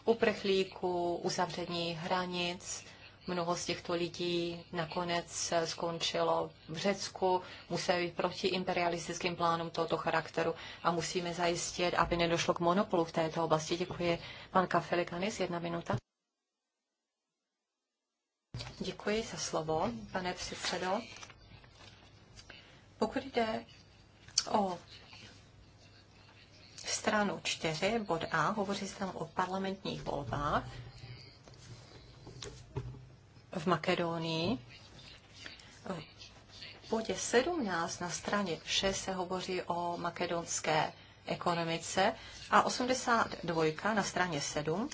uprchlíků, uzavření hranic, Mnoho z těchto lidí nakonec skončilo v Řecku, museli být proti imperialistickým plánům tohoto charakteru a musíme zajistit, aby nedošlo k monopolu v této oblasti. Děkuji. Pan Kafelikanis, jedna minuta. Děkuji za slovo, pane předsedo. Pokud jde o stranu 4, bod A, hovoří se tam o parlamentních volbách v Makedonii. V bodě 17 na straně 6 se hovoří o makedonské ekonomice a 82 na straně 7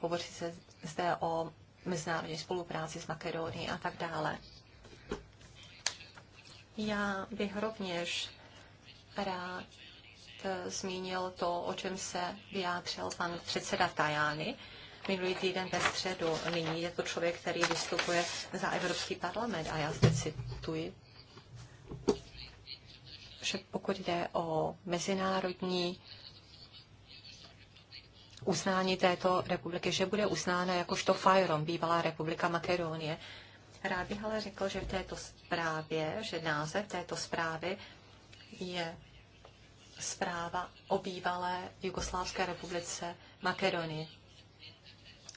hovoří se zde o mezinárodní spolupráci s Makedonií a tak dále. Já bych rovněž rád eh, zmínil to, o čem se vyjádřil pan předseda Tajány, minulý týden ve středu. Nyní je to člověk, který vystupuje za Evropský parlament a já zde cituji, že pokud jde o mezinárodní uznání této republiky, že bude uznána jakožto Fajron, bývalá republika Makedonie. Rád bych ale řekl, že v této zprávě, že název této zprávy je zpráva o bývalé Jugoslávské republice Makedonie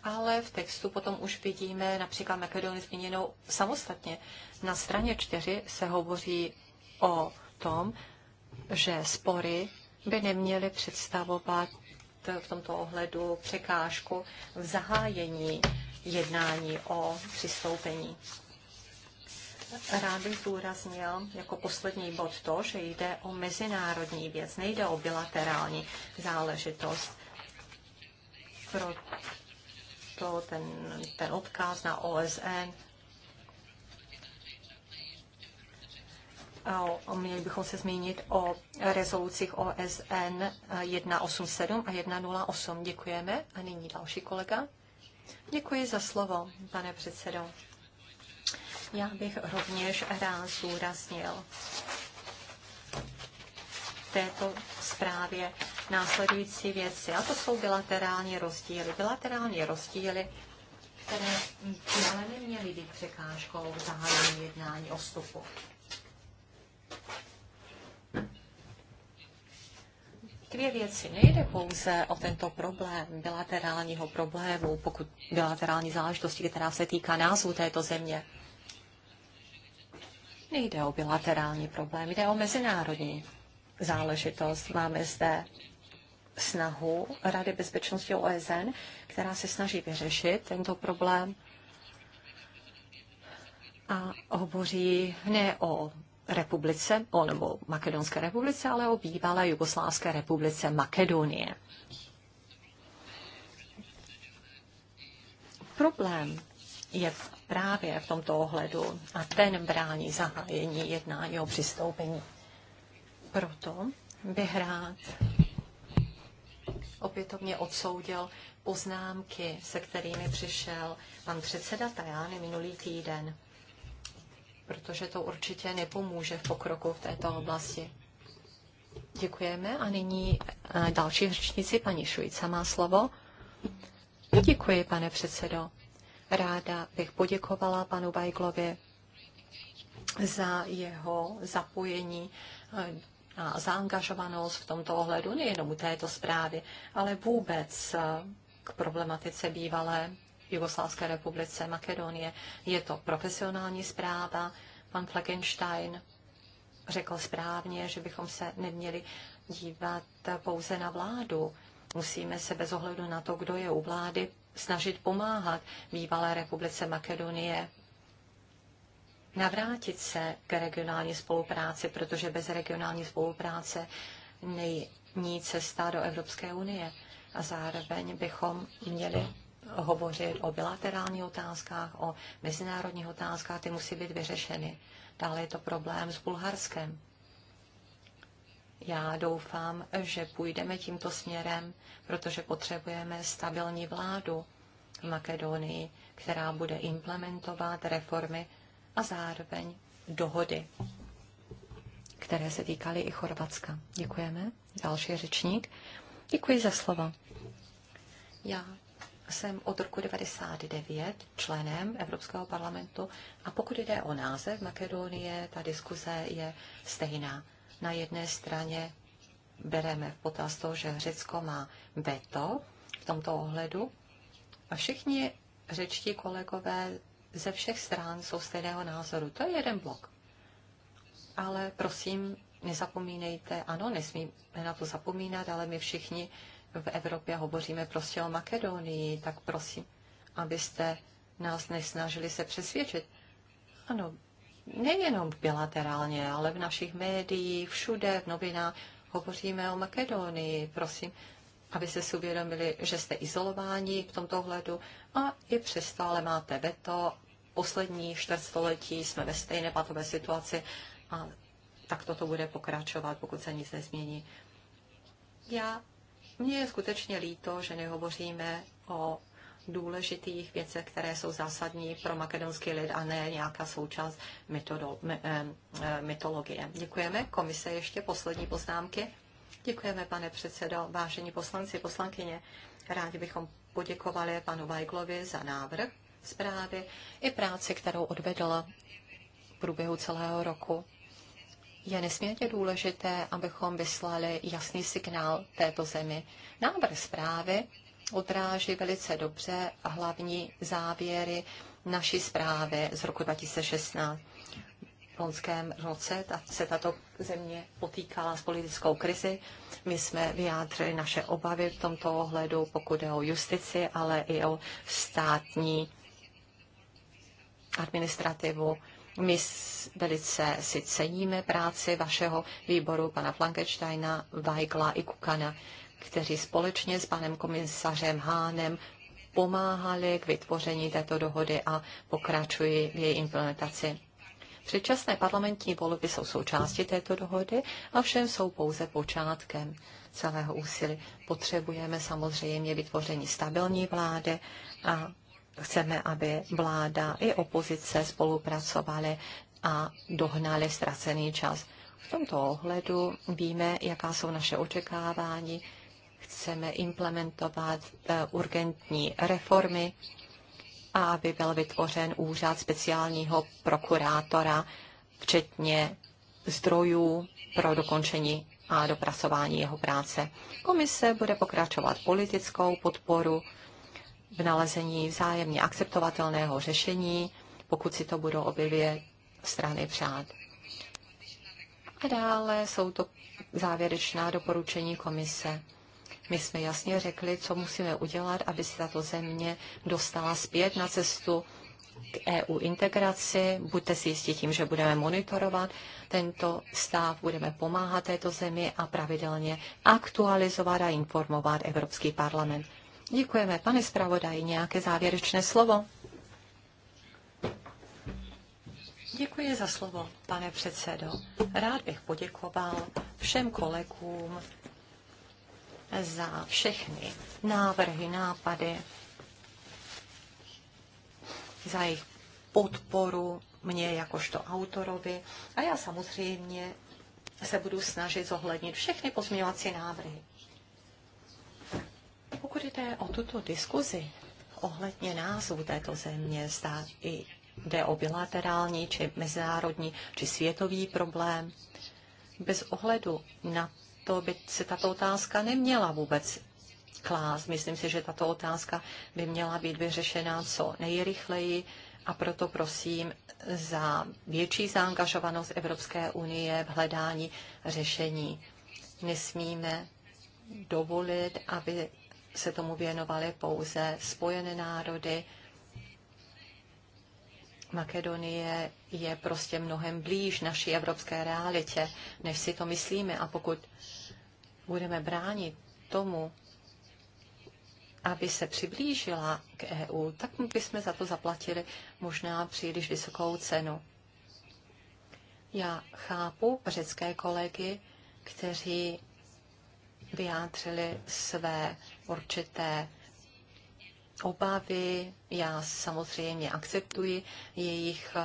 ale v textu potom už vidíme například Makedonii změněnou samostatně. Na straně 4 se hovoří o tom, že spory by neměly představovat v tomto ohledu překážku v zahájení jednání o přistoupení. Rád bych zúraznil jako poslední bod to, že jde o mezinárodní věc, nejde o bilaterální záležitost. pro to, ten, ten odkaz na OSN. A měli bychom se zmínit o rezolucích OSN 187 a 108. Děkujeme. A nyní další kolega. Děkuji za slovo, pane předsedo. Já bych rovněž rád zúraznil této zprávě následující věci, a to jsou bilaterální rozdíly. Bilaterální rozdíly, které ale neměly být překážkou zahájení jednání o vstupu. dvě věci. Nejde pouze o tento problém bilaterálního problému, pokud bilaterální záležitosti, která se týká názvu této země. Nejde o bilaterální problém, jde o mezinárodní záležitost. Máme zde snahu Rady bezpečnosti OSN, která se snaží vyřešit tento problém a hovoří ne o republice, o, nebo Makedonské republice, ale o bývalé Jugoslávské republice Makedonie. Problém je právě v tomto ohledu a ten brání zahájení jednání o přistoupení. Proto bych rád opětovně odsoudil poznámky, se kterými přišel pan předseda Tajány minulý týden, protože to určitě nepomůže v pokroku v této oblasti. Děkujeme a nyní eh, další řečnici, paní Šujica má slovo. Děkuji, pane předsedo. Ráda bych poděkovala panu Bajglovi za jeho zapojení eh, a zaangažovanost v tomto ohledu nejenom u této zprávy, ale vůbec eh, k problematice bývalé Jugoslávské republice Makedonie. Je to profesionální zpráva. Pan Fleckenstein řekl správně, že bychom se neměli dívat pouze na vládu. Musíme se bez ohledu na to, kdo je u vlády, snažit pomáhat bývalé republice Makedonie navrátit se k regionální spolupráci, protože bez regionální spolupráce není cesta do Evropské unie. A zároveň bychom měli hovořit o bilaterálních otázkách, o mezinárodních otázkách, ty musí být vyřešeny. Dále je to problém s Bulharskem. Já doufám, že půjdeme tímto směrem, protože potřebujeme stabilní vládu v Makedonii, která bude implementovat reformy a zároveň dohody, které se týkaly i Chorvatska. Děkujeme. Další řečník. Děkuji za slovo. Já jsem od roku 99 členem Evropského parlamentu a pokud jde o název Makedonie, ta diskuze je stejná. Na jedné straně bereme v potaz to, že Řecko má veto v tomto ohledu a všichni řečtí kolegové ze všech stran jsou stejného názoru. To je jeden blok. Ale prosím, nezapomínejte, ano, nesmíme na to zapomínat, ale my všichni v Evropě hovoříme prostě o Makedonii, tak prosím, abyste nás nesnažili se přesvědčit. Ano, nejenom bilaterálně, ale v našich médiích, všude, v novinách hovoříme o Makedonii. Prosím, aby se si uvědomili, že jste izolováni v tomto hledu a i přesto ale máte veto. Poslední čtvrtstoletí jsme ve stejné patové situaci a tak toto bude pokračovat, pokud se nic nezmění. Já, mně je skutečně líto, že nehovoříme o důležitých věcech, které jsou zásadní pro makedonský lid a ne nějaká součást mytodol, my, eh, eh, mytologie. Děkujeme. Komise ještě poslední poznámky. Děkujeme, pane předsedo, vážení poslanci, poslankyně. Rádi bychom poděkovali panu Vajglovi za návrh zprávy i práci, kterou odvedla v průběhu celého roku. Je nesmírně důležité, abychom vyslali jasný signál této zemi. Návrh zprávy odráží velice dobře hlavní závěry naší zprávy z roku 2016 loňském roce ta, se tato země potýkala s politickou krizi. My jsme vyjádřili naše obavy v tomto ohledu, pokud je o justici, ale i o státní administrativu. My velice si ceníme práci vašeho výboru, pana Flankensteina, Weigla i Kukana, kteří společně s panem komisařem Hánem pomáhali k vytvoření této dohody a pokračují v její implementaci. Předčasné parlamentní volby jsou součástí této dohody, avšem jsou pouze počátkem celého úsilí. Potřebujeme samozřejmě vytvoření stabilní vlády a chceme, aby vláda i opozice spolupracovaly a dohnali ztracený čas. V tomto ohledu víme, jaká jsou naše očekávání. Chceme implementovat eh, urgentní reformy a aby byl vytvořen úřad speciálního prokurátora, včetně zdrojů pro dokončení a dopracování jeho práce. Komise bude pokračovat politickou podporu v nalezení vzájemně akceptovatelného řešení, pokud si to budou obě strany přát. A dále jsou to závěrečná doporučení komise. My jsme jasně řekli, co musíme udělat, aby se tato země dostala zpět na cestu k EU integraci. Buďte si jistí tím, že budeme monitorovat tento stav, budeme pomáhat této zemi a pravidelně aktualizovat a informovat Evropský parlament. Děkujeme. Pane zpravodaji, nějaké závěrečné slovo? Děkuji za slovo, pane předsedo. Rád bych poděkoval všem kolegům za všechny návrhy, nápady, za jejich podporu mě jakožto autorovi a já samozřejmě se budu snažit zohlednit všechny pozměňovací návrhy. Pokud jde o tuto diskuzi ohledně názvu této země, zda i jde o bilaterální, či mezinárodní, či světový problém, bez ohledu na to by se tato otázka neměla vůbec klást. Myslím si, že tato otázka by měla být vyřešena co nejrychleji a proto prosím za větší zaangažovanost Evropské unie v hledání řešení. Nesmíme dovolit, aby se tomu věnovaly pouze Spojené národy. Makedonie je prostě mnohem blíž naší evropské realitě, než si to myslíme. A pokud budeme bránit tomu, aby se přiblížila k EU, tak bychom za to zaplatili možná příliš vysokou cenu. Já chápu řecké kolegy, kteří vyjádřili své určité obavy. Já samozřejmě akceptuji jejich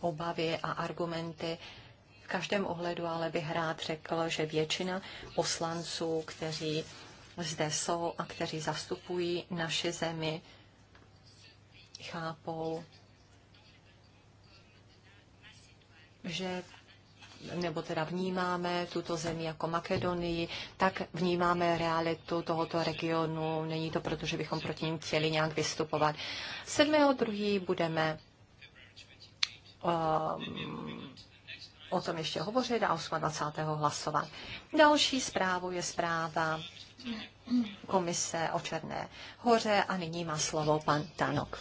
obavy a argumenty každém ohledu ale bych rád řekl, že většina poslanců, kteří zde jsou a kteří zastupují naši zemi, chápou, že nebo teda vnímáme tuto zemi jako Makedonii, tak vnímáme realitu tohoto regionu. Není to proto, že bychom proti ním chtěli nějak vystupovat. 7.2. budeme um, o tom ještě hovořit a 28. hlasovat. Další zprávu je zpráva komise o Černé hoře a nyní má slovo pan Tanok.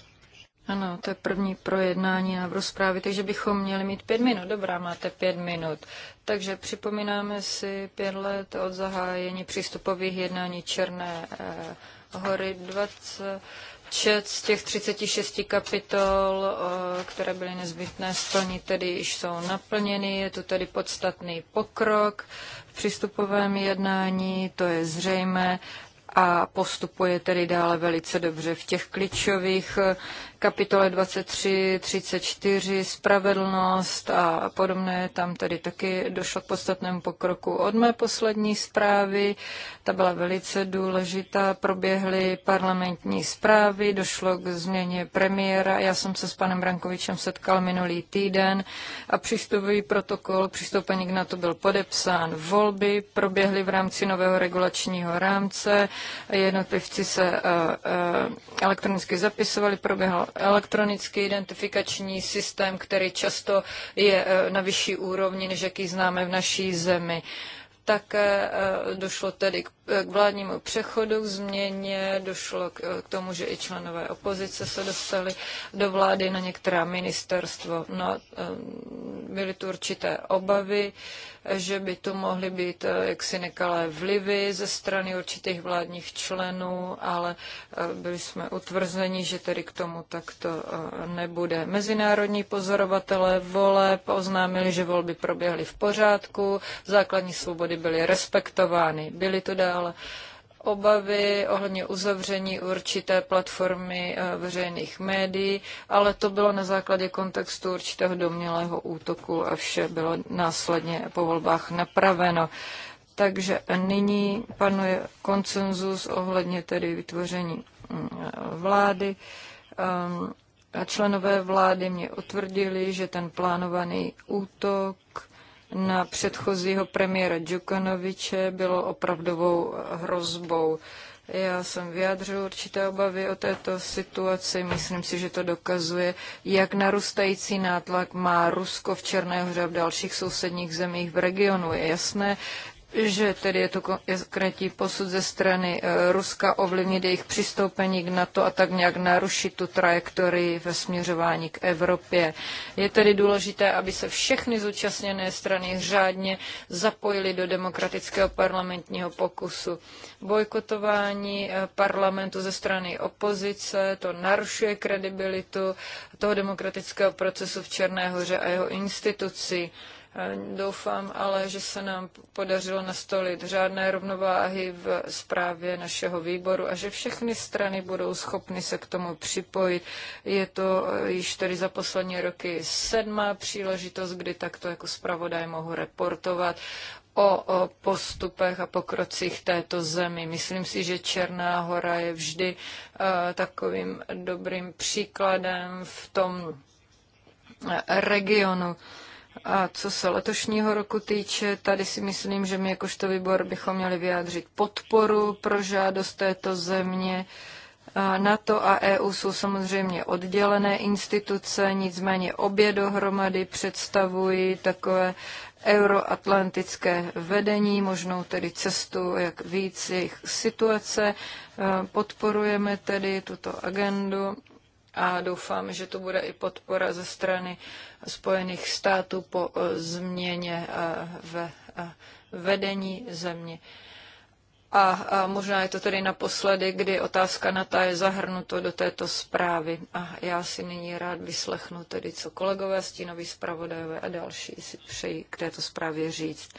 Ano, to je první projednání na rozprávy, takže bychom měli mít pět minut. Dobrá, máte pět minut. Takže připomínáme si pět let od zahájení přístupových jednání Černé eh, hory 20 výčet z těch 36 kapitol, eh, které byly nezbytné splnit, tedy již jsou naplněny. Je tu tedy podstatný pokrok v přístupovém jednání, to je zřejmé a postupuje tedy dále velice dobře v těch klíčových kapitole 23, 34, spravedlnost a podobné, tam tedy taky došlo k podstatnému pokroku od mé poslední zprávy. Ta byla velice důležitá, proběhly parlamentní zprávy, došlo k změně premiéra. Já jsem se s panem Rankovičem setkal minulý týden a přístupový protokol, přistoupení k NATO byl podepsán. Volby proběhly v rámci nového regulačního rámce, jednotlivci se eh, eh, elektronicky zapisovali, proběhlo elektronický identifikační systém, který často je e, na vyšší úrovni, než jaký známe v naší zemi. Také e, e, došlo tedy k k vládnímu přechodu, k změně, došlo k, k tomu, že i členové opozice se dostali do vlády na některá ministerstvo. No, ehm, byly tu určité obavy, že by tu mohly být eh, jaksi nekalé vlivy ze strany určitých vládních členů, ale eh, byli jsme utvrzeni, že tedy k tomu takto eh, nebude. Mezinárodní pozorovatelé voleb oznámili, že volby proběhly v pořádku, základní svobody byly respektovány. Byly tu dále obavy ohledně uzavření určité platformy eh, veřejných médií, ale to bylo na základě kontextu určitého domělého útoku a vše bylo následně po volbách napraveno. Takže nyní panuje koncenzus ohledně tedy vytvoření mm, vlády. Ehm, a členové vlády mě utvrdili, že ten plánovaný útok na předchozího premiéra Djukanoviče bylo opravdovou hrozbou. Já jsem vyjádřil určité obavy o této situaci. Myslím si, že to dokazuje, jak narůstající nátlak má Rusko v Černé hoře a v dalších sousedních zemích v regionu. Je jasné, že tedy je to konkrétní posud ze strany eh, Ruska ovlivnit jejich přistoupení k NATO a tak nějak narušit tu trajektorii ve směřování k Evropě. Je tedy důležité, aby se všechny zúčastněné strany řádně zapojily do demokratického parlamentního pokusu. Bojkotování eh, parlamentu ze strany opozice, to narušuje kredibilitu toho demokratického procesu v Černé hoře a jeho institucí. Eh, doufám ale, že se nám podařilo nastolit řádné rovnováhy v zprávě našeho výboru a že všechny strany budou schopny se k tomu připojit. Je to eh, již tedy za poslední roky sedmá příležitost, kdy takto jako zpravodaj mohu reportovat o, postupech a pokrocích této zemi. Myslím si, že Černá hora je vždy eh, takovým dobrým příkladem v tom regionu. A co se letošního roku týče, tady si myslím, že my jakožto výbor bychom měli vyjádřit podporu pro žádost této země. NATO a EU jsou samozřejmě oddělené instituce, nicméně obě dohromady představují takové euroatlantické vedení, možnou tedy cestu, jak víc jejich situace. Podporujeme tedy tuto agendu a doufám, že to bude i podpora ze strany Spojených států po eh, změně eh, ve eh, vedení země. A, možná je to tedy naposledy, kdy otázka ta je zahrnuto do této zprávy. A já si nyní rád vyslechnu tedy, co kolegové, stínoví zpravodajové a další si přeji k této zprávě říct.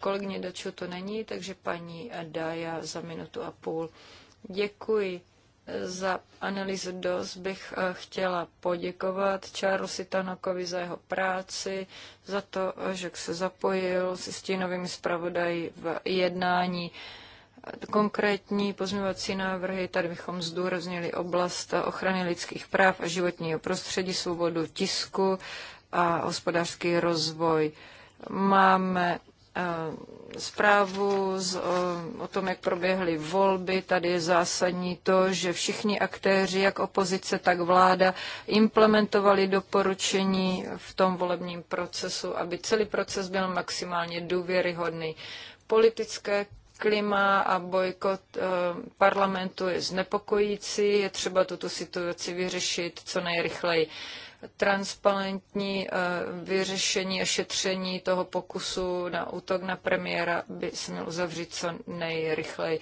Kolegně Daču to není, takže paní Daja za minutu a půl. Děkuji. Za analýzu DOS bych eh, chtěla poděkovat Charlesi Tanakovi za jeho práci, za to, eh, že se zapojil se stínovými zpravodají v jednání konkrétní pozměvací návrhy. Tady bychom zdůraznili oblast ochrany lidských práv a životního prostředí, svobodu tisku a hospodářský rozvoj. Máme zprávu z, o, o tom, jak proběhly volby. Tady je zásadní to, že všichni aktéři, jak opozice, tak vláda, implementovali doporučení v tom volebním procesu, aby celý proces byl maximálně důvěryhodný. Politické klima a bojkot e, parlamentu je znepokojící, je třeba tuto situaci vyřešit co nejrychleji transparentní eh, vyřešení a šetření toho pokusu na útok na premiéra by se měl uzavřít co nejrychleji.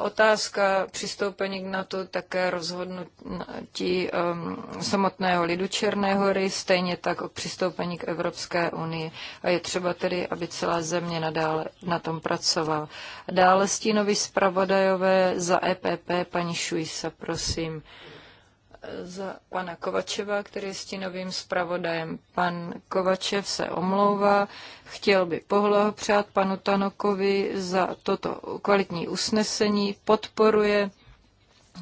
Otázka přistoupení k NATO také rozhodnutí ehm, samotného lidu Černé hory, stejně tak o přistoupení k Evropské unii. A je třeba tedy, aby celá země nadále na tom pracovala. Dále stínovi zpravodajové za EPP, paní Šuisa, prosím za pana Kovačeva, který je stínovým zpravodajem. Pan Kovačev se omlouvá, chtěl by pohlahopřát panu Tanokovi za toto kvalitní usnesení, podporuje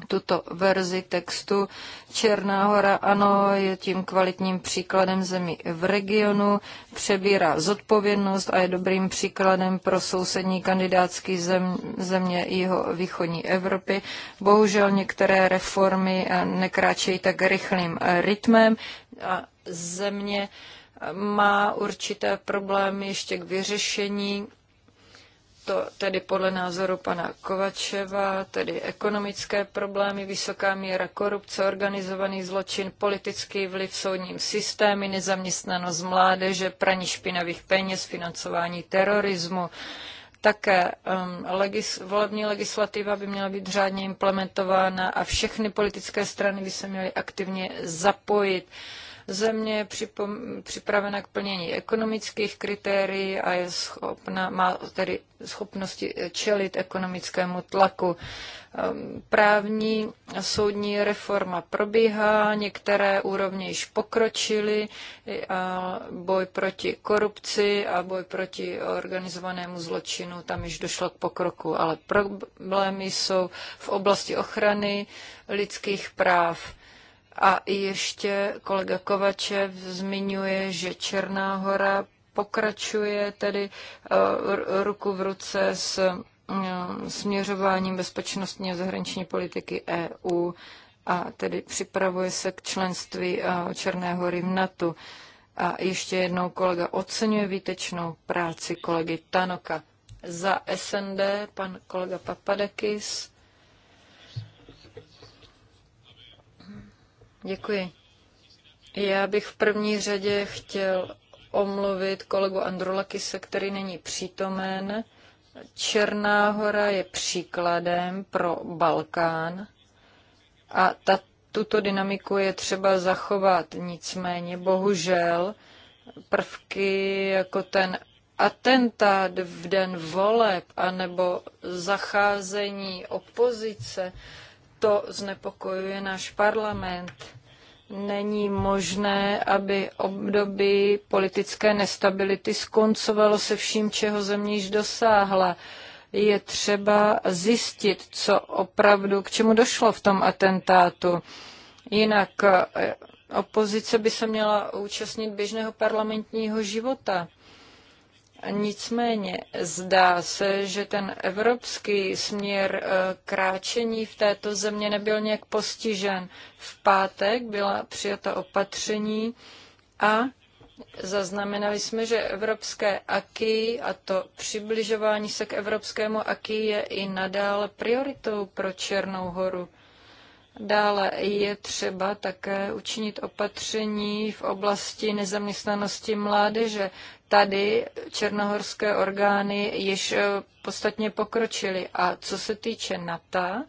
tuto verzi textu. Černá hora, ano, je tím kvalitním příkladem zemí v regionu, přebírá zodpovědnost a je dobrým příkladem pro sousední kandidátský zem, země jeho východní Evropy. Bohužel některé reformy eh, nekráčejí tak rychlým eh, rytmem a země eh, má určité problémy ještě k vyřešení to tedy podle názoru pana Kovačeva, tedy ekonomické problémy, vysoká míra korupce, organizovaný zločin, politický vliv v soudním systému, nezaměstnanost mládeže, praní špinavých peněz, financování terorismu. Také um, legis, volební legislativa by měla být řádně implementována a všechny politické strany by se měly aktivně zapojit. Uh, Země je připom- připravena k plnění ekonomických kritérií a je schopna, má tedy schopnosti čelit ekonomickému tlaku. Ehm, právní a soudní reforma probíhá, některé úrovně již pokročily, a boj proti korupci a boj proti organizovanému zločinu, tam již došlo k pokroku, ale problémy jsou v oblasti ochrany lidských práv a ještě kolega Kovačev zmiňuje, že Černá hora pokračuje tedy eh, ruku v ruce s mm, směřováním bezpečnostní a zahraniční politiky EU a tedy připravuje se k členství eh, Černé hory v NATO. A ještě jednou kolega oceňuje výtečnou práci kolegy Tanoka. Za SND pan kolega Papadakis. Děkuji. Já bych v první řadě chtěl omluvit kolegu Androlakise, který není přítomen. Černá hora je příkladem pro Balkán a ta, tuto dynamiku je třeba zachovat. Nicméně, bohužel, prvky jako ten atentát v den voleb anebo zacházení opozice, to znepokojuje náš parlament není možné, aby období politické nestability skoncovalo se vším, čeho země již dosáhla. Je třeba zjistit, co opravdu, k čemu došlo v tom atentátu. Jinak eh, opozice by se měla účastnit běžného parlamentního života. Nicméně zdá se, že ten evropský směr eh, kráčení v této země nebyl nějak postižen. V pátek byla přijata opatření a Zaznamenali jsme, že evropské aky a to přibližování se k evropskému aky je i nadále prioritou pro Černou horu. Dále je třeba také učinit opatření v oblasti nezaměstnanosti mládeže tady černohorské orgány již eh, podstatně pokročily. A co se týče NATO,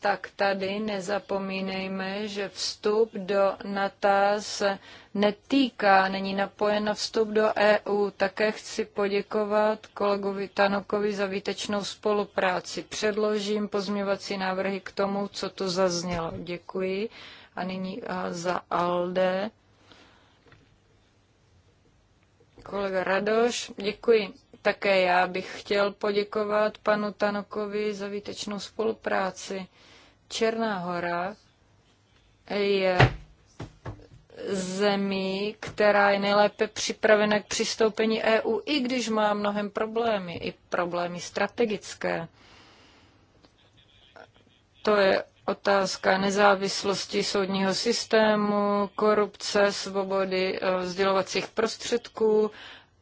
tak tady nezapomínejme, že vstup do NATO se netýká, není napojen na vstup do EU. Také chci poděkovat kolegovi Tanokovi za výtečnou spolupráci. Předložím pozměvací návrhy k tomu, co tu zaznělo. Děkuji. A nyní eh, za ALDE Kolega Radoš, děkuji. Také já bych chtěl poděkovat panu Tanokovi za výtečnou spolupráci. Černá hora je zemí, která je nejlépe připravena k přistoupení EU, i když má mnohem problémy, i problémy strategické. To je otázka nezávislosti soudního systému, korupce, svobody eh, sdělovacích prostředků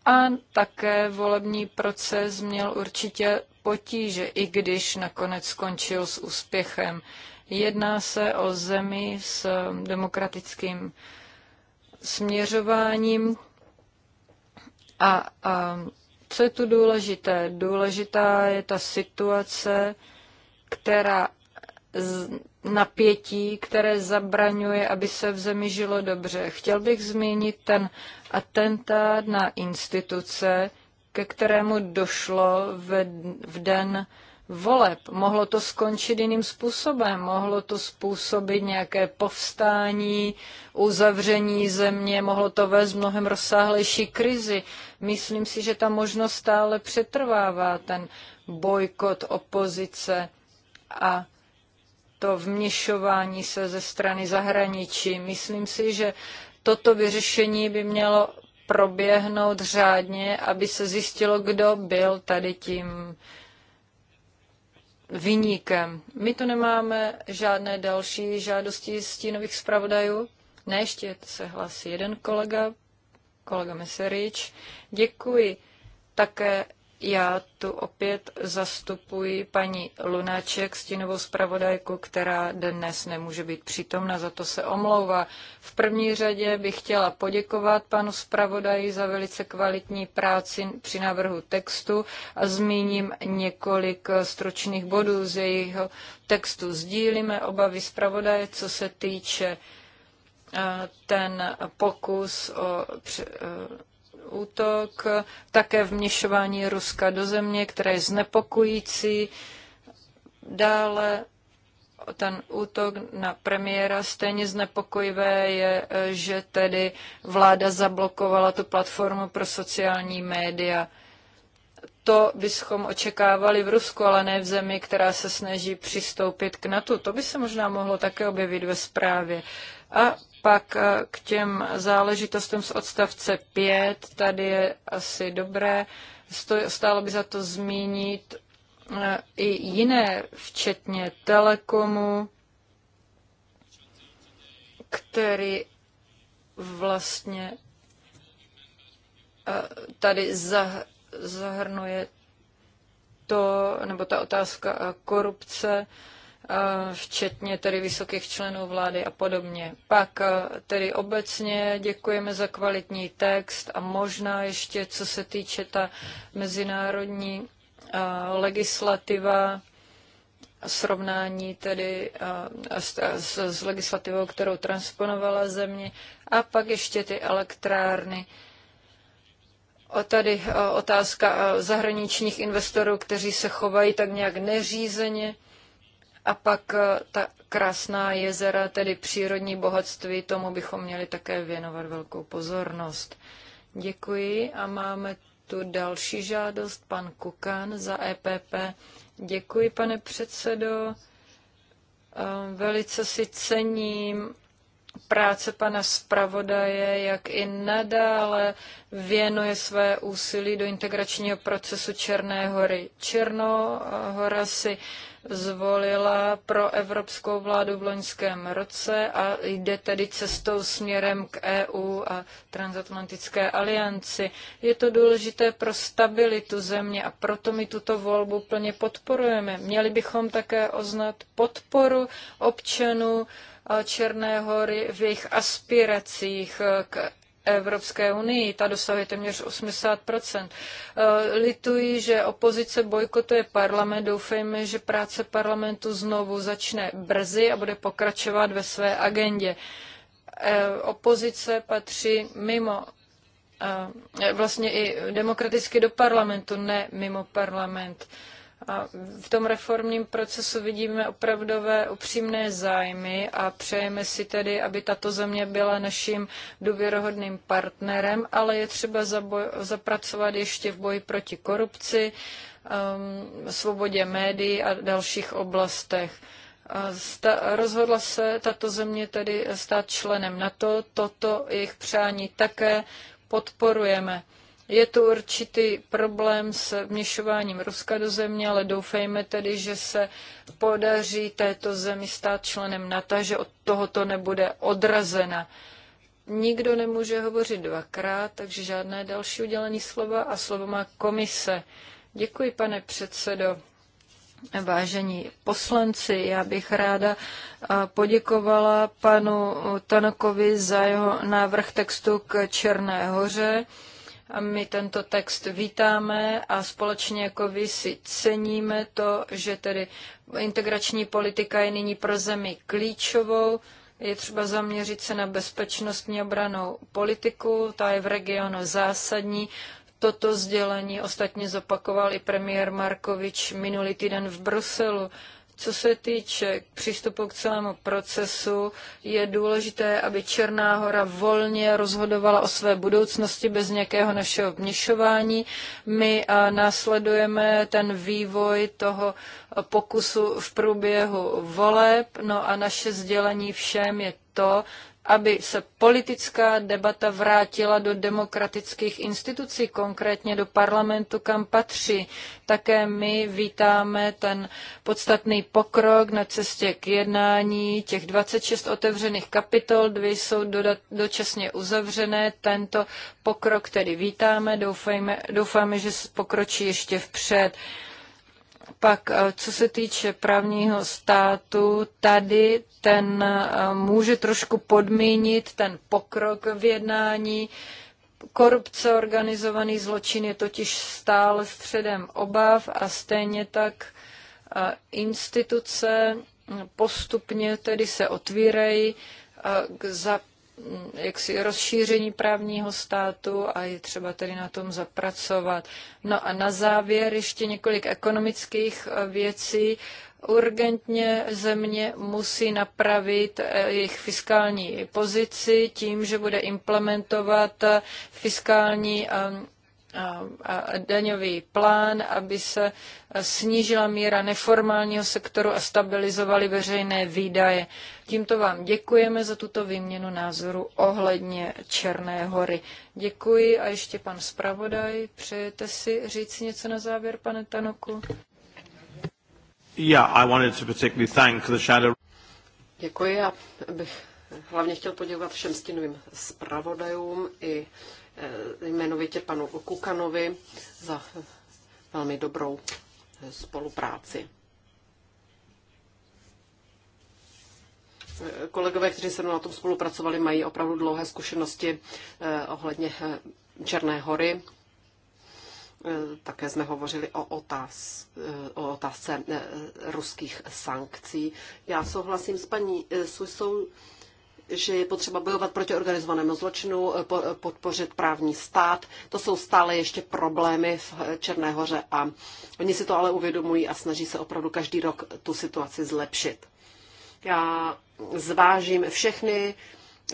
a také volební proces měl určitě potíže, i když nakonec skončil s úspěchem. Jedná se o zemi s eh, demokratickým směřováním a, a co je tu důležité? Důležitá je ta situace, která napětí, které zabraňuje, aby se v zemi žilo dobře. Chtěl bych zmínit ten atentát na instituce, ke kterému došlo v, v den voleb. Mohlo to skončit jiným způsobem, mohlo to způsobit nějaké povstání, uzavření země, mohlo to vést mnohem rozsáhlejší krizi. Myslím si, že ta možnost stále přetrvává, ten bojkot opozice a to vměšování se ze strany zahraničí. Myslím si, že toto vyřešení by mělo proběhnout řádně, aby se zjistilo, kdo byl tady tím vyníkem. My tu nemáme žádné další žádosti stínových zpravodajů. Ne, ještě se hlásí jeden kolega, kolega Meserič. Děkuji také já tu opět zastupuji paní Lunáček, stínovou zpravodajku, která dnes nemůže být přítomna, za to se omlouvá. V první řadě bych chtěla poděkovat panu zpravodaji za velice kvalitní práci při návrhu textu a zmíním několik stročných bodů z jejího textu. Sdílíme obavy zpravodaje, co se týče eh, ten pokus o eh, útok, také vměšování Ruska do země, které je znepokojící. Dále ten útok na premiéra stejně znepokojivé je, že tedy vláda zablokovala tu platformu pro sociální média. To bychom očekávali v Rusku, ale ne v zemi, která se snaží přistoupit k NATO. To by se možná mohlo také objevit ve zprávě. A pak eh, k těm záležitostem z odstavce 5, tady je asi dobré, stálo by za to zmínit eh, i jiné, včetně Telekomu, který vlastně eh, tady zahrnuje to, nebo ta otázka korupce, včetně tedy vysokých členů vlády a podobně. Pak tedy obecně děkujeme za kvalitní text a možná ještě, co se týče ta mezinárodní legislativa, srovnání tedy s, s, s legislativou, kterou transponovala země, a pak ještě ty elektrárny. O tady otázka zahraničních investorů, kteří se chovají tak nějak neřízeně a pak eh, ta krásná jezera, tedy přírodní bohatství, tomu bychom měli také věnovat velkou pozornost. Děkuji a máme tu další žádost, pan Kukan za EPP. Děkuji, pane předsedo. Ehm, velice si cením práce pana zpravodaje, jak i nadále věnuje své úsilí do integračního procesu Černé hory. Černohora si zvolila pro evropskou vládu v loňském roce a jde tedy cestou směrem k EU a transatlantické alianci. Je to důležité pro stabilitu země a proto my tuto volbu plně podporujeme. Měli bychom také oznat podporu občanů eh, Černé hory v jejich aspiracích eh, k Evropské unii. Ta dosahuje téměř 80 eh, Lituji, že opozice bojkotuje parlament. Doufejme, že práce parlamentu znovu začne brzy a bude pokračovat ve své agendě. Eh, opozice patří mimo eh, vlastně i demokraticky do parlamentu, ne mimo parlament. A v tom reformním procesu vidíme opravdové upřímné zájmy a přejeme si tedy, aby tato země byla naším důvěrohodným partnerem, ale je třeba zapracovat ještě v boji proti korupci, um, svobodě médií a dalších oblastech. Sta- rozhodla se tato země tedy stát členem NATO. Toto jejich přání také podporujeme. Je tu určitý problém s vměšováním Ruska do země, ale doufejme tedy, že se podaří této zemi stát členem NATO, že od tohoto nebude odrazena. Nikdo nemůže hovořit dvakrát, takže žádné další udělení slova a slovo má komise. Děkuji, pane předsedo. Vážení poslanci, já bych ráda poděkovala panu Tanokovi za jeho návrh textu k Černé hoře. A my tento text vítáme a společně jako vy si ceníme to, že tedy integrační politika je nyní pro zemi klíčovou. Je třeba zaměřit se na bezpečnostní obranou politiku, ta je v regionu zásadní. Toto sdělení ostatně zopakoval i premiér Markovič minulý týden v Bruselu. Co se týče přístupu k celému procesu, je důležité, aby Černá hora volně rozhodovala o své budoucnosti bez nějakého našeho vněšování. My následujeme ten vývoj toho pokusu v průběhu voleb, no a naše sdělení všem je to, aby se politická debata vrátila do demokratických institucí, konkrétně do parlamentu, kam patří. Také my vítáme ten podstatný pokrok na cestě k jednání. Těch 26 otevřených kapitol, dvě jsou dodat, dočasně uzavřené. Tento pokrok tedy vítáme, doufejme, doufáme, že se pokročí ještě vpřed. Pak, eh, co se týče právního státu, tady ten eh, může trošku podmínit ten pokrok v jednání. Korupce, organizovaný zločin je totiž stále středem obav a stejně tak eh, instituce postupně tedy se otvírají k jaksi rozšíření právního státu a je třeba tedy na tom zapracovat. No a na závěr ještě několik ekonomických eh, věcí. Urgentně země musí napravit eh, jejich fiskální pozici tím, že bude implementovat eh, fiskální a daňový plán, aby se snížila míra neformálního sektoru a stabilizovaly veřejné výdaje. Tímto vám děkujeme za tuto výměnu názoru ohledně Černé hory. Děkuji a ještě pan zpravodaj, přejete si říct něco na závěr, pane Tanoku? Yeah, I wanted to particularly thank the shadow. Děkuji a bych hlavně chtěl poděkovat všem stínovým zpravodajům i Eh, jmenovitě panu Kukanovi za velmi dobrou eh, spolupráci. Eh, kolegové, kteří se na tom spolupracovali, mají opravdu dlouhé zkušenosti ohledně Černé hory. Také jsme hovořili o, otáz, o otázce ruských sankcí. Já souhlasím s paní Susou, že je potřeba bojovat proti organizovanému zločinu, eh, eh, podpořit právní stát. To jsou stále ještě problémy v eh, Černé hoře a oni si to ale uvědomují a snaží se opravdu každý rok tu situaci zlepšit. Já zvážím všechny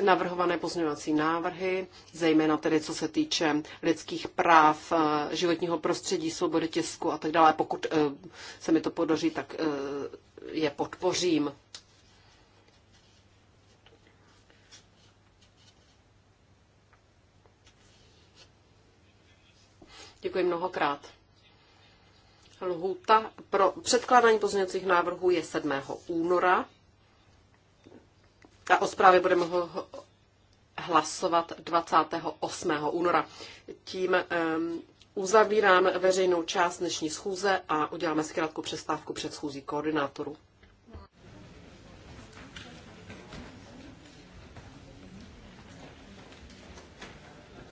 navrhované pozměňovací návrhy, zejména tedy co se týče lidských práv, životního prostředí, svobody tisku a tak dále. Pokud se mi to podaří, tak je podpořím. Děkuji mnohokrát. Lhůta pro předkládání pozměňovacích návrhů je 7. února a o zprávě budeme hlasovat 28. února. Tím um, uzavírám veřejnou část dnešní schůze a uděláme zkrátkou přestávku před schůzí koordinátorů.